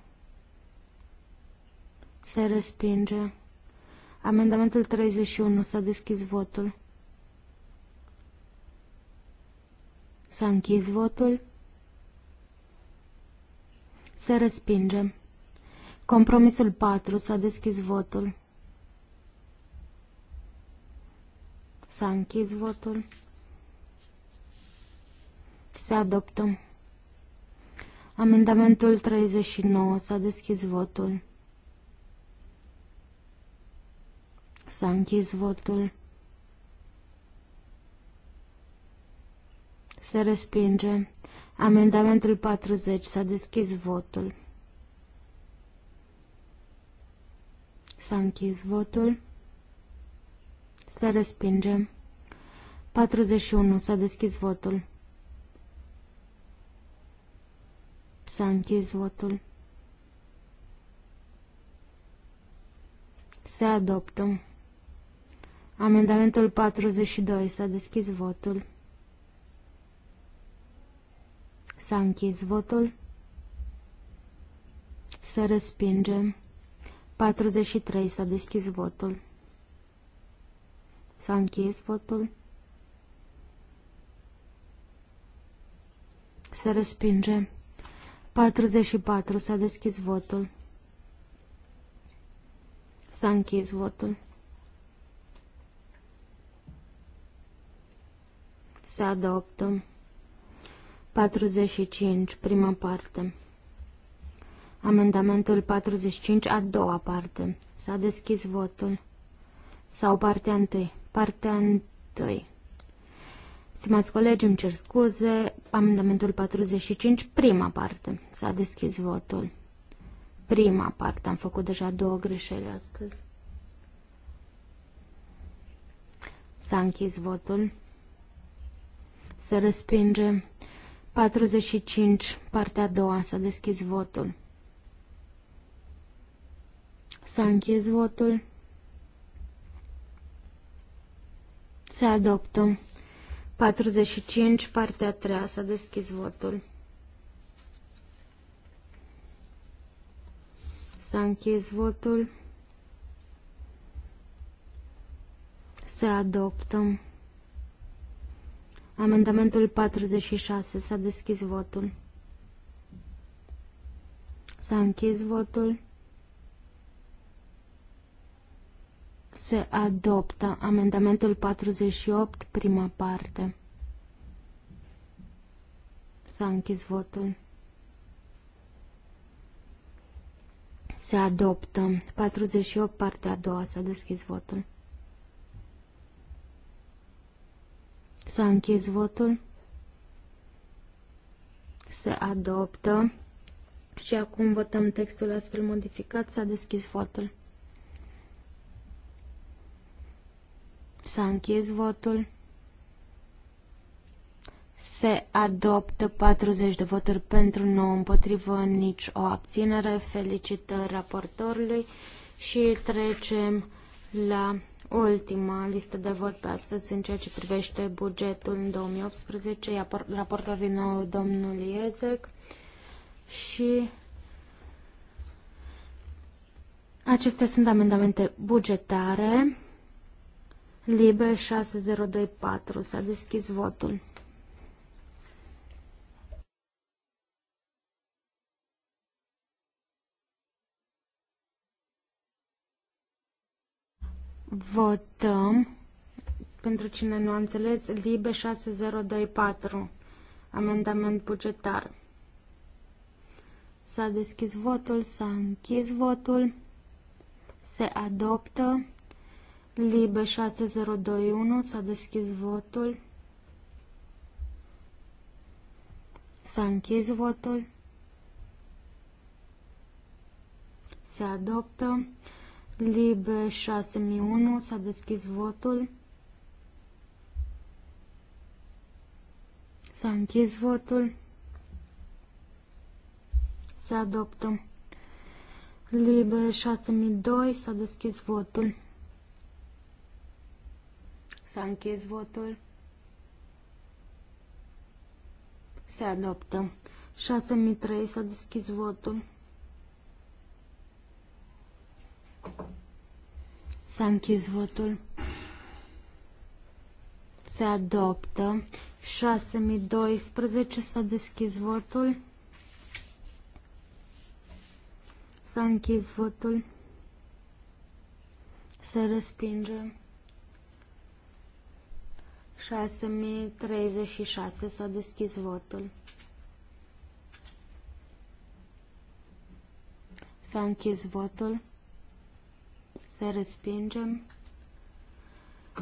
Se respinge. Amendamentul 31. S-a deschis votul. S-a închis votul. Se respinge. Compromisul 4. S-a deschis votul. S-a închis votul. Se adoptă. Amendamentul 39. S-a deschis votul. S-a închis votul. Se respinge. Amendamentul 40. S-a deschis votul. S-a închis votul. Se respinge. 41. S-a deschis votul. S-a închis votul. Se adoptă. Amendamentul 42. S-a deschis votul. S-a închis votul. Se respinge. 43. S-a deschis votul. S-a închis votul. Se respinge. 44. S-a deschis votul. S-a închis votul. Se adoptă. 45. Prima parte. Amendamentul 45, a doua parte. S-a deschis votul. Sau partea întâi. Partea 1. Stimați colegi, îmi cer scuze. Amendamentul 45, prima parte. S-a deschis votul. Prima parte. Am făcut deja două greșeli astăzi. S-a închis votul. Se respinge. 45, partea a doua. S-a deschis votul. S-a închis votul. Se adoptă. 45, partea a treia. S-a deschis votul. S-a închis votul. Se adoptă. Amendamentul 46. S-a deschis votul. S-a închis votul. Se adoptă amendamentul 48, prima parte. S-a închis votul. Se adoptă 48, partea a doua. S-a deschis votul. S-a închis votul. Se adoptă. Și acum votăm textul astfel modificat. S-a deschis votul. S-a închis votul. Se adoptă 40 de voturi pentru, nou împotrivă, nici o abținere. Felicitări raportorului și trecem la ultima listă de vot pe astăzi în ceea ce privește bugetul în 2018, raportorul din nou domnul Iezec și acestea sunt amendamente bugetare. Libe 6024. S-a deschis votul. Votăm. Pentru cine nu a înțeles, Libe 6024. Amendament bugetar. S-a deschis votul, s-a închis votul, se adoptă. Libe 6021 s-a deschis votul. S-a închis votul. Se adoptă. Libe 6001 s-a deschis votul. S-a închis votul. Se adoptă. Libe 6002 s-a deschis votul. Să închezi votul. Se adoptă. 6003 s-a deschis votul. S-a închis votul. Se adoptă. 6012 s-a deschis votul. S-a închis votul. Se respinge. 6036 s-a deschis votul. S-a închis votul. Să respingem.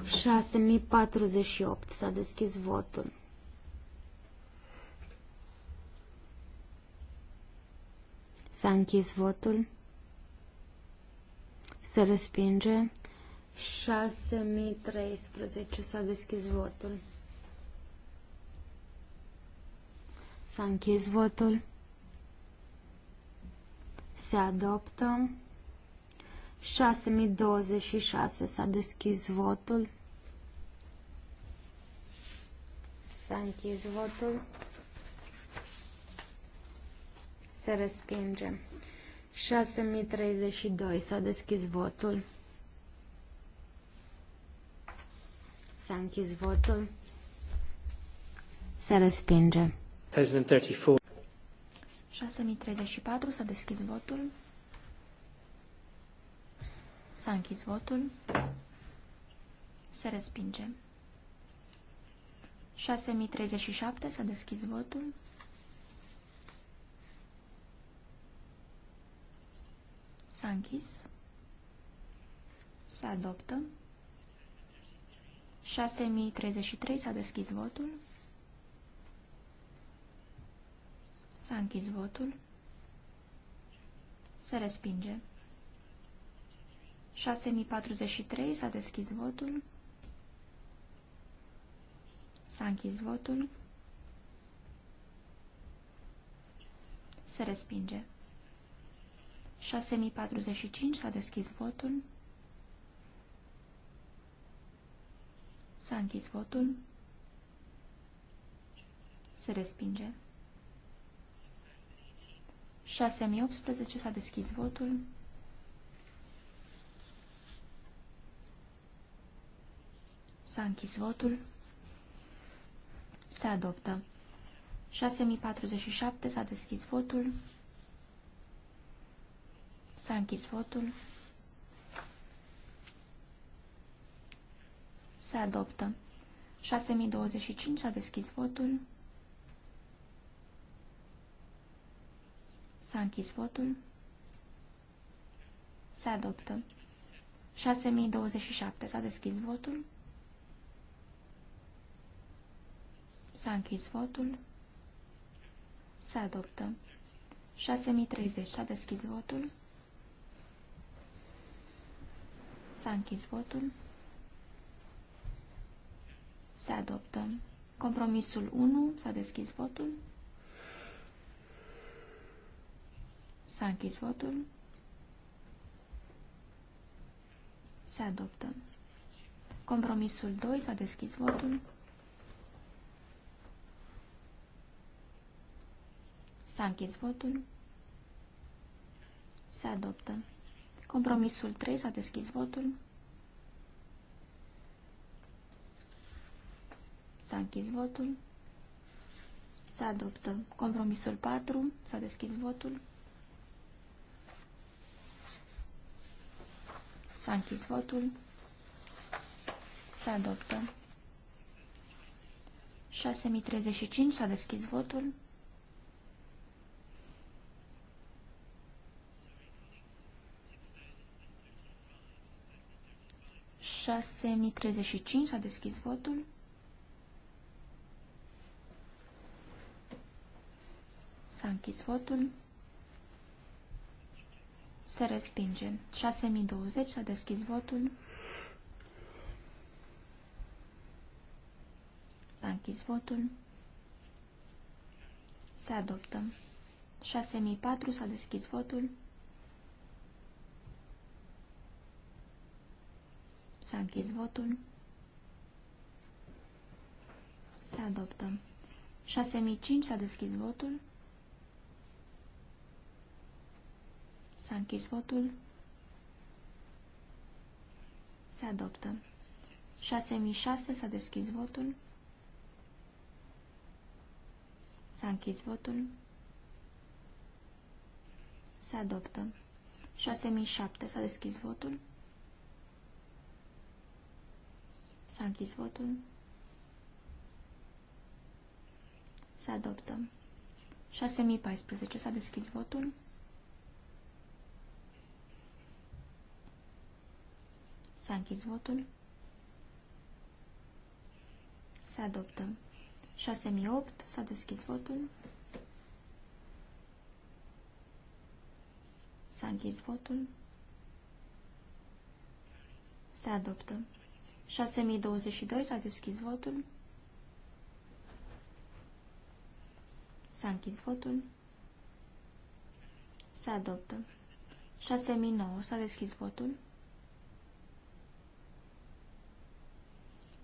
6048 s-a deschis votul. S-a închis votul. Se respinge. 6013 s-a deschis votul. S-a închis votul. Se adoptă. 6026 s-a deschis votul. S-a închis votul. Se respinge. 6032 s-a deschis votul. S-a închis votul. Se respinge. 6034. S-a deschis votul. S-a închis votul. Se respinge. 6037. S-a deschis votul. S-a închis. Se adoptă. 6033 s-a deschis votul. S-a închis votul. Se respinge. 6043 s-a deschis votul. S-a închis votul. Se respinge. 6045 s-a deschis votul. S-a închis votul. Se respinge. 6018 s-a deschis votul. S-a închis votul. Se adoptă. 6047 s-a deschis votul. S-a închis votul. Se adoptă. 6025 s-a deschis votul. S-a închis votul. Se adoptă. 6027 s-a deschis votul. S-a închis votul. Se adoptă. 6030 s-a deschis votul. S-a închis votul. Se adoptă. Compromisul 1. S-a deschis votul. S-a închis votul. Se adoptă. Compromisul 2. S-a deschis votul. S-a închis votul. Se adoptă. Compromisul 3. S-a deschis votul. S-a închis votul. Se adoptă. Compromisul 4. S-a deschis votul. S-a închis votul. Se adoptă. 6035. S-a deschis votul. șase mi treizeci și cinci s-a deschis votul. S-a închis votul. Se respinge. 6020. S-a deschis votul. S-a închis votul. Se adoptă. 6004. S-a deschis votul. S-a închis votul. Se adoptă. 6005. S-a deschis votul. S-a închis votul. Se adoptă. 6006 s-a deschis votul. S-a închis votul. Se adoptă. 6007 s-a deschis votul. S-a închis votul. Se adoptă. 6014 s-a deschis votul. S-a închis votul. Se adoptă. 6008. S-a deschis votul. S-a închis votul. Se adoptă. 6022. S-a deschis votul. S-a închis votul. Se adoptă. 6009. S-a deschis votul.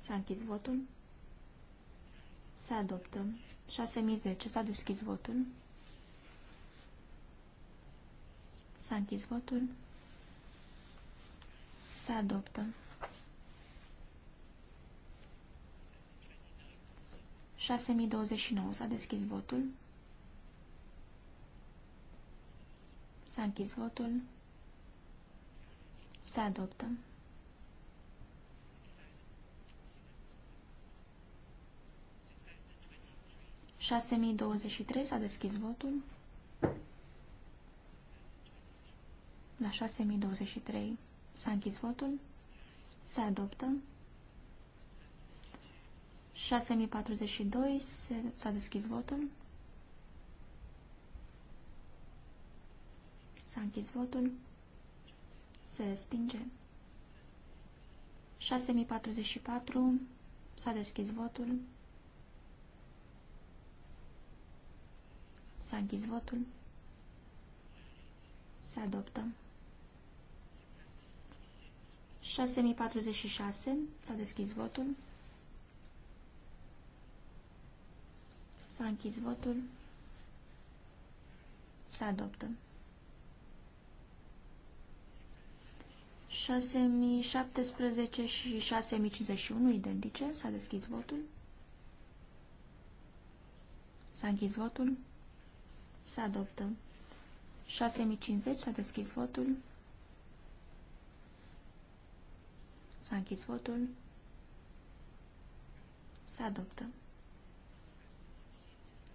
S-a închis votul. Se adoptă. 6010. S-a deschis votul. S-a închis votul. Se adoptă. 6029. S-a deschis votul. S-a închis votul. Se adoptă. 6023 s-a deschis votul. La 6023 s-a închis votul. Se adoptă. 6042 s-a deschis votul. S-a închis votul. Se respinge. 6044 s-a deschis votul. S-a închis votul. Se adoptă. 6046. S-a deschis votul. S-a închis votul. Se adoptă. 6017 și 6051 identice. S-a deschis votul. S-a închis votul. Se adoptă. 6050. S-a deschis votul. S-a închis votul. Se adoptă.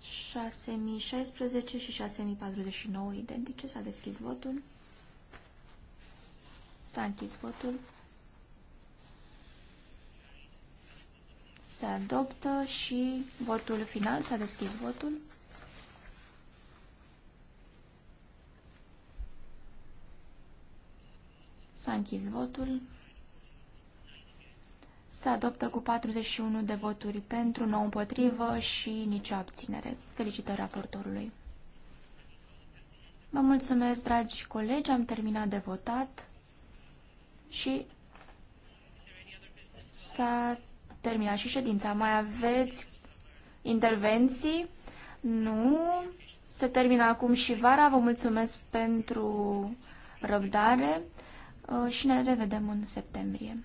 6016 și 6049 identice. S-a deschis votul. S-a închis votul. Se adoptă și votul final. S-a deschis votul. S-a închis votul. Se adoptă cu 41 de voturi pentru, 9 împotrivă și nicio abținere. Felicitări raportorului. Vă mulțumesc, dragi colegi, am terminat de votat și s-a terminat și ședința. Mai aveți intervenții? Nu. Se termină acum și vara. Vă mulțumesc pentru răbdare. Uh, și ne revedem în septembrie.